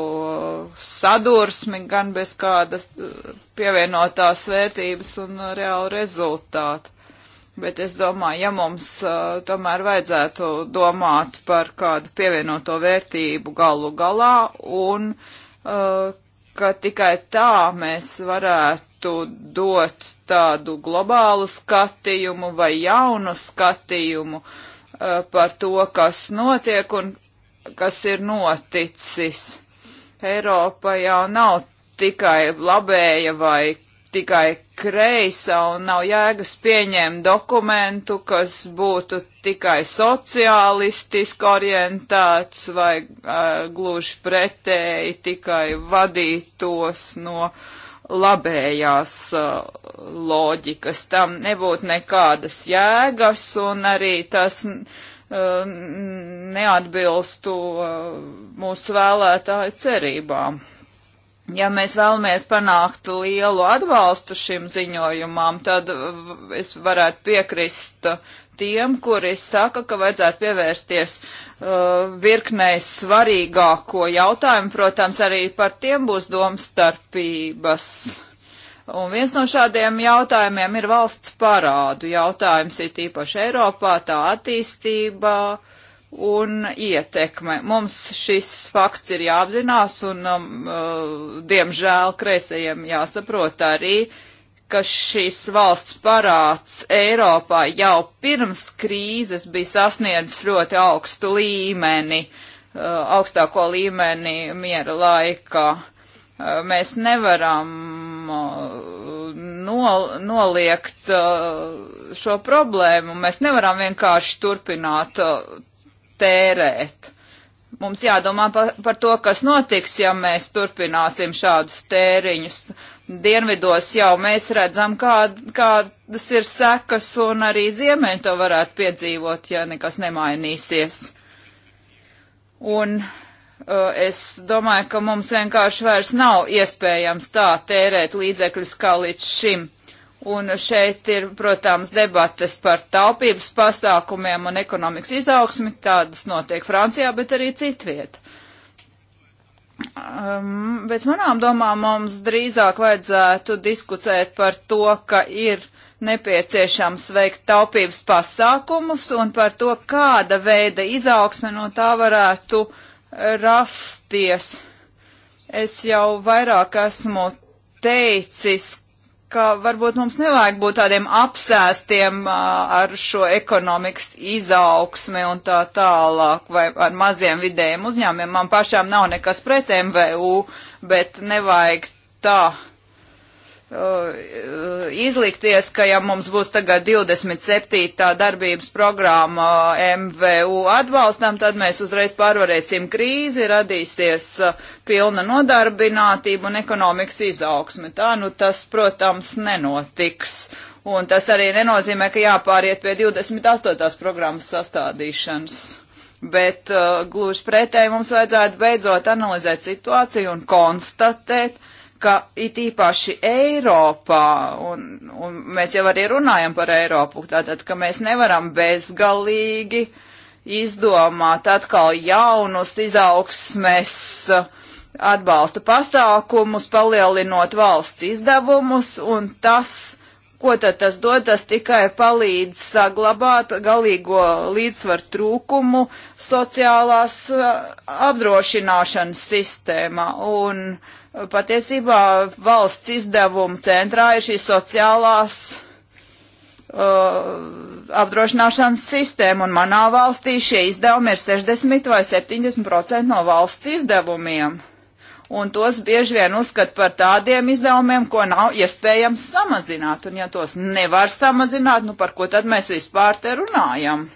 Speaker 2: sadursmi gan bez kādas eh, pievienotās vērtības un reāla rezultāta. Bet es domāju, ja mums uh, tomēr vajadzētu domāt par kādu pievienoto vērtību galu galā un uh, ka tikai tā mēs varētu dot tādu globālu skatījumu vai jaunu skatījumu uh, par to, kas notiek un kas ir noticis. Eiropa jau nav tikai labēja vai tikai kreisa un nav jēgas pieņemt dokumentu, kas būtu tikai sociālistiski orientēts vai uh, gluži pretēji tikai vadītos no labējās uh, loģikas. Tam nebūtu nekādas jēgas un arī tas uh, neatbilstu uh, mūsu vēlētāju cerībām. Ja mēs vēlamies panākt lielu atbalstu šim ziņojumam, tad es varētu piekrist tiem, kuri saka, ka vajadzētu pievērsties uh, virknei svarīgāko jautājumu. Protams, arī par tiem būs domstarpības. Un viens no šādiem jautājumiem ir valsts parādu jautājums, ir tīpaši Eiropā, tā attīstībā. Uh, un ietekme. Mums šis fakts ir jāapzinās un, um, uh, diemžēl, kreisajiem jāsaprot arī, ka šis valsts parāds Eiropā jau pirms krīzes bija sasniedzis ļoti augstu līmeni, uh, augstāko līmeni miera laikā. Uh, mēs nevaram uh, nol, noliegt uh, šo problēmu. Mēs nevaram vienkārši turpināt uh, tērēt. Mums jādomā par, par to, kas notiks, ja mēs turpināsim šādus tēriņus. Dienvidos jau mēs redzam, kād, kādas ir sekas, un arī ziemeņi to varētu piedzīvot, ja nekas nemainīsies. Un uh, es domāju, ka mums vienkārši vairs nav iespējams tā tērēt līdzekļus kā līdz šim. Un šeit ir, protams, debates par taupības pasākumiem un ekonomikas izaugsmi, tādas notiek Francijā, bet arī citviet. Um, bet manām domām mums drīzāk vajadzētu diskutēt par to, ka ir nepieciešams veikt taupības pasākumus un par to, kāda veida izaugsme no tā varētu rasties. Es jau vairāk esmu teicis, ka varbūt mums nevajag būt tādiem apsēstiem ar šo ekonomikas izaugsmi un tā tālāk, vai ar maziem vidējiem uzņēmumiem. Man pašām nav nekas pret MVU, bet nevajag tā Uh, izlikties, ka ja mums būs tagad 27. darbības programma MVU atbalstam, tad mēs uzreiz pārvarēsim krīzi, radīsies uh, pilna nodarbinātība un ekonomikas izaugsme. Tā, nu tas, protams, nenotiks. Un tas arī nenozīmē, ka jāpāriet pie 28. programmas sastādīšanas. Bet uh, gluži pretēji mums vajadzētu beidzot analizēt situāciju un konstatēt, uh, ka it īpaši Eiropā, un, un mēs jau arī runājam par Eiropu, tātad, ka mēs nevaram bezgalīgi izdomāt atkal jaunus izaugsmes atbalsta pasākumus, palielinot valsts izdevumus, un tas, ko tad tas dod, tas tikai palīdz saglabāt galīgo līdzsvaru trūkumu sociālās apdrošināšanas sistēmā. Un, uh, patiesībā valsts izdevuma centrā ir šīs sociālās uh, apdrošināšanas sistēma, un manā valstī šie izdevumi ir 60 vai 70% no valsts izdevumiem. Un tos bieži vien uzskata par tādiem izdevumiem, ko nav iespējams samazināt. Un ja tos nevar samazināt, nu par ko tad mēs vispār te runājam?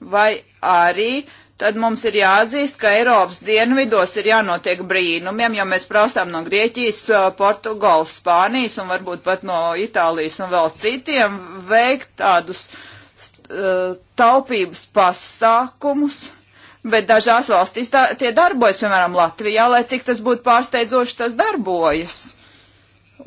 Speaker 2: Vai arī tad mums ir jāatzīst, ka Eiropas dienvidos ir jānotiek brīnumiem, jo mēs prasām no Grieķijas, eh, Portugāles, Spānijas un varbūt pat no Itālijas un vēl citiem veikt tādus uh, taupības pasākumus. Bet dažās valstīs tā, tie darbojas, piemēram, Latvijā, lai cik tas būtu pārsteidzoši, tas darbojas.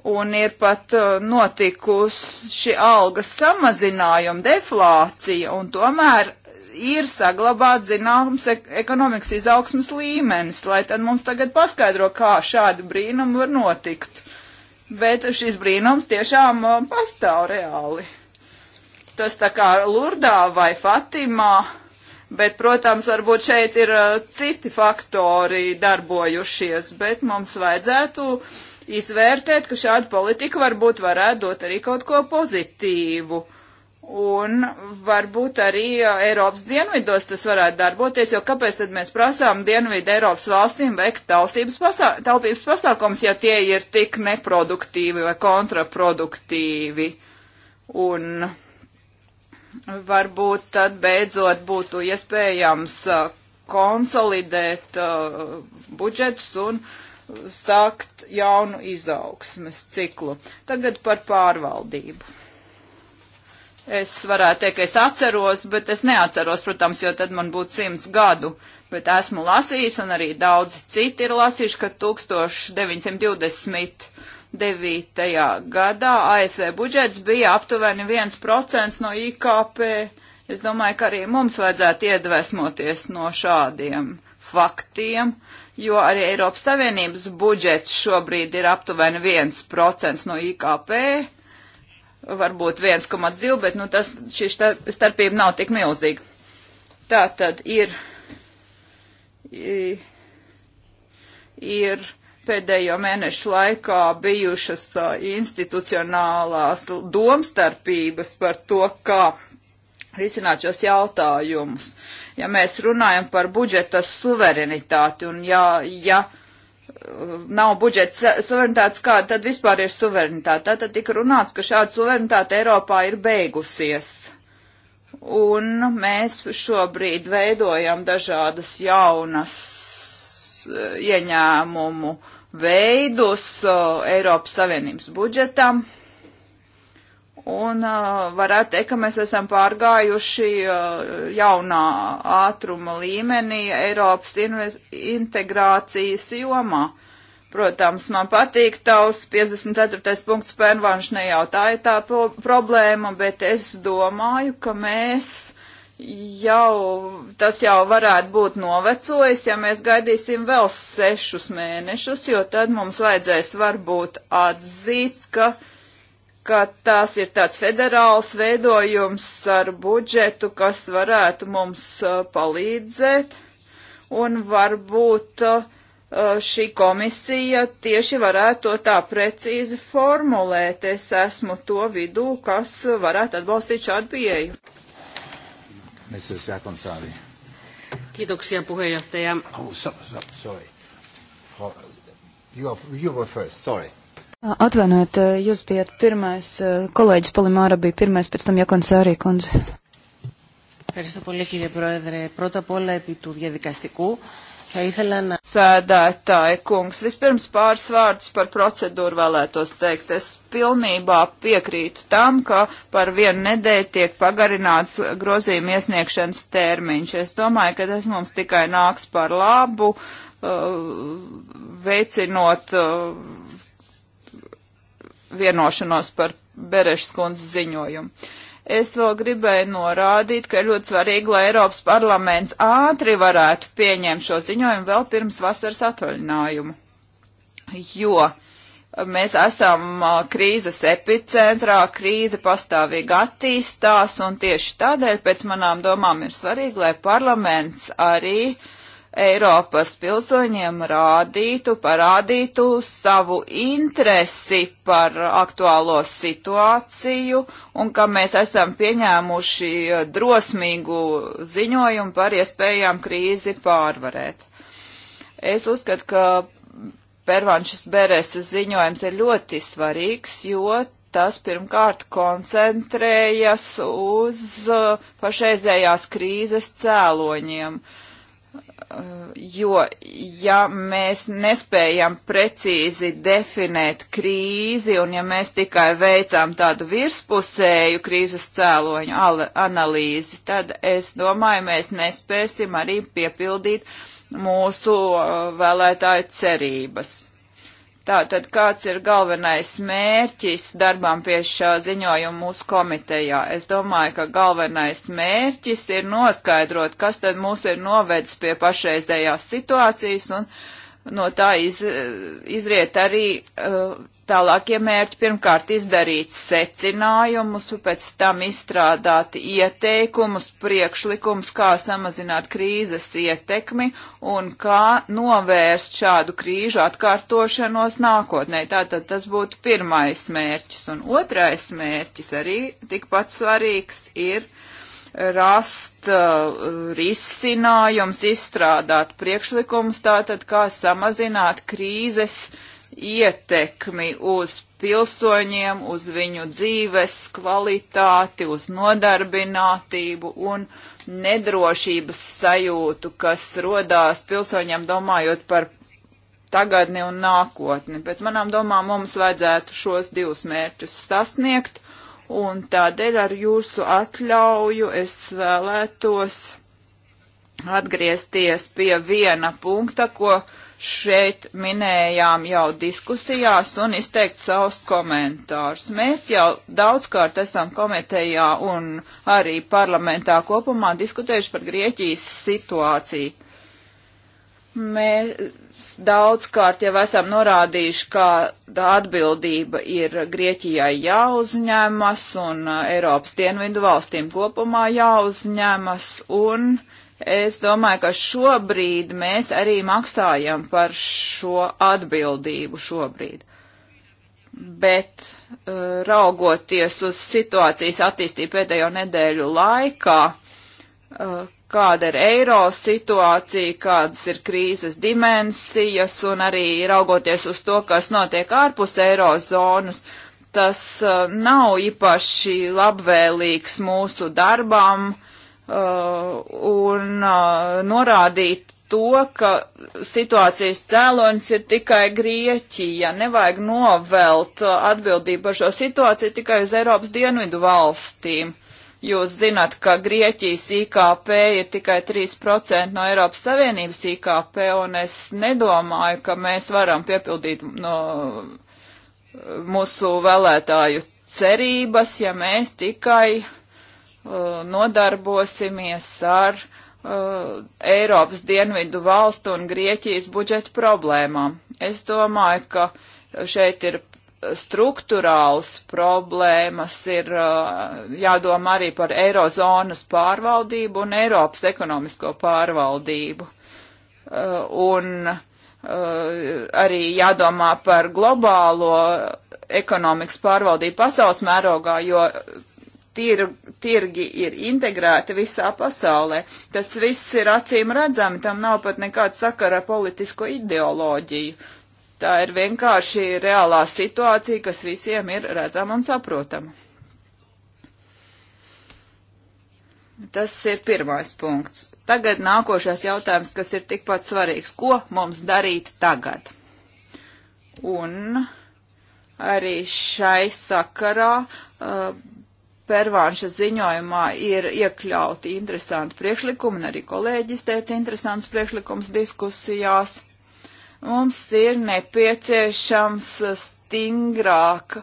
Speaker 2: Un ir pat uh, notikusi algas samazinājuma deflācija, un tomēr ir saglabāt zināms ekonomikas izaugsmas līmenis, lai tad mums tagad paskaidro, kā šādi brīnumi var notikt. Bet šis brīnums tiešām uh, pastāv reāli. Tas tā kā Lurdā vai Fatimā, bet, protams, varbūt šeit ir uh, citi faktori darbojušies, bet mums vajadzētu izvērtēt, ka šāda politika varbūt varētu dot arī kaut ko pozitīvu. Uh, Un varbūt arī Eiropas dienvidos tas varētu darboties, jo kāpēc tad mēs prasām dienvidu Eiropas valstīm veikt pasā taupības pasākums, ja tie ir tik neproduktīvi vai kontraproduktīvi. Un varbūt tad beidzot būtu iespējams konsolidēt uh, budžets un sākt jaunu izaugsmes ciklu. Tagad par pārvaldību. Es varētu teikt, ka es atceros, bet es neatceros, protams, jo tad man būtu simts gadu. Bet esmu lasījis, un arī daudzi citi ir lasījuši, ka 1929. gadā ASV budžets bija aptuveni 1% no IKP. Es domāju, ka arī mums vajadzētu iedvesmoties no šādiem faktiem, jo arī Eiropas Savienības budžets šobrīd ir aptuveni 1% no IKP varbūt 1,2, bet nu, tas, šī starpība nav tik milzīga. Tā tad ir, ir pēdējo mēnešu laikā bijušas institucionālās domstarpības par to, kā risināt šos jautājumus. Ja mēs runājam par budžeta suverenitāti un ja, ja nav budžeta suverenitātes, kāda tad vispār ir suverenitāte. Tātad tika runāts, ka šāda suverenitāte Eiropā ir beigusies. Un mēs šobrīd veidojam dažādas jaunas eh, ieņēmumu veidus eh, Eiropas Savienības budžetam. Un uh, varētu teikt, ka mēs esam pārgājuši uh, jaunā ātruma līmenī Eiropas integrācijas jomā. Protams, man patīk tavs 54. punkts pērnvārš nejautāja tā pro problēma, bet es domāju, ka mēs jau, tas jau varētu būt novecojis, ja mēs gaidīsim vēl sešus mēnešus, jo tad mums vajadzēs varbūt atzīts, ka uh, ka tās ir tāds federāls veidojums ar budžetu, kas varētu mums uh, palīdzēt, un varbūt uh, šī komisija tieši varētu to tā precīzi formulēt. Es esmu to vidū, kas varētu atbalstīt šādu pieeju. Mrs. Jakonsāvi. Kiitoksia puheenjohtaja. Oh, so, so, sorry. You, are, you were first, sorry.
Speaker 3: Atvainojiet, e, jūs bijat pirmais, e, kolēģis Polimāra bija pirmais, pēc tam Jakonsārī kundze.
Speaker 2: Ευχαριστώ πολύ κύριε Πρόεδρε. Πρώτα απ' όλα επί του διαδικαστικού θα ήθελα να... Sēdētāji kungs, vispirms pāris vārdus par procedūru vēlētos teikt. Es pilnībā piekrītu tam, ka par vienu nedēļu tiek pagarināts grozījuma iesniegšanas termiņš. Es domāju, ka tas mums tikai nāks par labu, uh, veicinot uh, vienošanos par Berešas kundzes ziņojumu. Es vēl gribēju norādīt, ka ir ļoti svarīgi, lai Eiropas parlaments ātri varētu pieņemt šo ziņojumu vēl pirms vasaras atvaļinājumu, jo mēs esam krīzes epicentrā, krīze pastāvīgi attīstās, un tieši tādēļ pēc manām domām ir svarīgi, lai parlaments arī uh, Eiropas pilsoņiem rādītu, parādītu savu interesi par aktuālo situāciju un ka mēs esam pieņēmuši drosmīgu ziņojumu par iespējām krīzi pārvarēt. Es uzskatu, ka Pervanšas Bereses ziņojums ir ļoti svarīgs, jo tas pirmkārt koncentrējas uz pašreizējās krīzes cēloņiem. Uh, jo ja mēs nespējam precīzi definēt krīzi un ja mēs tikai veicām tādu virspusēju krīzes cēloņu analīzi, tad es domāju, mēs nespēsim arī piepildīt mūsu uh, vēlētāju cerības. Tātad kāds ir galvenais mērķis darbām pie šā ziņojuma mūsu komitejā? Es domāju, ka galvenais mērķis ir noskaidrot, kas tad mūs ir novedis pie pašreizējās situācijas un uh, no tā iz, izriet arī uh, tālākie mērķi. Pirmkārt, izdarīt secinājumus, pēc tam izstrādāt ieteikumus, priekšlikumus, kā samazināt krīzes ietekmi un kā novērst šādu krīžu atkārtošanos nākotnē. Tātad tas būtu pirmais mērķis. Un otrais mērķis arī tikpat svarīgs ir rast uh, risinājums, izstrādāt priekšlikums, tātad kā samazināt krīzes ietekmi uz pilsoņiem, uz viņu dzīves kvalitāti, uz nodarbinātību un nedrošības sajūtu, kas rodās pilsoņiem domājot par tagadni un nākotni. Pēc manām domām mums vajadzētu šos divus mērķus sasniegt un tādēļ ar jūsu atļauju es vēlētos atgriezties pie viena punkta, ko šeit minējām jau diskusijās un izteikt savus komentārus. Mēs jau daudzkārt esam komitejā un arī parlamentā kopumā diskutējuši par Grieķijas situāciju. Mēs daudzkārt jau esam norādījuši, ka tā atbildība ir Grieķijai jāuzņemas un uh, Eiropas dienvidu valstīm kopumā jāuzņemas un es domāju, ka šobrīd mēs arī maksājam par šo atbildību šobrīd. Bet uh, raugoties uz situācijas attīstību pēdējo nedēļu laikā, uh, kāda ir eiro situācija, kādas ir krīzes dimensijas un arī raugoties uz to, kas notiek ārpus eirozonas, tas uh, nav īpaši labvēlīgs mūsu darbam uh, un uh, norādīt to, ka situācijas cēlonis ir tikai Grieķija. Nevajag novelt uh, atbildību par šo situāciju tikai uz Eiropas dienvidu valstīm. Jūs zināt, ka Grieķijas IKP ir tikai 3% no Eiropas Savienības IKP, un es nedomāju, ka mēs varam piepildīt no mūsu vēlētāju cerības, ja mēs tikai uh, nodarbosimies ar uh, Eiropas dienvidu valstu un Grieķijas budžeta problēmām. Es domāju, ka šeit ir struktūrāls problēmas, ir jādomā arī par Eirozonas pārvaldību un Eiropas ekonomisko pārvaldību. Un arī jādomā par globālo ekonomikas pārvaldību pasaules mērogā, jo tir, tirgi ir integrēti visā pasaulē. Tas viss ir acīm redzami, tam nav pat nekāda sakara ar politisko ideoloģiju. Tā ir vienkārši reālā situācija, kas visiem ir redzama un saprotama. Tas ir pirmais punkts. Tagad nākošais jautājums, kas ir tikpat svarīgs. Ko mums darīt tagad? Un arī šai sakarā uh, Pervānša ziņojumā ir iekļauti interesanti priekšlikumi, un arī kolēģis teica interesants priekšlikums diskusijās. Uh, Mums ir nepieciešams stingrāk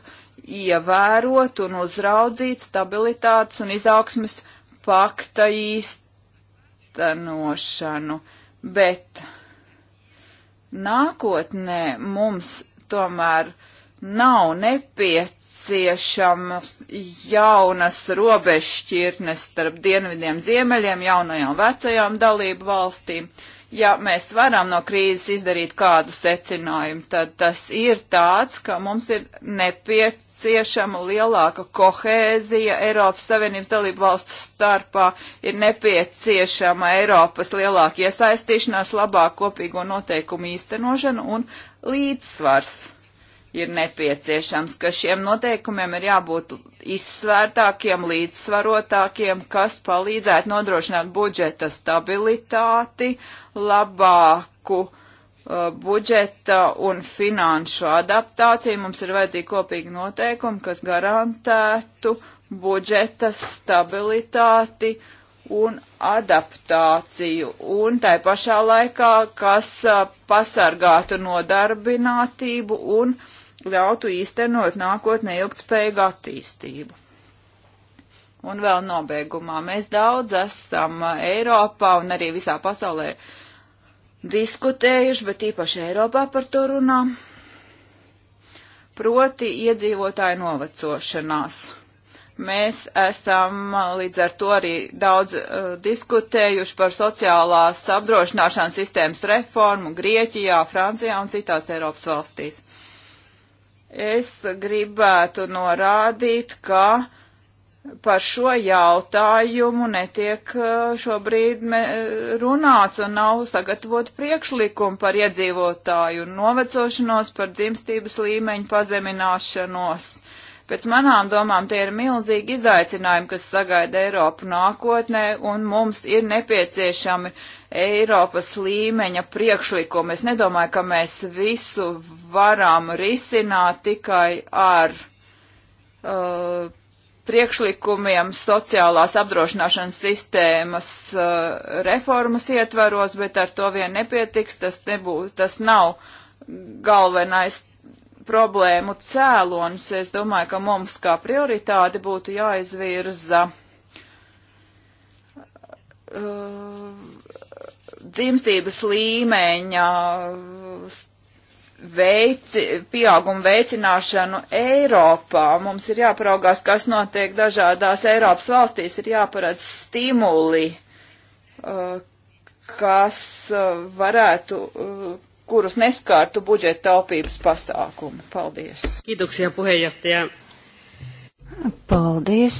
Speaker 2: ievērot un uzraudzīt stabilitātes un izaugsmes pakta īstenošanu, bet nākotnē mums tomēr nav nepieciešamas jaunas robežšķirnes starp dienvidiem ziemeļiem, jaunajām vecajām dalību valstīm. Uh, ja mēs varam no krīzes izdarīt kādu secinājumu, tad tas ir tāds, ka mums ir nepieciešama lielāka kohēzija Eiropas Savienības dalību valstu starpā, ir nepieciešama Eiropas lielāka iesaistīšanās, labāk kopīgo noteikumu īstenošana un līdzsvars ir nepieciešams, ka šiem noteikumiem ir jābūt izsvērtākiem, līdzsvarotākiem, kas palīdzētu nodrošināt budžeta stabilitāti, labāku uh, budžeta un finanšu adaptāciju. Mums ir vajadzīgi kopīgi noteikumi, kas garantētu budžeta stabilitāti un adaptāciju, un tai pašā laikā, kas uh, pasargātu nodarbinātību un uh, ļautu īstenot nākotnē ilgtspējīgu attīstību. Un vēl nobeigumā mēs daudz esam uh, Eiropā un arī visā pasaulē diskutējuši, bet īpaši Eiropā par to runā. Proti iedzīvotāju novecošanās. Mēs esam uh, līdz ar to arī daudz uh, diskutējuši par sociālās apdrošināšanas sistēmas reformu Grieķijā, Francijā un citās Eiropas valstīs. Es gribētu norādīt, ka par šo jautājumu netiek e, šobrīd runāts un nav sagatavot priekšlikumu par iedzīvotāju novecošanos, par dzimstības līmeņu pazemināšanos. Uh, Pēc manām domām tie ir milzīgi izaicinājumi, kas sagaida Eiropu nākotnē, un mums ir nepieciešami Eiropas līmeņa priekšlikumi. Es nedomāju, ka mēs visu varam risināt tikai ar uh, priekšlikumiem sociālās apdrošināšanas sistēmas uh, reformas ietvaros, bet ar to vien nepietiks, tas, nebūs, tas nav galvenais problēmu cēlonus, es domāju, ka mums kā prioritāte būtu jāizvirza uh, dzimstības līmeņa uh, veici, pieaugumu veicināšanu Eiropā. Mums ir jāparaugās, kas notiek dažādās Eiropas valstīs, ir jāparedz stimuli, uh, kas uh, varētu uh, kurus neskārtu budžeta taupības pasākumi. Paldies! Kiitoksia puheenjohtaja.
Speaker 3: Paldies!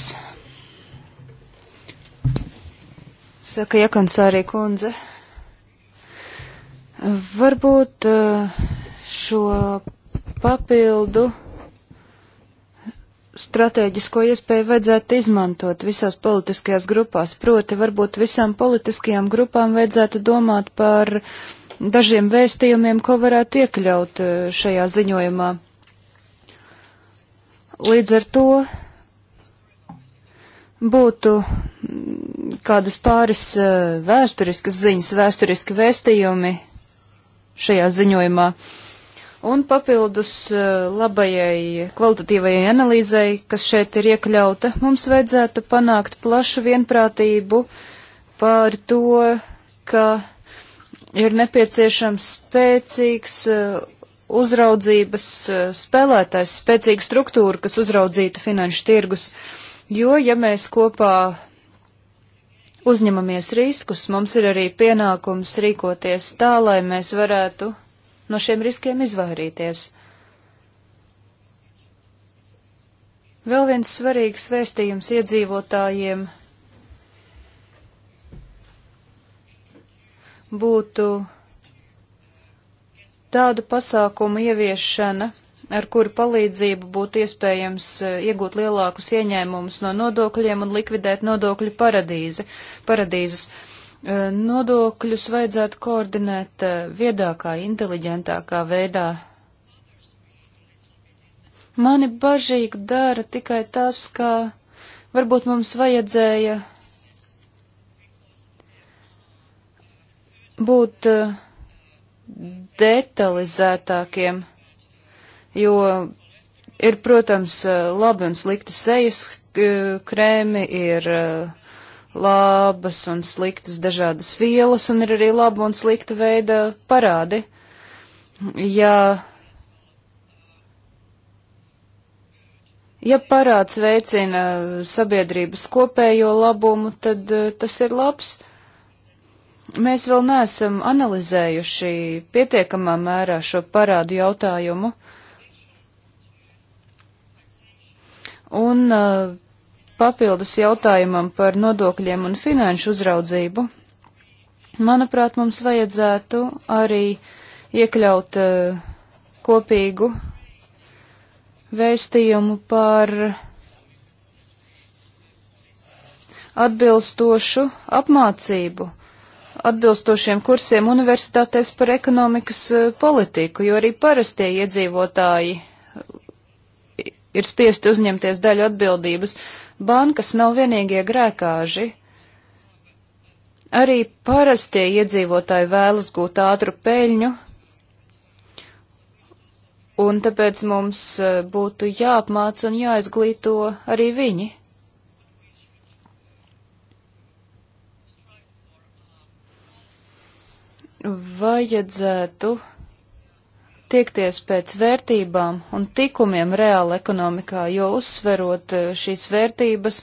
Speaker 3: Saka Jekansārī kundze. Varbūt eh, šo papildu stratēģisko iespēju vajadzētu izmantot visās politiskajās grupās. Proti, varbūt visām politiskajām grupām vajadzētu domāt par uh, dažiem vēstījumiem, ko varētu iekļaut e, šajā ziņojumā. Līdz ar to būtu mm, kādas pāris e, vēsturiskas ziņas, vēsturiski vēstījumi šajā ziņojumā. Un papildus e, labajai kvalitatīvajai analīzei, kas šeit ir iekļauta, mums vajadzētu panākt plašu vienprātību par to, ka ir nepieciešams spēcīgs uh, uzraudzības uh, spēlētājs, spēcīga struktūra, kas uzraudzītu finanšu tirgus, jo, ja mēs kopā uzņemamies riskus, mums ir arī pienākums rīkoties tā, lai mēs varētu no šiem riskiem izvairīties. Vēl viens svarīgs vēstījums iedzīvotājiem būtu tādu pasākumu ieviešana, ar kuru palīdzību būtu iespējams eh, iegūt lielākus ieņēmumus no nodokļiem un likvidēt nodokļu paradīze, paradīzes. Eh, nodokļus vajadzētu koordinēt eh, viedākā, inteliģentākā veidā. Mani bažīgi dara tikai tas, ka varbūt mums vajadzēja būt eh, detalizētākiem, jo ir, protams, eh, labi un slikti sejas krēmi, ir eh, labas un sliktas dažādas vielas, un ir arī laba un slikta veida parādi. Ja, ja parāds veicina sabiedrības kopējo labumu, tad tas ir labs. Mēs vēl neesam analizējuši pietiekamā mērā šo parādu jautājumu. Un uh, papildus jautājumam par nodokļiem un finanšu uzraudzību, manuprāt, mums vajadzētu arī iekļaut uh, kopīgu vēstījumu par atbilstošu apmācību atbilstošiem kursiem universitātēs par ekonomikas eh, politiku, jo arī parastie iedzīvotāji eh, ir spiesti uzņemties daļu atbildības. Bankas nav vienīgie grēkāži. Arī parastie iedzīvotāji vēlas gūt ātru peļņu, un tāpēc mums eh, būtu jāapmāca un jāizglīto arī viņi. vajadzētu tiekties pēc vērtībām un tikumiem reāli ekonomikā, jo uzsverot eh, šīs vērtības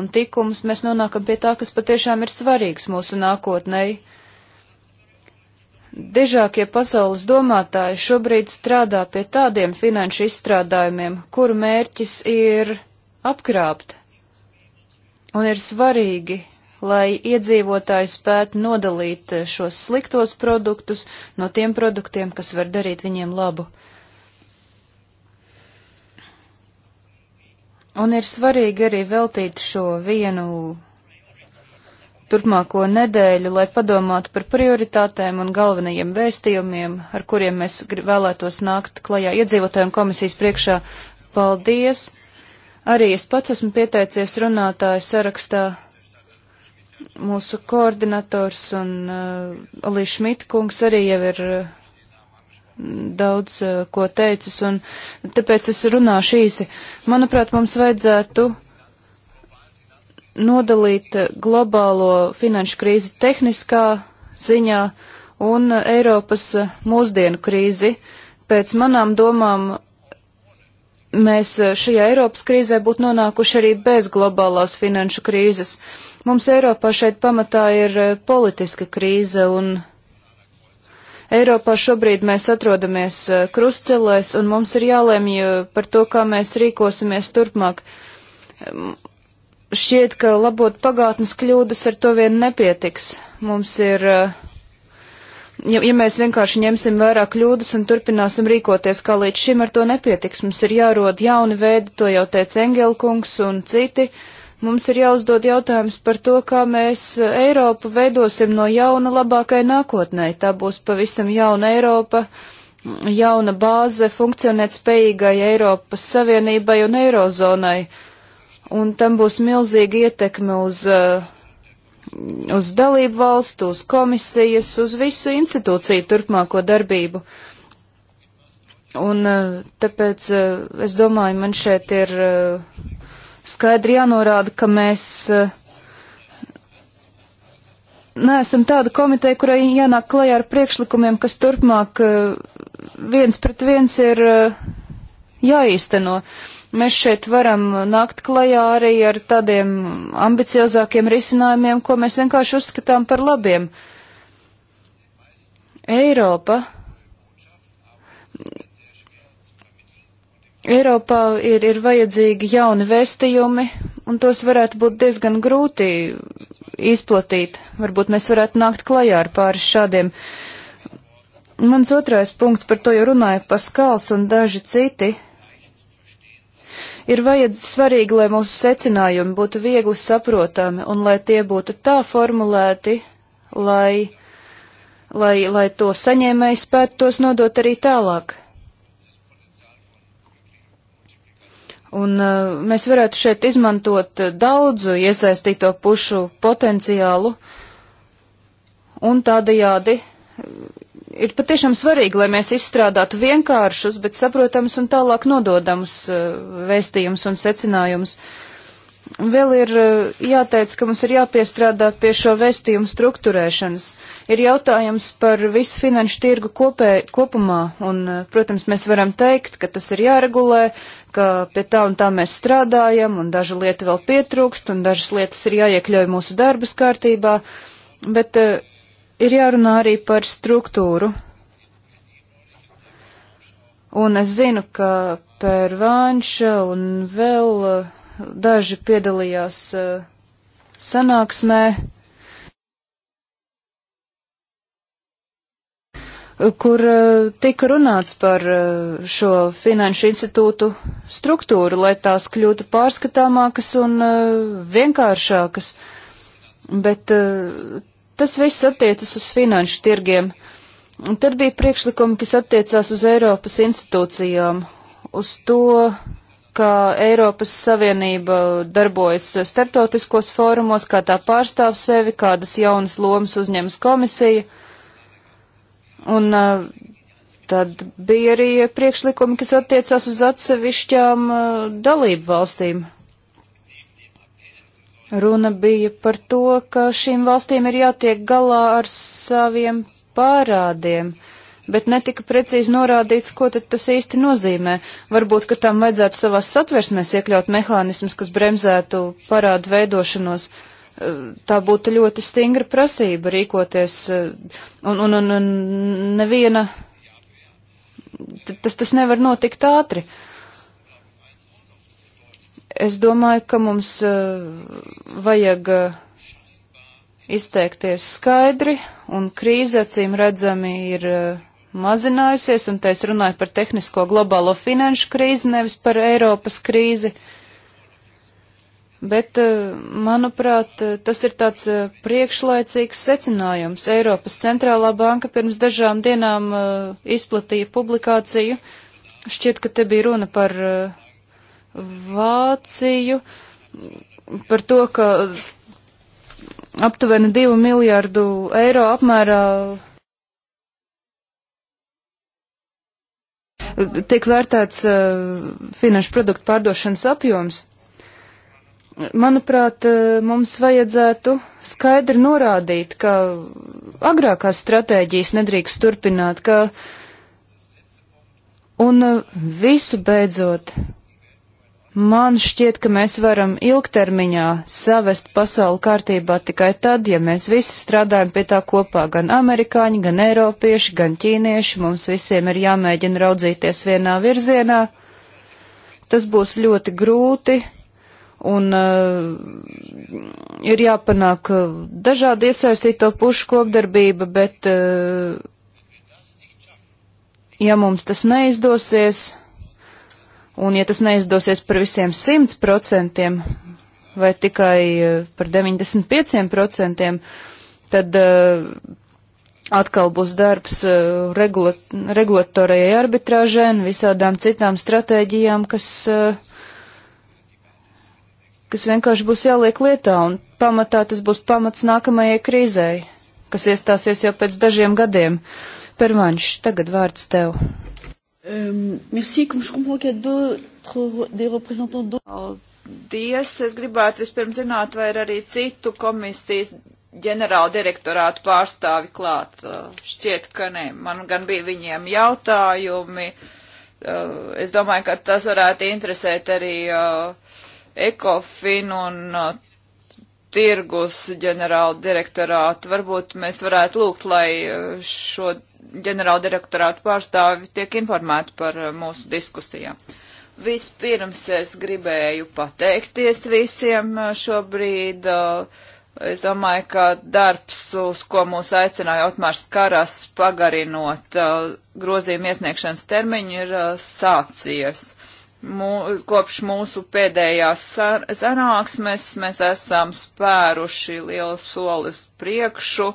Speaker 3: un tikums, mēs nonākam pie tā, kas patiešām ir svarīgs mūsu nākotnēji. Dižākie pasaules domātāji šobrīd strādā pie tādiem finanšu izstrādājumiem, kuru mērķis ir apkrāpt. Un ir svarīgi lai iedzīvotāji spētu nodalīt šos sliktos produktus no tiem produktiem, kas var darīt viņiem labu. Un ir svarīgi arī veltīt šo vienu turpmāko nedēļu, lai padomātu par prioritātēm un galvenajiem vēstījumiem, ar kuriem mēs vēlētos nākt klajā iedzīvotājiem komisijas priekšā. Paldies! Arī es pats esmu pieteicies runātāju sarakstā mūsu koordinators un uh, Olī Šmitkungs arī jau ir uh, daudz uh, ko teicis, un tāpēc es runāšu īsi. Manuprāt, mums vajadzētu nodalīt uh, globālo finanšu krīzi tehniskā ziņā un uh, Eiropas uh, mūsdienu krīzi. Pēc manām domām, mēs šajā Eiropas krīzē būtu nonākuši arī bez globālās finanšu krīzes. Uh, Mums Eiropā šeit pamatā ir eh, politiska krīze, un Eiropā šobrīd mēs atrodamies eh, krustcelēs, un mums ir jālemj eh, par to, kā mēs rīkosimies turpmāk. Šķiet, ka labot pagātnes kļūdas ar to vien nepietiks. Mums ir ja, ja mēs vienkārši ņemsim vērā kļūdas un turpināsim rīkoties kā līdz šim, ar to nepietiks. Mums ir jārod jauni veidi, to jau teica Engelkungs un citi. Uh, Mums ir jāuzdod jautājums par to, kā mēs Eiropu veidosim no jauna labākai nākotnē. Tā būs pavisam jauna Eiropa, jauna bāze funkcionēt spējīgai Eiropas Savienībai un Eirozonai. Un tam būs milzīga ietekme uz, eh, uz dalību valstu, uz komisijas, uz visu institūciju turpmāko darbību. Un eh, tāpēc eh, es domāju, man šeit ir skaidri jānorāda, ka mēs eh, neesam tāda komiteja, kurai jānāk klajā ar priekšlikumiem, kas turpmāk eh, viens pret viens ir eh, jāīsteno. Mēs šeit varam nākt klajā arī ar tādiem ambiciozākiem risinājumiem, ko mēs vienkārši uzskatām par labiem. Eiropa Eiropā ir, ir vajadzīgi jauni vēstījumi, un tos varētu būt diezgan grūti izplatīt. Varbūt mēs varētu nākt klajā ar pāris šādiem. Mans otrais punkts, par to jau runāja Paskals un daži citi. Ir vajadz svarīgi, lai mūsu secinājumi būtu viegli saprotami un lai tie būtu tā formulēti, lai, lai, lai to saņēmēji spētu tos nodot arī tālāk. Un uh, mēs varētu šeit izmantot uh, daudzu iesaistīto pušu potenciālu, un tādajādi uh, ir patiešām svarīgi, lai mēs izstrādātu vienkāršus, bet saprotams un tālāk nododamus uh, vēstījumus un secinājumus. Vēl ir uh, jāteic, ka mums ir jāpiestrādā pie šo vēstījumu struktūrēšanas. Ir jautājums par visu finanšu tirgu kopē, kopumā, un, uh, protams, mēs varam teikt, ka tas ir jāregulē, ka pie tā un tā mēs strādājam, un dažu lietu vēl pietrūkst, un dažas lietas ir jāiekļauj mūsu darbas kārtībā, bet eh, ir jārunā arī par struktūru. Un es zinu, ka Pērvānša un vēl eh, daži piedalījās eh, sanāksmē. kur eh, tika runāts par eh, šo finanšu institūtu struktūru, lai tās kļūtu pārskatāmākas un eh, vienkāršākas, bet tas viss attiecas uz finanšu tirgiem. Un tad bija priekšlikumi, kas attiecās uz Eiropas institūcijām, uz to, ka Eiropas Savienība darbojas starptautiskos fórumos, kā tā pārstāv sevi, kādas jaunas lomas uzņemas komisija. Un tad bija arī priekšlikumi, kas attiecās uz atsevišķām dalību valstīm. Runa bija par to, ka šīm valstīm ir jātiek galā ar saviem parādiem, bet netika precīzi norādīts, ko tad tas īsti nozīmē. Varbūt, ka tam vajadzētu savās satversmēs iekļaut mehānismus, kas bremzētu parādu veidošanos. Uh, tā būtu ļoti stingra prasība rīkoties, eh, un, un, un, un neviena, tas, tas nevar notikt ātri. Es domāju, ka mums eh, vajag eh, izteikties skaidri, un krīze acīm redzami ir mazinājusies, un te es runāju par tehnisko globālo finanšu krīzi, nevis par Eiropas krīzi. Uh, bet, eh, manuprāt, eh, tas ir tāds eh, priekšlaicīgs secinājums. Eiropas centrālā banka pirms dažām dienām izplatīja publikāciju, šķiet, ka te bija runa par Vāciju, par to, ka aptuveni 2 miljārdu eiro apmērā tiek vērtēts finanšu produktu pārdošanas apjoms manuprāt, eh, mums vajadzētu skaidri norādīt, ka agrākās stratēģijas nedrīkst turpināt, ka un eh, visu beidzot, man šķiet, ka mēs varam ilgtermiņā savest pasauli kārtībā tikai tad, ja mēs visi strādājam pie tā kopā, gan amerikāņi, gan eiropieši, gan ķīnieši, mums visiem ir jāmēģina raudzīties vienā virzienā. Tas būs ļoti grūti, un uh, ir jāpanāk eh, dažādi iesaistīto pušu kopdarbība, bet, uh, ja mums tas neizdosies, un ja tas neizdosies par visiem 100% vai tikai uh, par 95%, tad uh, atkal būs darbs uh, regulat regulatorajai arbitrāžai un visādām citām stratēģijām, kas. Uh, kas vienkārši būs jāliek lietā, un pamatā tas būs pamats nākamajai krīzei, kas iestāsies jau pēc dažiem gadiem. Pervanš, tagad vārds tev.
Speaker 2: Um, merci, Paldies! Es gribētu vispirms zināt, vai ir arī citu komisijas ģenerāla direktorātu pārstāvi klāt. Eh, šķiet, ka nē. Man gan bija viņiem jautājumi. Eh, es domāju, ka tas varētu interesēt arī uh, ECOFIN un uh, tirgus ģenerāla direktorātu. Varbūt mēs varētu lūgt, lai uh, šo ģenerāla direktorātu pārstāvi tiek informēti par uh, mūsu diskusijām. Vispirms es gribēju pateikties visiem šobrīd. Es domāju, ka darbs, uz ko mūs aicināja Otmārs Karas pagarinot grozījuma iesniegšanas termiņu, ir sācies mū, kopš mūsu pēdējās sanāksmes mēs esam spēruši lielu solis priekšu,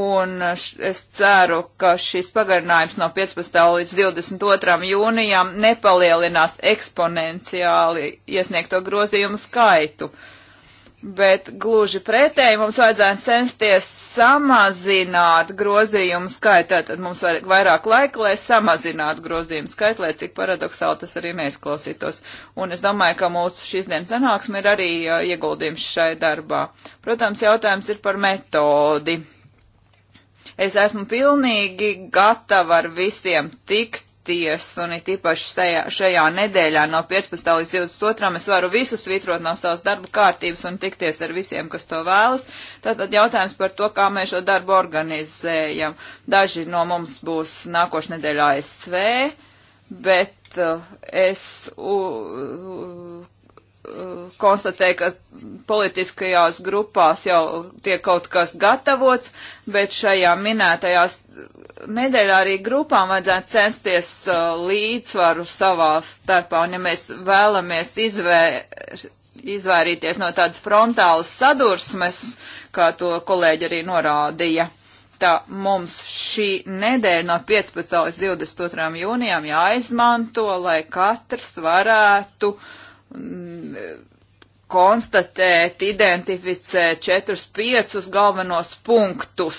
Speaker 2: un es ceru, ka šis pagarinājums no 15. līdz 22. jūnijam nepalielinās eksponenciāli iesniegto grozījumu skaitu. Uh, Bet gluži pretēji mums vajadzētu censties samazināt grozījumu skaitu. Tad mums vajag vairāk laika, lai samazinātu grozījumu skaitu, lai cik paradoxāli tas arī neizklausītos. Un es domāju, ka mūsu šīs dienas sanāksme ir arī uh, ieguldījums šai darbā. Protams, jautājums ir par metodi. Es esmu pilnīgi gatava ar visiem tikt tikties, un it īpaši šajā, šajā nedēļā no 15. līdz 22. es varu visus vitrot no savas darba kārtības un tikties ar visiem, kas to vēlas. Tātad jautājums par to, kā mēs šo darbu organizējam. Daži no mums būs nākošnedēļ ASV, bet uh, es u, u, Uh, konstatēja, ka politiskajās grupās jau tiek kaut kas gatavots, bet šajā minētajās nedēļā arī grupām vajadzētu censties uh, līdzsvaru savā starpā, un ja mēs vēlamies izvēr, izvairīties no tādas frontālas sadursmes, kā to kolēģi arī norādīja, tā mums šī nedēļa no 15. līdz 22. jūnijām jāizmanto, lai katrs varētu uh, konstatēt, identificēt četrus, piecus galvenos punktus.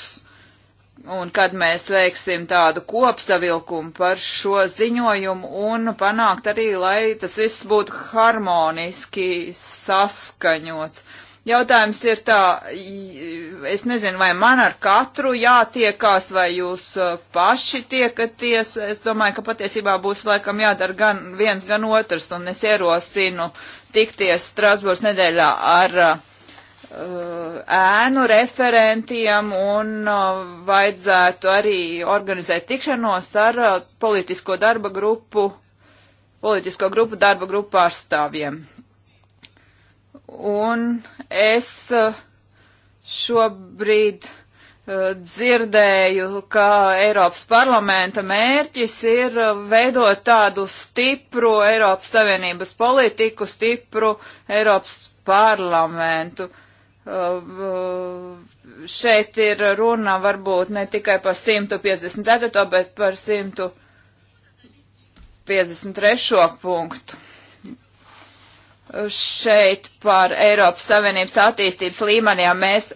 Speaker 2: Un kad mēs veiksim tādu kopsavilkumu par šo ziņojumu un panākt arī, lai tas viss būtu harmoniski saskaņots. Uh, Jautājums ir tā, es nezinu, vai man ar katru jātiekās, vai jūs uh, paši tiekaties. Es domāju, ka patiesībā būs laikam jādara gan viens, gan otrs, un es ierosinu tikties Strasbūras nedēļā ar uh, ēnu referentiem un uh, vajadzētu arī organizēt tikšanos ar uh, politisko darba grupu, politisko grupu darba grupu pārstāvjiem. Un es eh, šobrīd eh, dzirdēju, ka Eiropas parlamenta mērķis ir eh, veidot tādu stipru Eiropas Savienības politiku, stipru Eiropas parlamentu. Uh, šeit ir runa varbūt ne tikai par 154, bet par 153. punktu šeit par Eiropas Savienības attīstības līmenī, ja mēs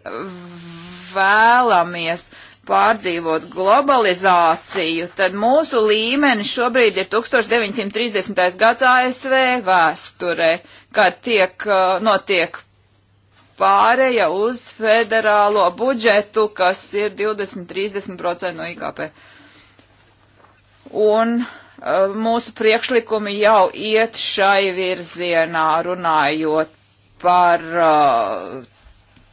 Speaker 2: vēlamies pārdzīvot globalizāciju, tad mūsu līmenis šobrīd ir 1930. gads ASV vēsturē, kad tiek, uh, notiek pāreja uz federālo budžetu, kas ir 20-30% no IKP. Un uh, Eh, mūsu priekšlikumi jau iet šai virzienā, runājot par eh,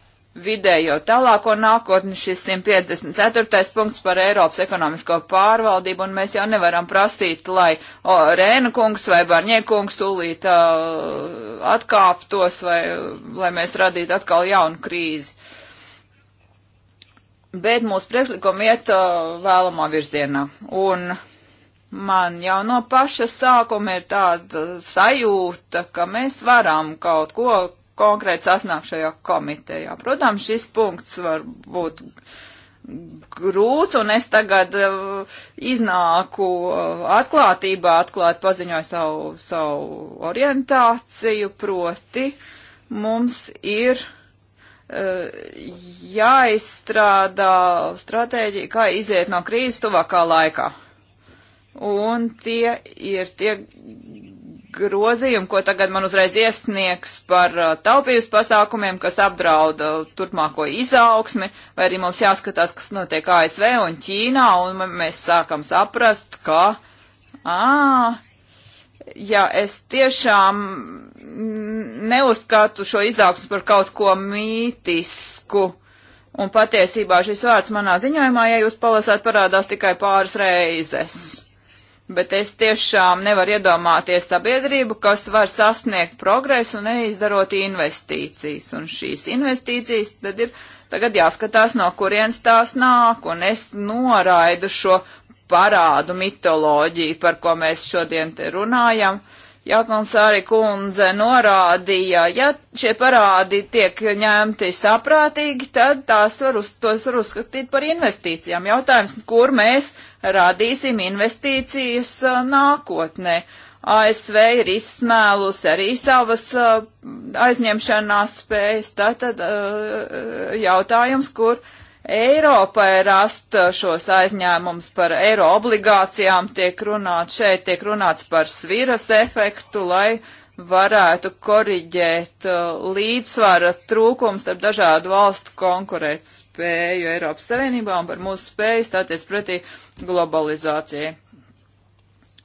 Speaker 2: vidējo tālāko nākotni, šis 154. punkts par Eiropas ekonomisko pārvaldību, un mēs jau nevaram prasīt, lai o, Rēna kungs vai Barņiekungs tūlīt uh, atkāptos, vai lai mēs radītu atkal jaunu krīzi. Bet mūsu priekšlikumi iet uh, vēlamā virzienā. Un, uh, Man jau no paša sākuma ir tāda sajūta, ka mēs varam kaut ko konkrēti sasniegt šajā komitejā. Protams, šis punkts var būt grūts, un es tagad uh, iznāku uh, atklātībā, atklāt paziņoju savu, savu orientāciju, proti mums ir uh, jāizstrādā stratēģija, kā iziet no krīzes tuvākā laikā. Un tie ir tie grozījumi, ko tagad man uzreiz iesniegs par uh, taupības pasākumiem, kas apdrauda uh, turpmāko izaugsmi, vai arī mums jāskatās, kas notiek ASV un Ķīnā, un mēs sākam saprast, ka, ā, ja es tiešām neuzskatu šo izaugsmu par kaut ko mītisku, un patiesībā šis vārds manā ziņojumā, ja jūs palasāt, parādās tikai pāris reizes bet es tiešām nevaru iedomāties sabiedrību, kas var sasniegt progresu neizdarot investīcijas. Un šīs investīcijas tad ir tagad jāskatās, no kurienes tās nāk, un es noraidu šo parādu mitoloģiju, par ko mēs šodien te runājam. Jākonsāri kundze norādīja, ja šie parādi tiek ņemti saprātīgi, tad tās var uz, tos var uzskatīt par investīcijām. Jautājums, kur mēs radīsim investīcijas nākotnē. ASV ir izsmēlus arī savas aizņemšanās spējas. Tātad jautājums, kur Eiropai rast šos aizņēmumus par eiro obligācijām, tiek runāts šeit, tiek runāts par sviras efektu, lai uh, varētu koriģēt uh, līdzsvara trūkums starp dažādu valstu konkurēt spēju Eiropas Savienībā un par mūsu spēju stāties pretī globalizācijai.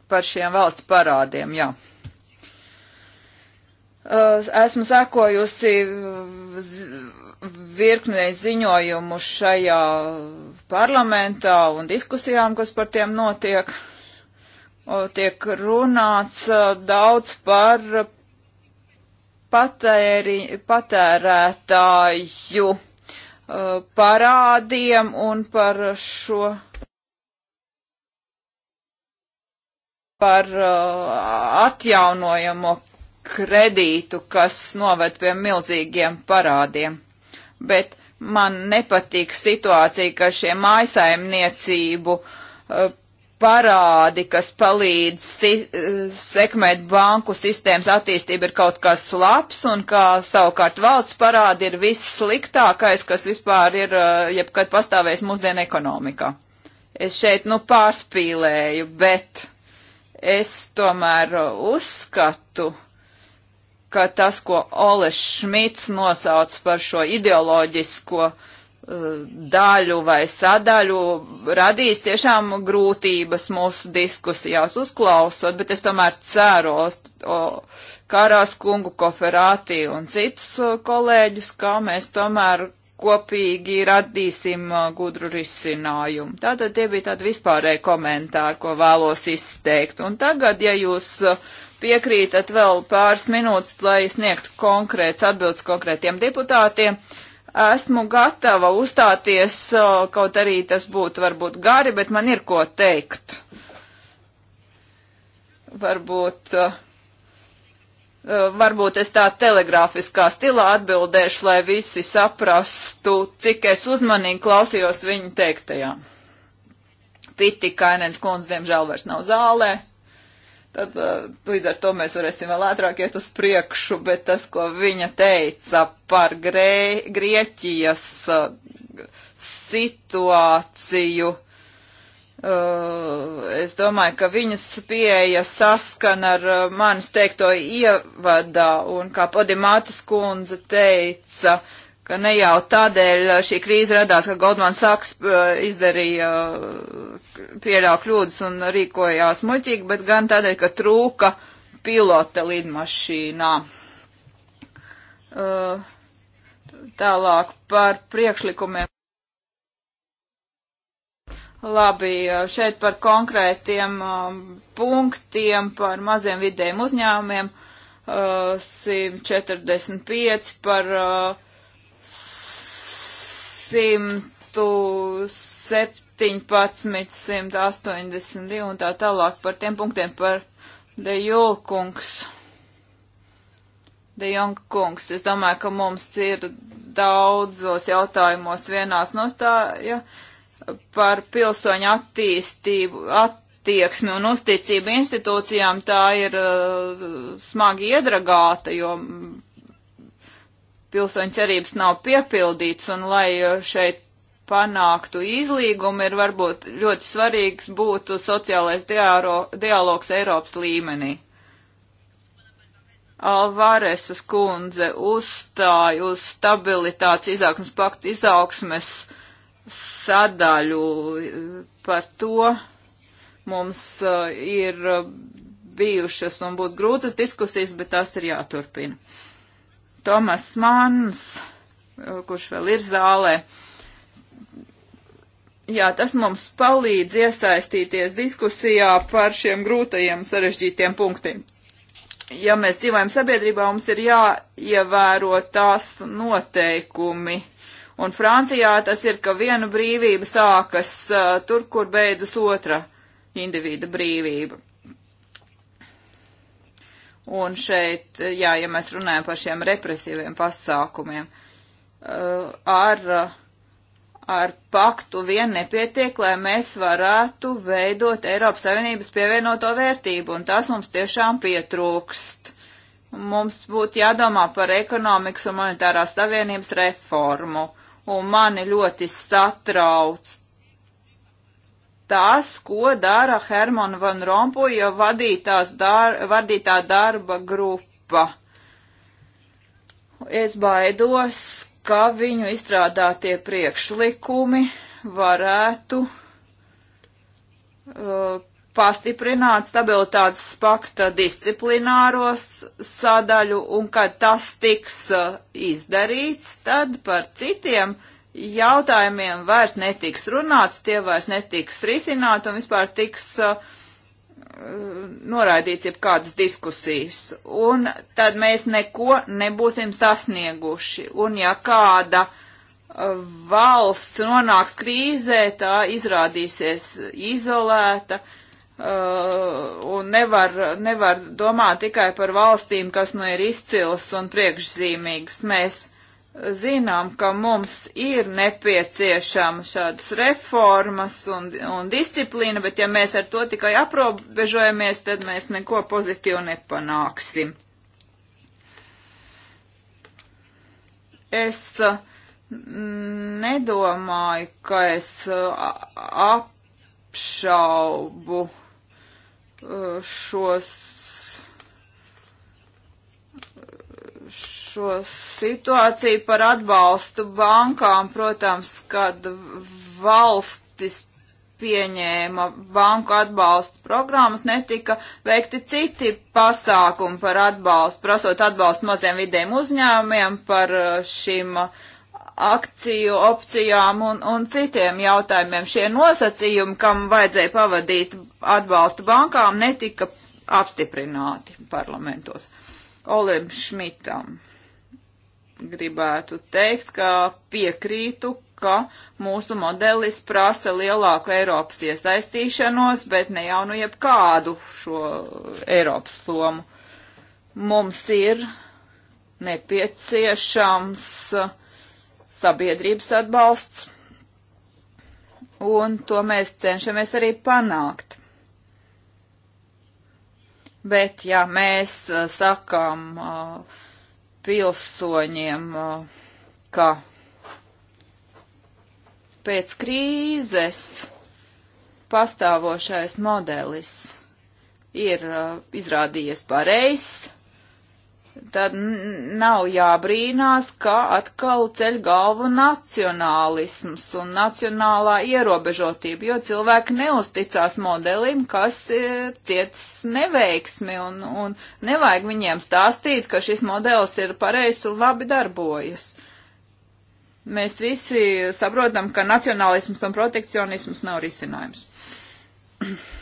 Speaker 2: Par šiem valsts parādiem, jā. Uh, esmu sekojusi virknei ziņojumu šajā parlamentā un diskusijām, kas par tiem notiek tiek runāts daudz par patēri, patērētāju parādiem un par šo. par atjaunojamo kredītu, kas noved pie milzīgiem parādiem. Bet man nepatīk situācija, ka šie mājasaimniecību uh, parādi, kas palīdz si eh, sekmēt banku sistēmas attīstību, ir kaut kas labs, un kā savukārt valsts parādi ir viss sliktākais, kas vispār ir eh, jebkad pastāvējis mūsdienu ekonomikā. Es šeit nu pārspīlēju, bet es tomēr uzskatu, ka tas, ko Oles Šmits nosauc par šo ideoloģisko uh, daļu vai sadaļu radīs tiešām grūtības mūsu diskusijās uzklausot, bet es tomēr ceru Kārās kungu koferātī un citus kolēģus, kā mēs tomēr kopīgi radīsim gudru risinājumu. Tātad tie bija tādi vispārēji komentāri, ko vēlos izteikt. Un tagad, ja jūs piekrītat vēl pāris minūtes, lai sniegtu konkrēts atbildes konkrētiem deputātiem, uh, esmu gatava uzstāties, kaut arī tas būtu varbūt gari, bet man ir ko teikt. Varbūt, varbūt es tā telegrāfiskā stilā atbildēšu, lai visi saprastu, cik es uzmanīgi klausījos viņu teiktajā. Piti Kainens kundze, diemžēl, vairs nav zālē. Tad uh, līdz ar to mēs varēsim vēl ātrāk iet uz priekšu, bet tas, ko viņa teica par grē, Grieķijas uh, situāciju, uh, es domāju, ka viņas pieeja saskana ar manis teikto ievadā, un kā Podimātas kundze teica, uh, ka ne jau tādēļ uh, šī krīze radās, ka Goldman Sachs uh, izdarīja uh, pieļāvu kļūdas un rīkojās muļķīgi, bet gan tādēļ, ka trūka pilota lidmašīnā. Tālāk par priekšlikumiem. Labi, šeit par konkrētiem um, punktiem, par maziem vidējiem uzņēmumiem, 145 par uh, 117, 182 un tā tālāk par tiem punktiem par De Jolkungs. De Jolkungs, es domāju, ka mums ir daudzos jautājumos vienās nostāja par pilsoņu attīstību, attieksmi un uzticību institūcijām tā ir uh, smagi iedragāta, jo pilsoņu cerības nav piepildīts un lai uh, šeit panāktu izlīgumu, ir varbūt ļoti svarīgs būtu sociālais dialogs Eiropas līmenī. Alvaresas kundze uzstāja uz stabilitātes izaugsmes paktu izaugsmes sadaļu uh, par to. Mums uh, ir bijušas un būs grūtas diskusijas, bet tās ir jāturpina. Tomas Mans, kurš vēl ir zālē. Jā, tas mums palīdz iesaistīties diskusijā par šiem grūtajiem sarežģītiem punktiem. Ja mēs dzīvojam sabiedrībā, mums ir jāievēro tās noteikumi. Un Francijā tas ir, ka viena brīvība sākas uh, tur, kur beidzas otra individa brīvība. Un šeit, jā, ja mēs runājam par šiem represīviem pasākumiem, eh, ar, ar paktu vien nepietiek, lai mēs varētu veidot Eiropas Savienības pievienoto vērtību, un tas mums tiešām pietrūkst. Mums būtu jādomā par ekonomikas un monetārās savienības reformu, un mani ļoti satrauc tas, ko dara Hermana Van Rompuja vadītās dar, vadītā darba grupa. Es baidos, ka viņu izstrādātie priekšlikumi varētu uh, pastiprināt stabilitātes pakta disciplināros sadaļu, un kad tas tiks uh, izdarīts, tad par citiem jautājumiem vairs netiks runāts, tie vairs netiks risināti un vispār tiks uh, noraidīts jeb kādas diskusijas. Un tad mēs neko nebūsim sasnieguši. Un ja kāda uh, valsts nonāks krīzē, tā izrādīsies izolēta. Uh, un nevar, nevar domāt tikai par valstīm, kas nu ir izcils un priekšzīmīgs. Mēs zinām, ka mums ir nepieciešamas šādas reformas un, un disciplīna, bet ja mēs ar to tikai aprobežojamies, tad mēs neko pozitīvu nepanāksim. Es uh, nedomāju, ka es uh, apšaubu uh, šos šo situāciju par atbalstu bankām, protams, kad valstis pieņēma banku atbalstu programmas, netika veikti citi pasākumi par atbalstu, prasot atbalstu maziem vidiem uzņēmumiem par uh, šīm uh, akciju opcijām un, un citiem jautājumiem. Šie nosacījumi, kam vajadzēja pavadīt atbalstu bankām, netika apstiprināti parlamentos. Olim Šmitam gribētu teikt, ka piekrītu, ka mūsu modelis prasa lielāku Eiropas iesaistīšanos, bet ne jau nu jebkādu šo Eiropas lomu. Mums ir nepieciešams sabiedrības atbalsts, un to mēs cenšamies arī panākt. Bet, ja mēs sakām, uh, uh pilsoņiem, ka pēc krīzes pastāvošais modelis ir izrādījies pareizs tad nav jābrīnās, ka atkal ceļ galvu nacionālisms un nacionālā ierobežotība, jo cilvēki neusticās modelim, kas e, ciets neveiksmi un, un nevajag viņiem stāstīt, ka šis modelis ir pareizs un labi darbojas. Mēs visi saprotam, ka nacionālisms un protekcionisms nav risinājums.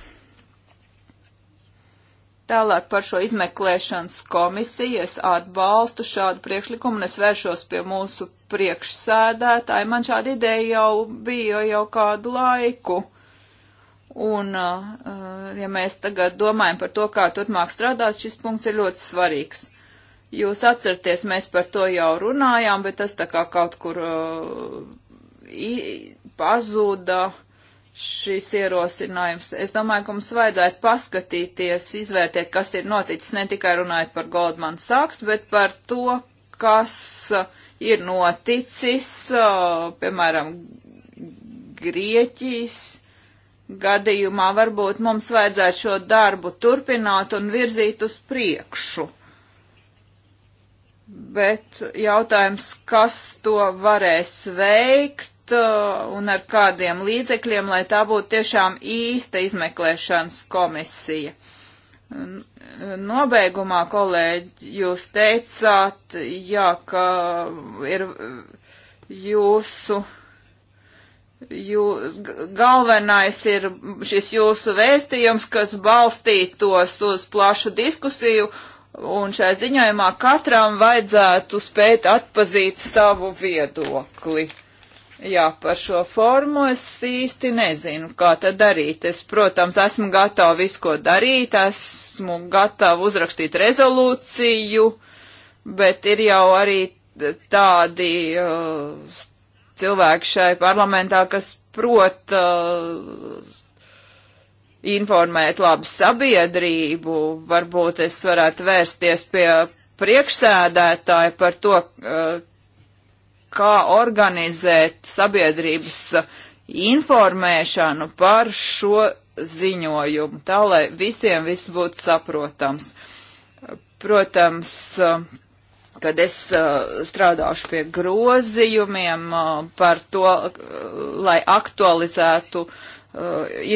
Speaker 2: Tālāk par šo izmeklēšanas komisiju es atbalstu šādu priekšlikumu un es vēršos pie mūsu priekšsēdētāja. Man šāda ideja jau bija jau kādu laiku. Un, eh, ja mēs tagad domājam par to, kā turpmāk strādāt, šis punkts ir ļoti svarīgs. Jūs atceraties, mēs par to jau runājām, bet tas tā kā kaut kur uh, i, pazuda. Uh, šis ierosinājums. Es domāju, ka mums vajadzētu paskatīties, izvērtēt, kas ir noticis, ne tikai runājot par Goldman Sachs, bet par to, kas uh, ir noticis, uh, piemēram, Grieķijas gadījumā. Varbūt mums vajadzētu šo darbu turpināt un virzīt uz priekšu. Bet jautājums, kas to varēs veikt, Uh, un ar kādiem līdzekļiem, lai tā būtu tiešām īsta izmeklēšanas komisija. Nobeigumā, kolēģi, jūs teicāt, jā, ka ir jūsu, jū, galvenais ir šis jūsu vēstījums, kas balstītos uz plašu diskusiju, un šai ziņojumā katram vajadzētu spēt atpazīt savu viedokli. Jā, par šo formu es īsti nezinu, kā tad darīt. Es, protams, esmu gatava visu, ko darīt, esmu gatava uzrakstīt rezolūciju, bet ir jau arī tādi uh, cilvēki šai parlamentā, kas prot uh, informēt labu sabiedrību. Varbūt es varētu vērsties pie priekšsēdētāja par to, uh, kā organizēt sabiedrības informēšanu par šo ziņojumu, tā lai visiem viss būtu saprotams. Protams, kad es strādāšu pie grozījumiem par to, lai aktualizētu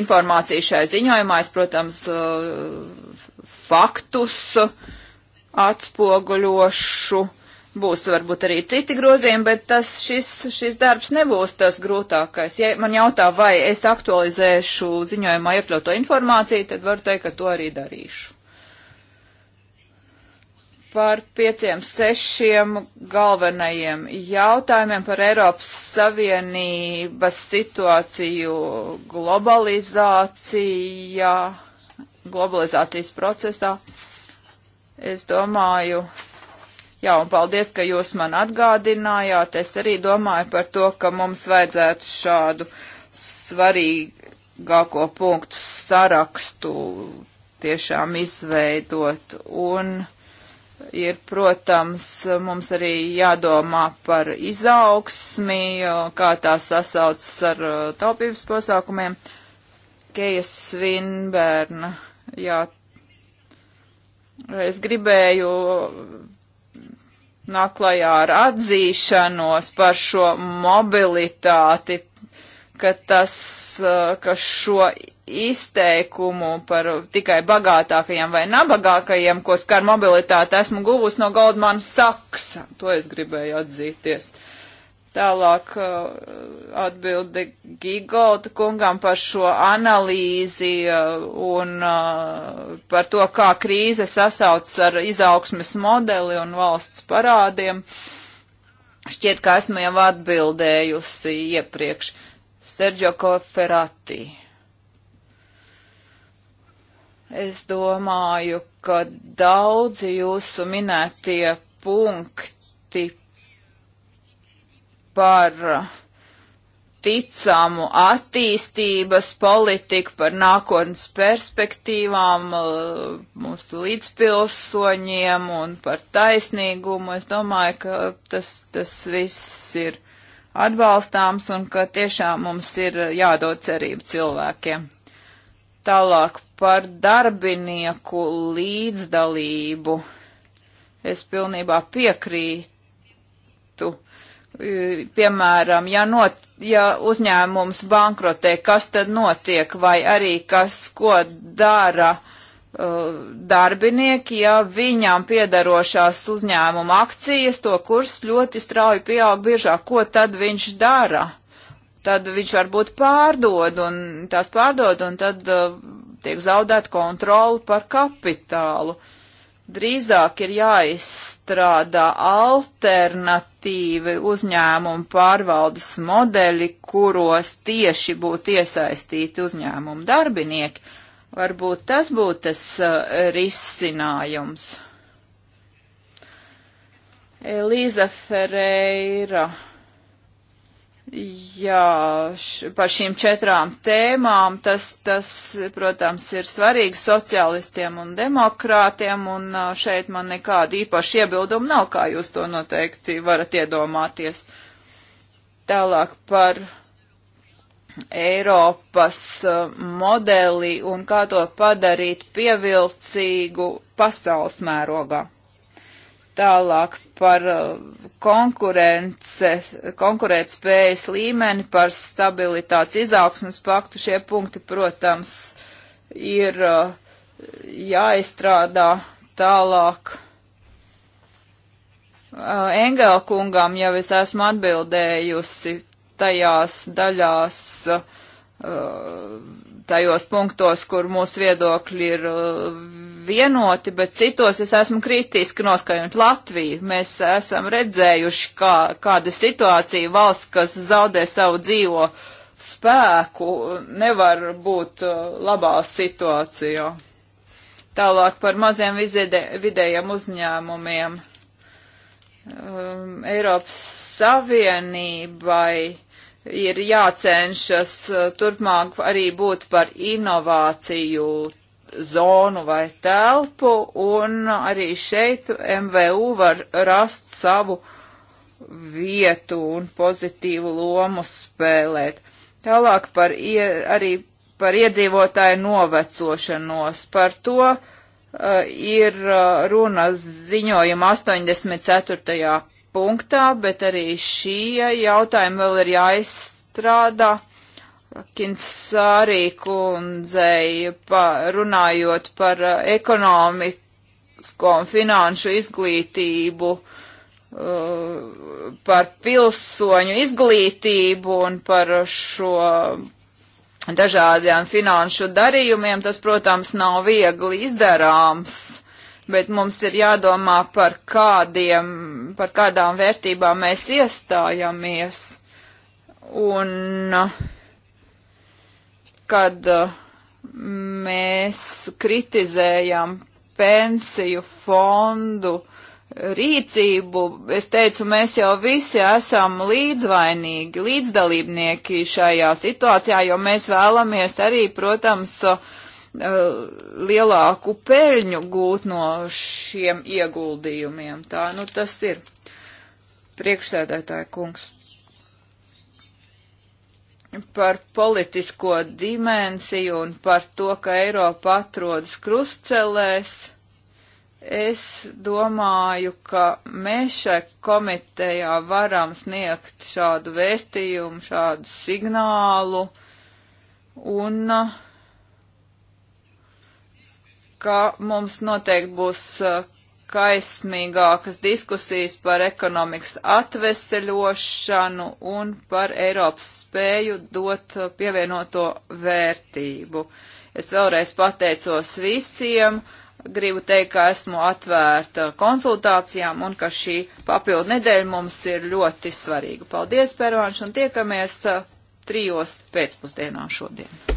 Speaker 2: informāciju šai ziņojumā, es, protams, faktus atspoguļošu Būs varbūt arī citi grozījumi, bet tas, šis, šis darbs nebūs tas grūtākais. Ja man jautā, vai es aktualizēšu ziņojumā iekļauto informāciju, tad varu teikt, ka to arī darīšu. Par pieciem, sešiem galvenajiem jautājumiem par Eiropas Savienības situāciju globalizācijā, globalizācijas procesā. Es domāju, Jā, un paldies, ka jūs man atgādinājāt. Es arī domāju par to, ka mums vajadzētu šādu svarīgāko punktu sarakstu tiešām izveidot. Un ir, protams, mums arī jādomā par izaugsmi, kā tā sasaucas ar uh, taupības pasākumiem. Keja Svinbērna, jā. Es gribēju nāk klajā ar atzīšanos par šo mobilitāti, ka tas, eh, ka šo izteikumu par tikai bagātākajiem vai nabagākajiem, ko skar mobilitāte, esmu guvusi no Goldman Sachsa. To es gribēju atzīties. Uh, Tālāk uh, atbildi Gigolta kungam par šo analīzi uh, un uh, par to, kā krīze sasauc ar izaugsmes modeli un valsts parādiem. Šķiet, ka esmu jau atbildējusi iepriekš. Sergio Koferati. Es domāju, ka daudzi jūsu minētie punkti par uh, ticamu attīstības politiku, par nākotnes perspektīvām uh, mūsu līdzpilsoņiem un par taisnīgumu. Es domāju, ka tas, tas viss ir atbalstāms un ka tiešām mums ir jādod cerību cilvēkiem. Tālāk par darbinieku līdzdalību. Es pilnībā piekrītu piemēram, ja, not, ja uzņēmums bankrotē, kas tad notiek, vai arī kas, ko dara uh, darbinieki, ja viņām piedarošās uzņēmuma akcijas, to kurs ļoti strauji pieaug biežā, ko tad viņš dara? Tad viņš varbūt pārdod un tās pārdod un tad uh, tiek zaudēta kontroli par kapitālu. Drīzāk ir jāizstāv jāizstrādā alternatīvi uzņēmumu pārvaldes modeļi, kuros tieši būtu iesaistīti uzņēmumu darbinieki. Varbūt tas būtu tas eh, risinājums. Elīza Ferreira Jā, š, par šīm četrām tēmām tas, tas, protams, ir svarīgi sociālistiem un demokrātiem, un šeit man nekāda īpaša iebilduma nav, kā jūs to noteikti varat iedomāties. Tālāk par Eiropas modeli un kā to padarīt pievilcīgu pasaules mērogā. Tālāk par uh, konkurētspējas līmeni, par stabilitātes izaugsmas paktu šie punkti, protams, ir uh, jāizstrādā tālāk. Uh, Engelkungam jau es esmu atbildējusi tajās daļās, tajos punktos, kur mūsu viedokļi ir vienoti, bet citos es esmu kritiski noskaņot Latviju. Mēs esam redzējuši, kā, kāda situācija valsts, kas zaudē savu dzīvo spēku, nevar būt uh, labā situācijā. Tālāk par maziem vidējiem uzņēmumiem. Um, Eiropas Savienībai ir jācenšas uh, turpmāk arī būt par inovāciju zonu vai telpu, un arī šeit MVU var rast savu vietu un pozitīvu lomu spēlēt. Tālāk par ie, arī par iedzīvotāju novecošanos, par to uh, ir uh, runa ziņojuma 84. punktā, bet arī šie jautājumi vēl ir jāizstrādā Kinsārī kundzei, pa, runājot par uh, ekonomisko un finanšu izglītību, uh, par pilsoņu izglītību un par šo dažādiem finanšu darījumiem, tas, protams, nav viegli izdarāms, bet mums ir jādomā par kādiem, par kādām vērtībām mēs iestājamies. Un uh, kad uh, mēs kritizējam pensiju fondu rīcību, es teicu, mēs jau visi esam līdzvainīgi, līdzdalībnieki šajā situācijā, jo mēs vēlamies arī, protams, uh, lielāku peļņu gūt no šiem ieguldījumiem. Tā, nu tas ir priekšsēdētāja kungs par politisko dimensiju un par to, ka Eiropa atrodas krustcelēs, es domāju, ka mēs šai komitejā varam sniegt šādu vēstījumu, šādu signālu un uh, ka mums noteikti būs uh, kaismīgākas diskusijas par ekonomikas atveseļošanu un par Eiropas spēju dot pievienoto vērtību. Es vēlreiz pateicos visiem, gribu teikt, ka esmu atvērta konsultācijām un ka šī papildu nedēļa mums ir ļoti svarīga. Paldies, Pērvāns, un tiekamies uh, trijos pēcpusdienā šodien.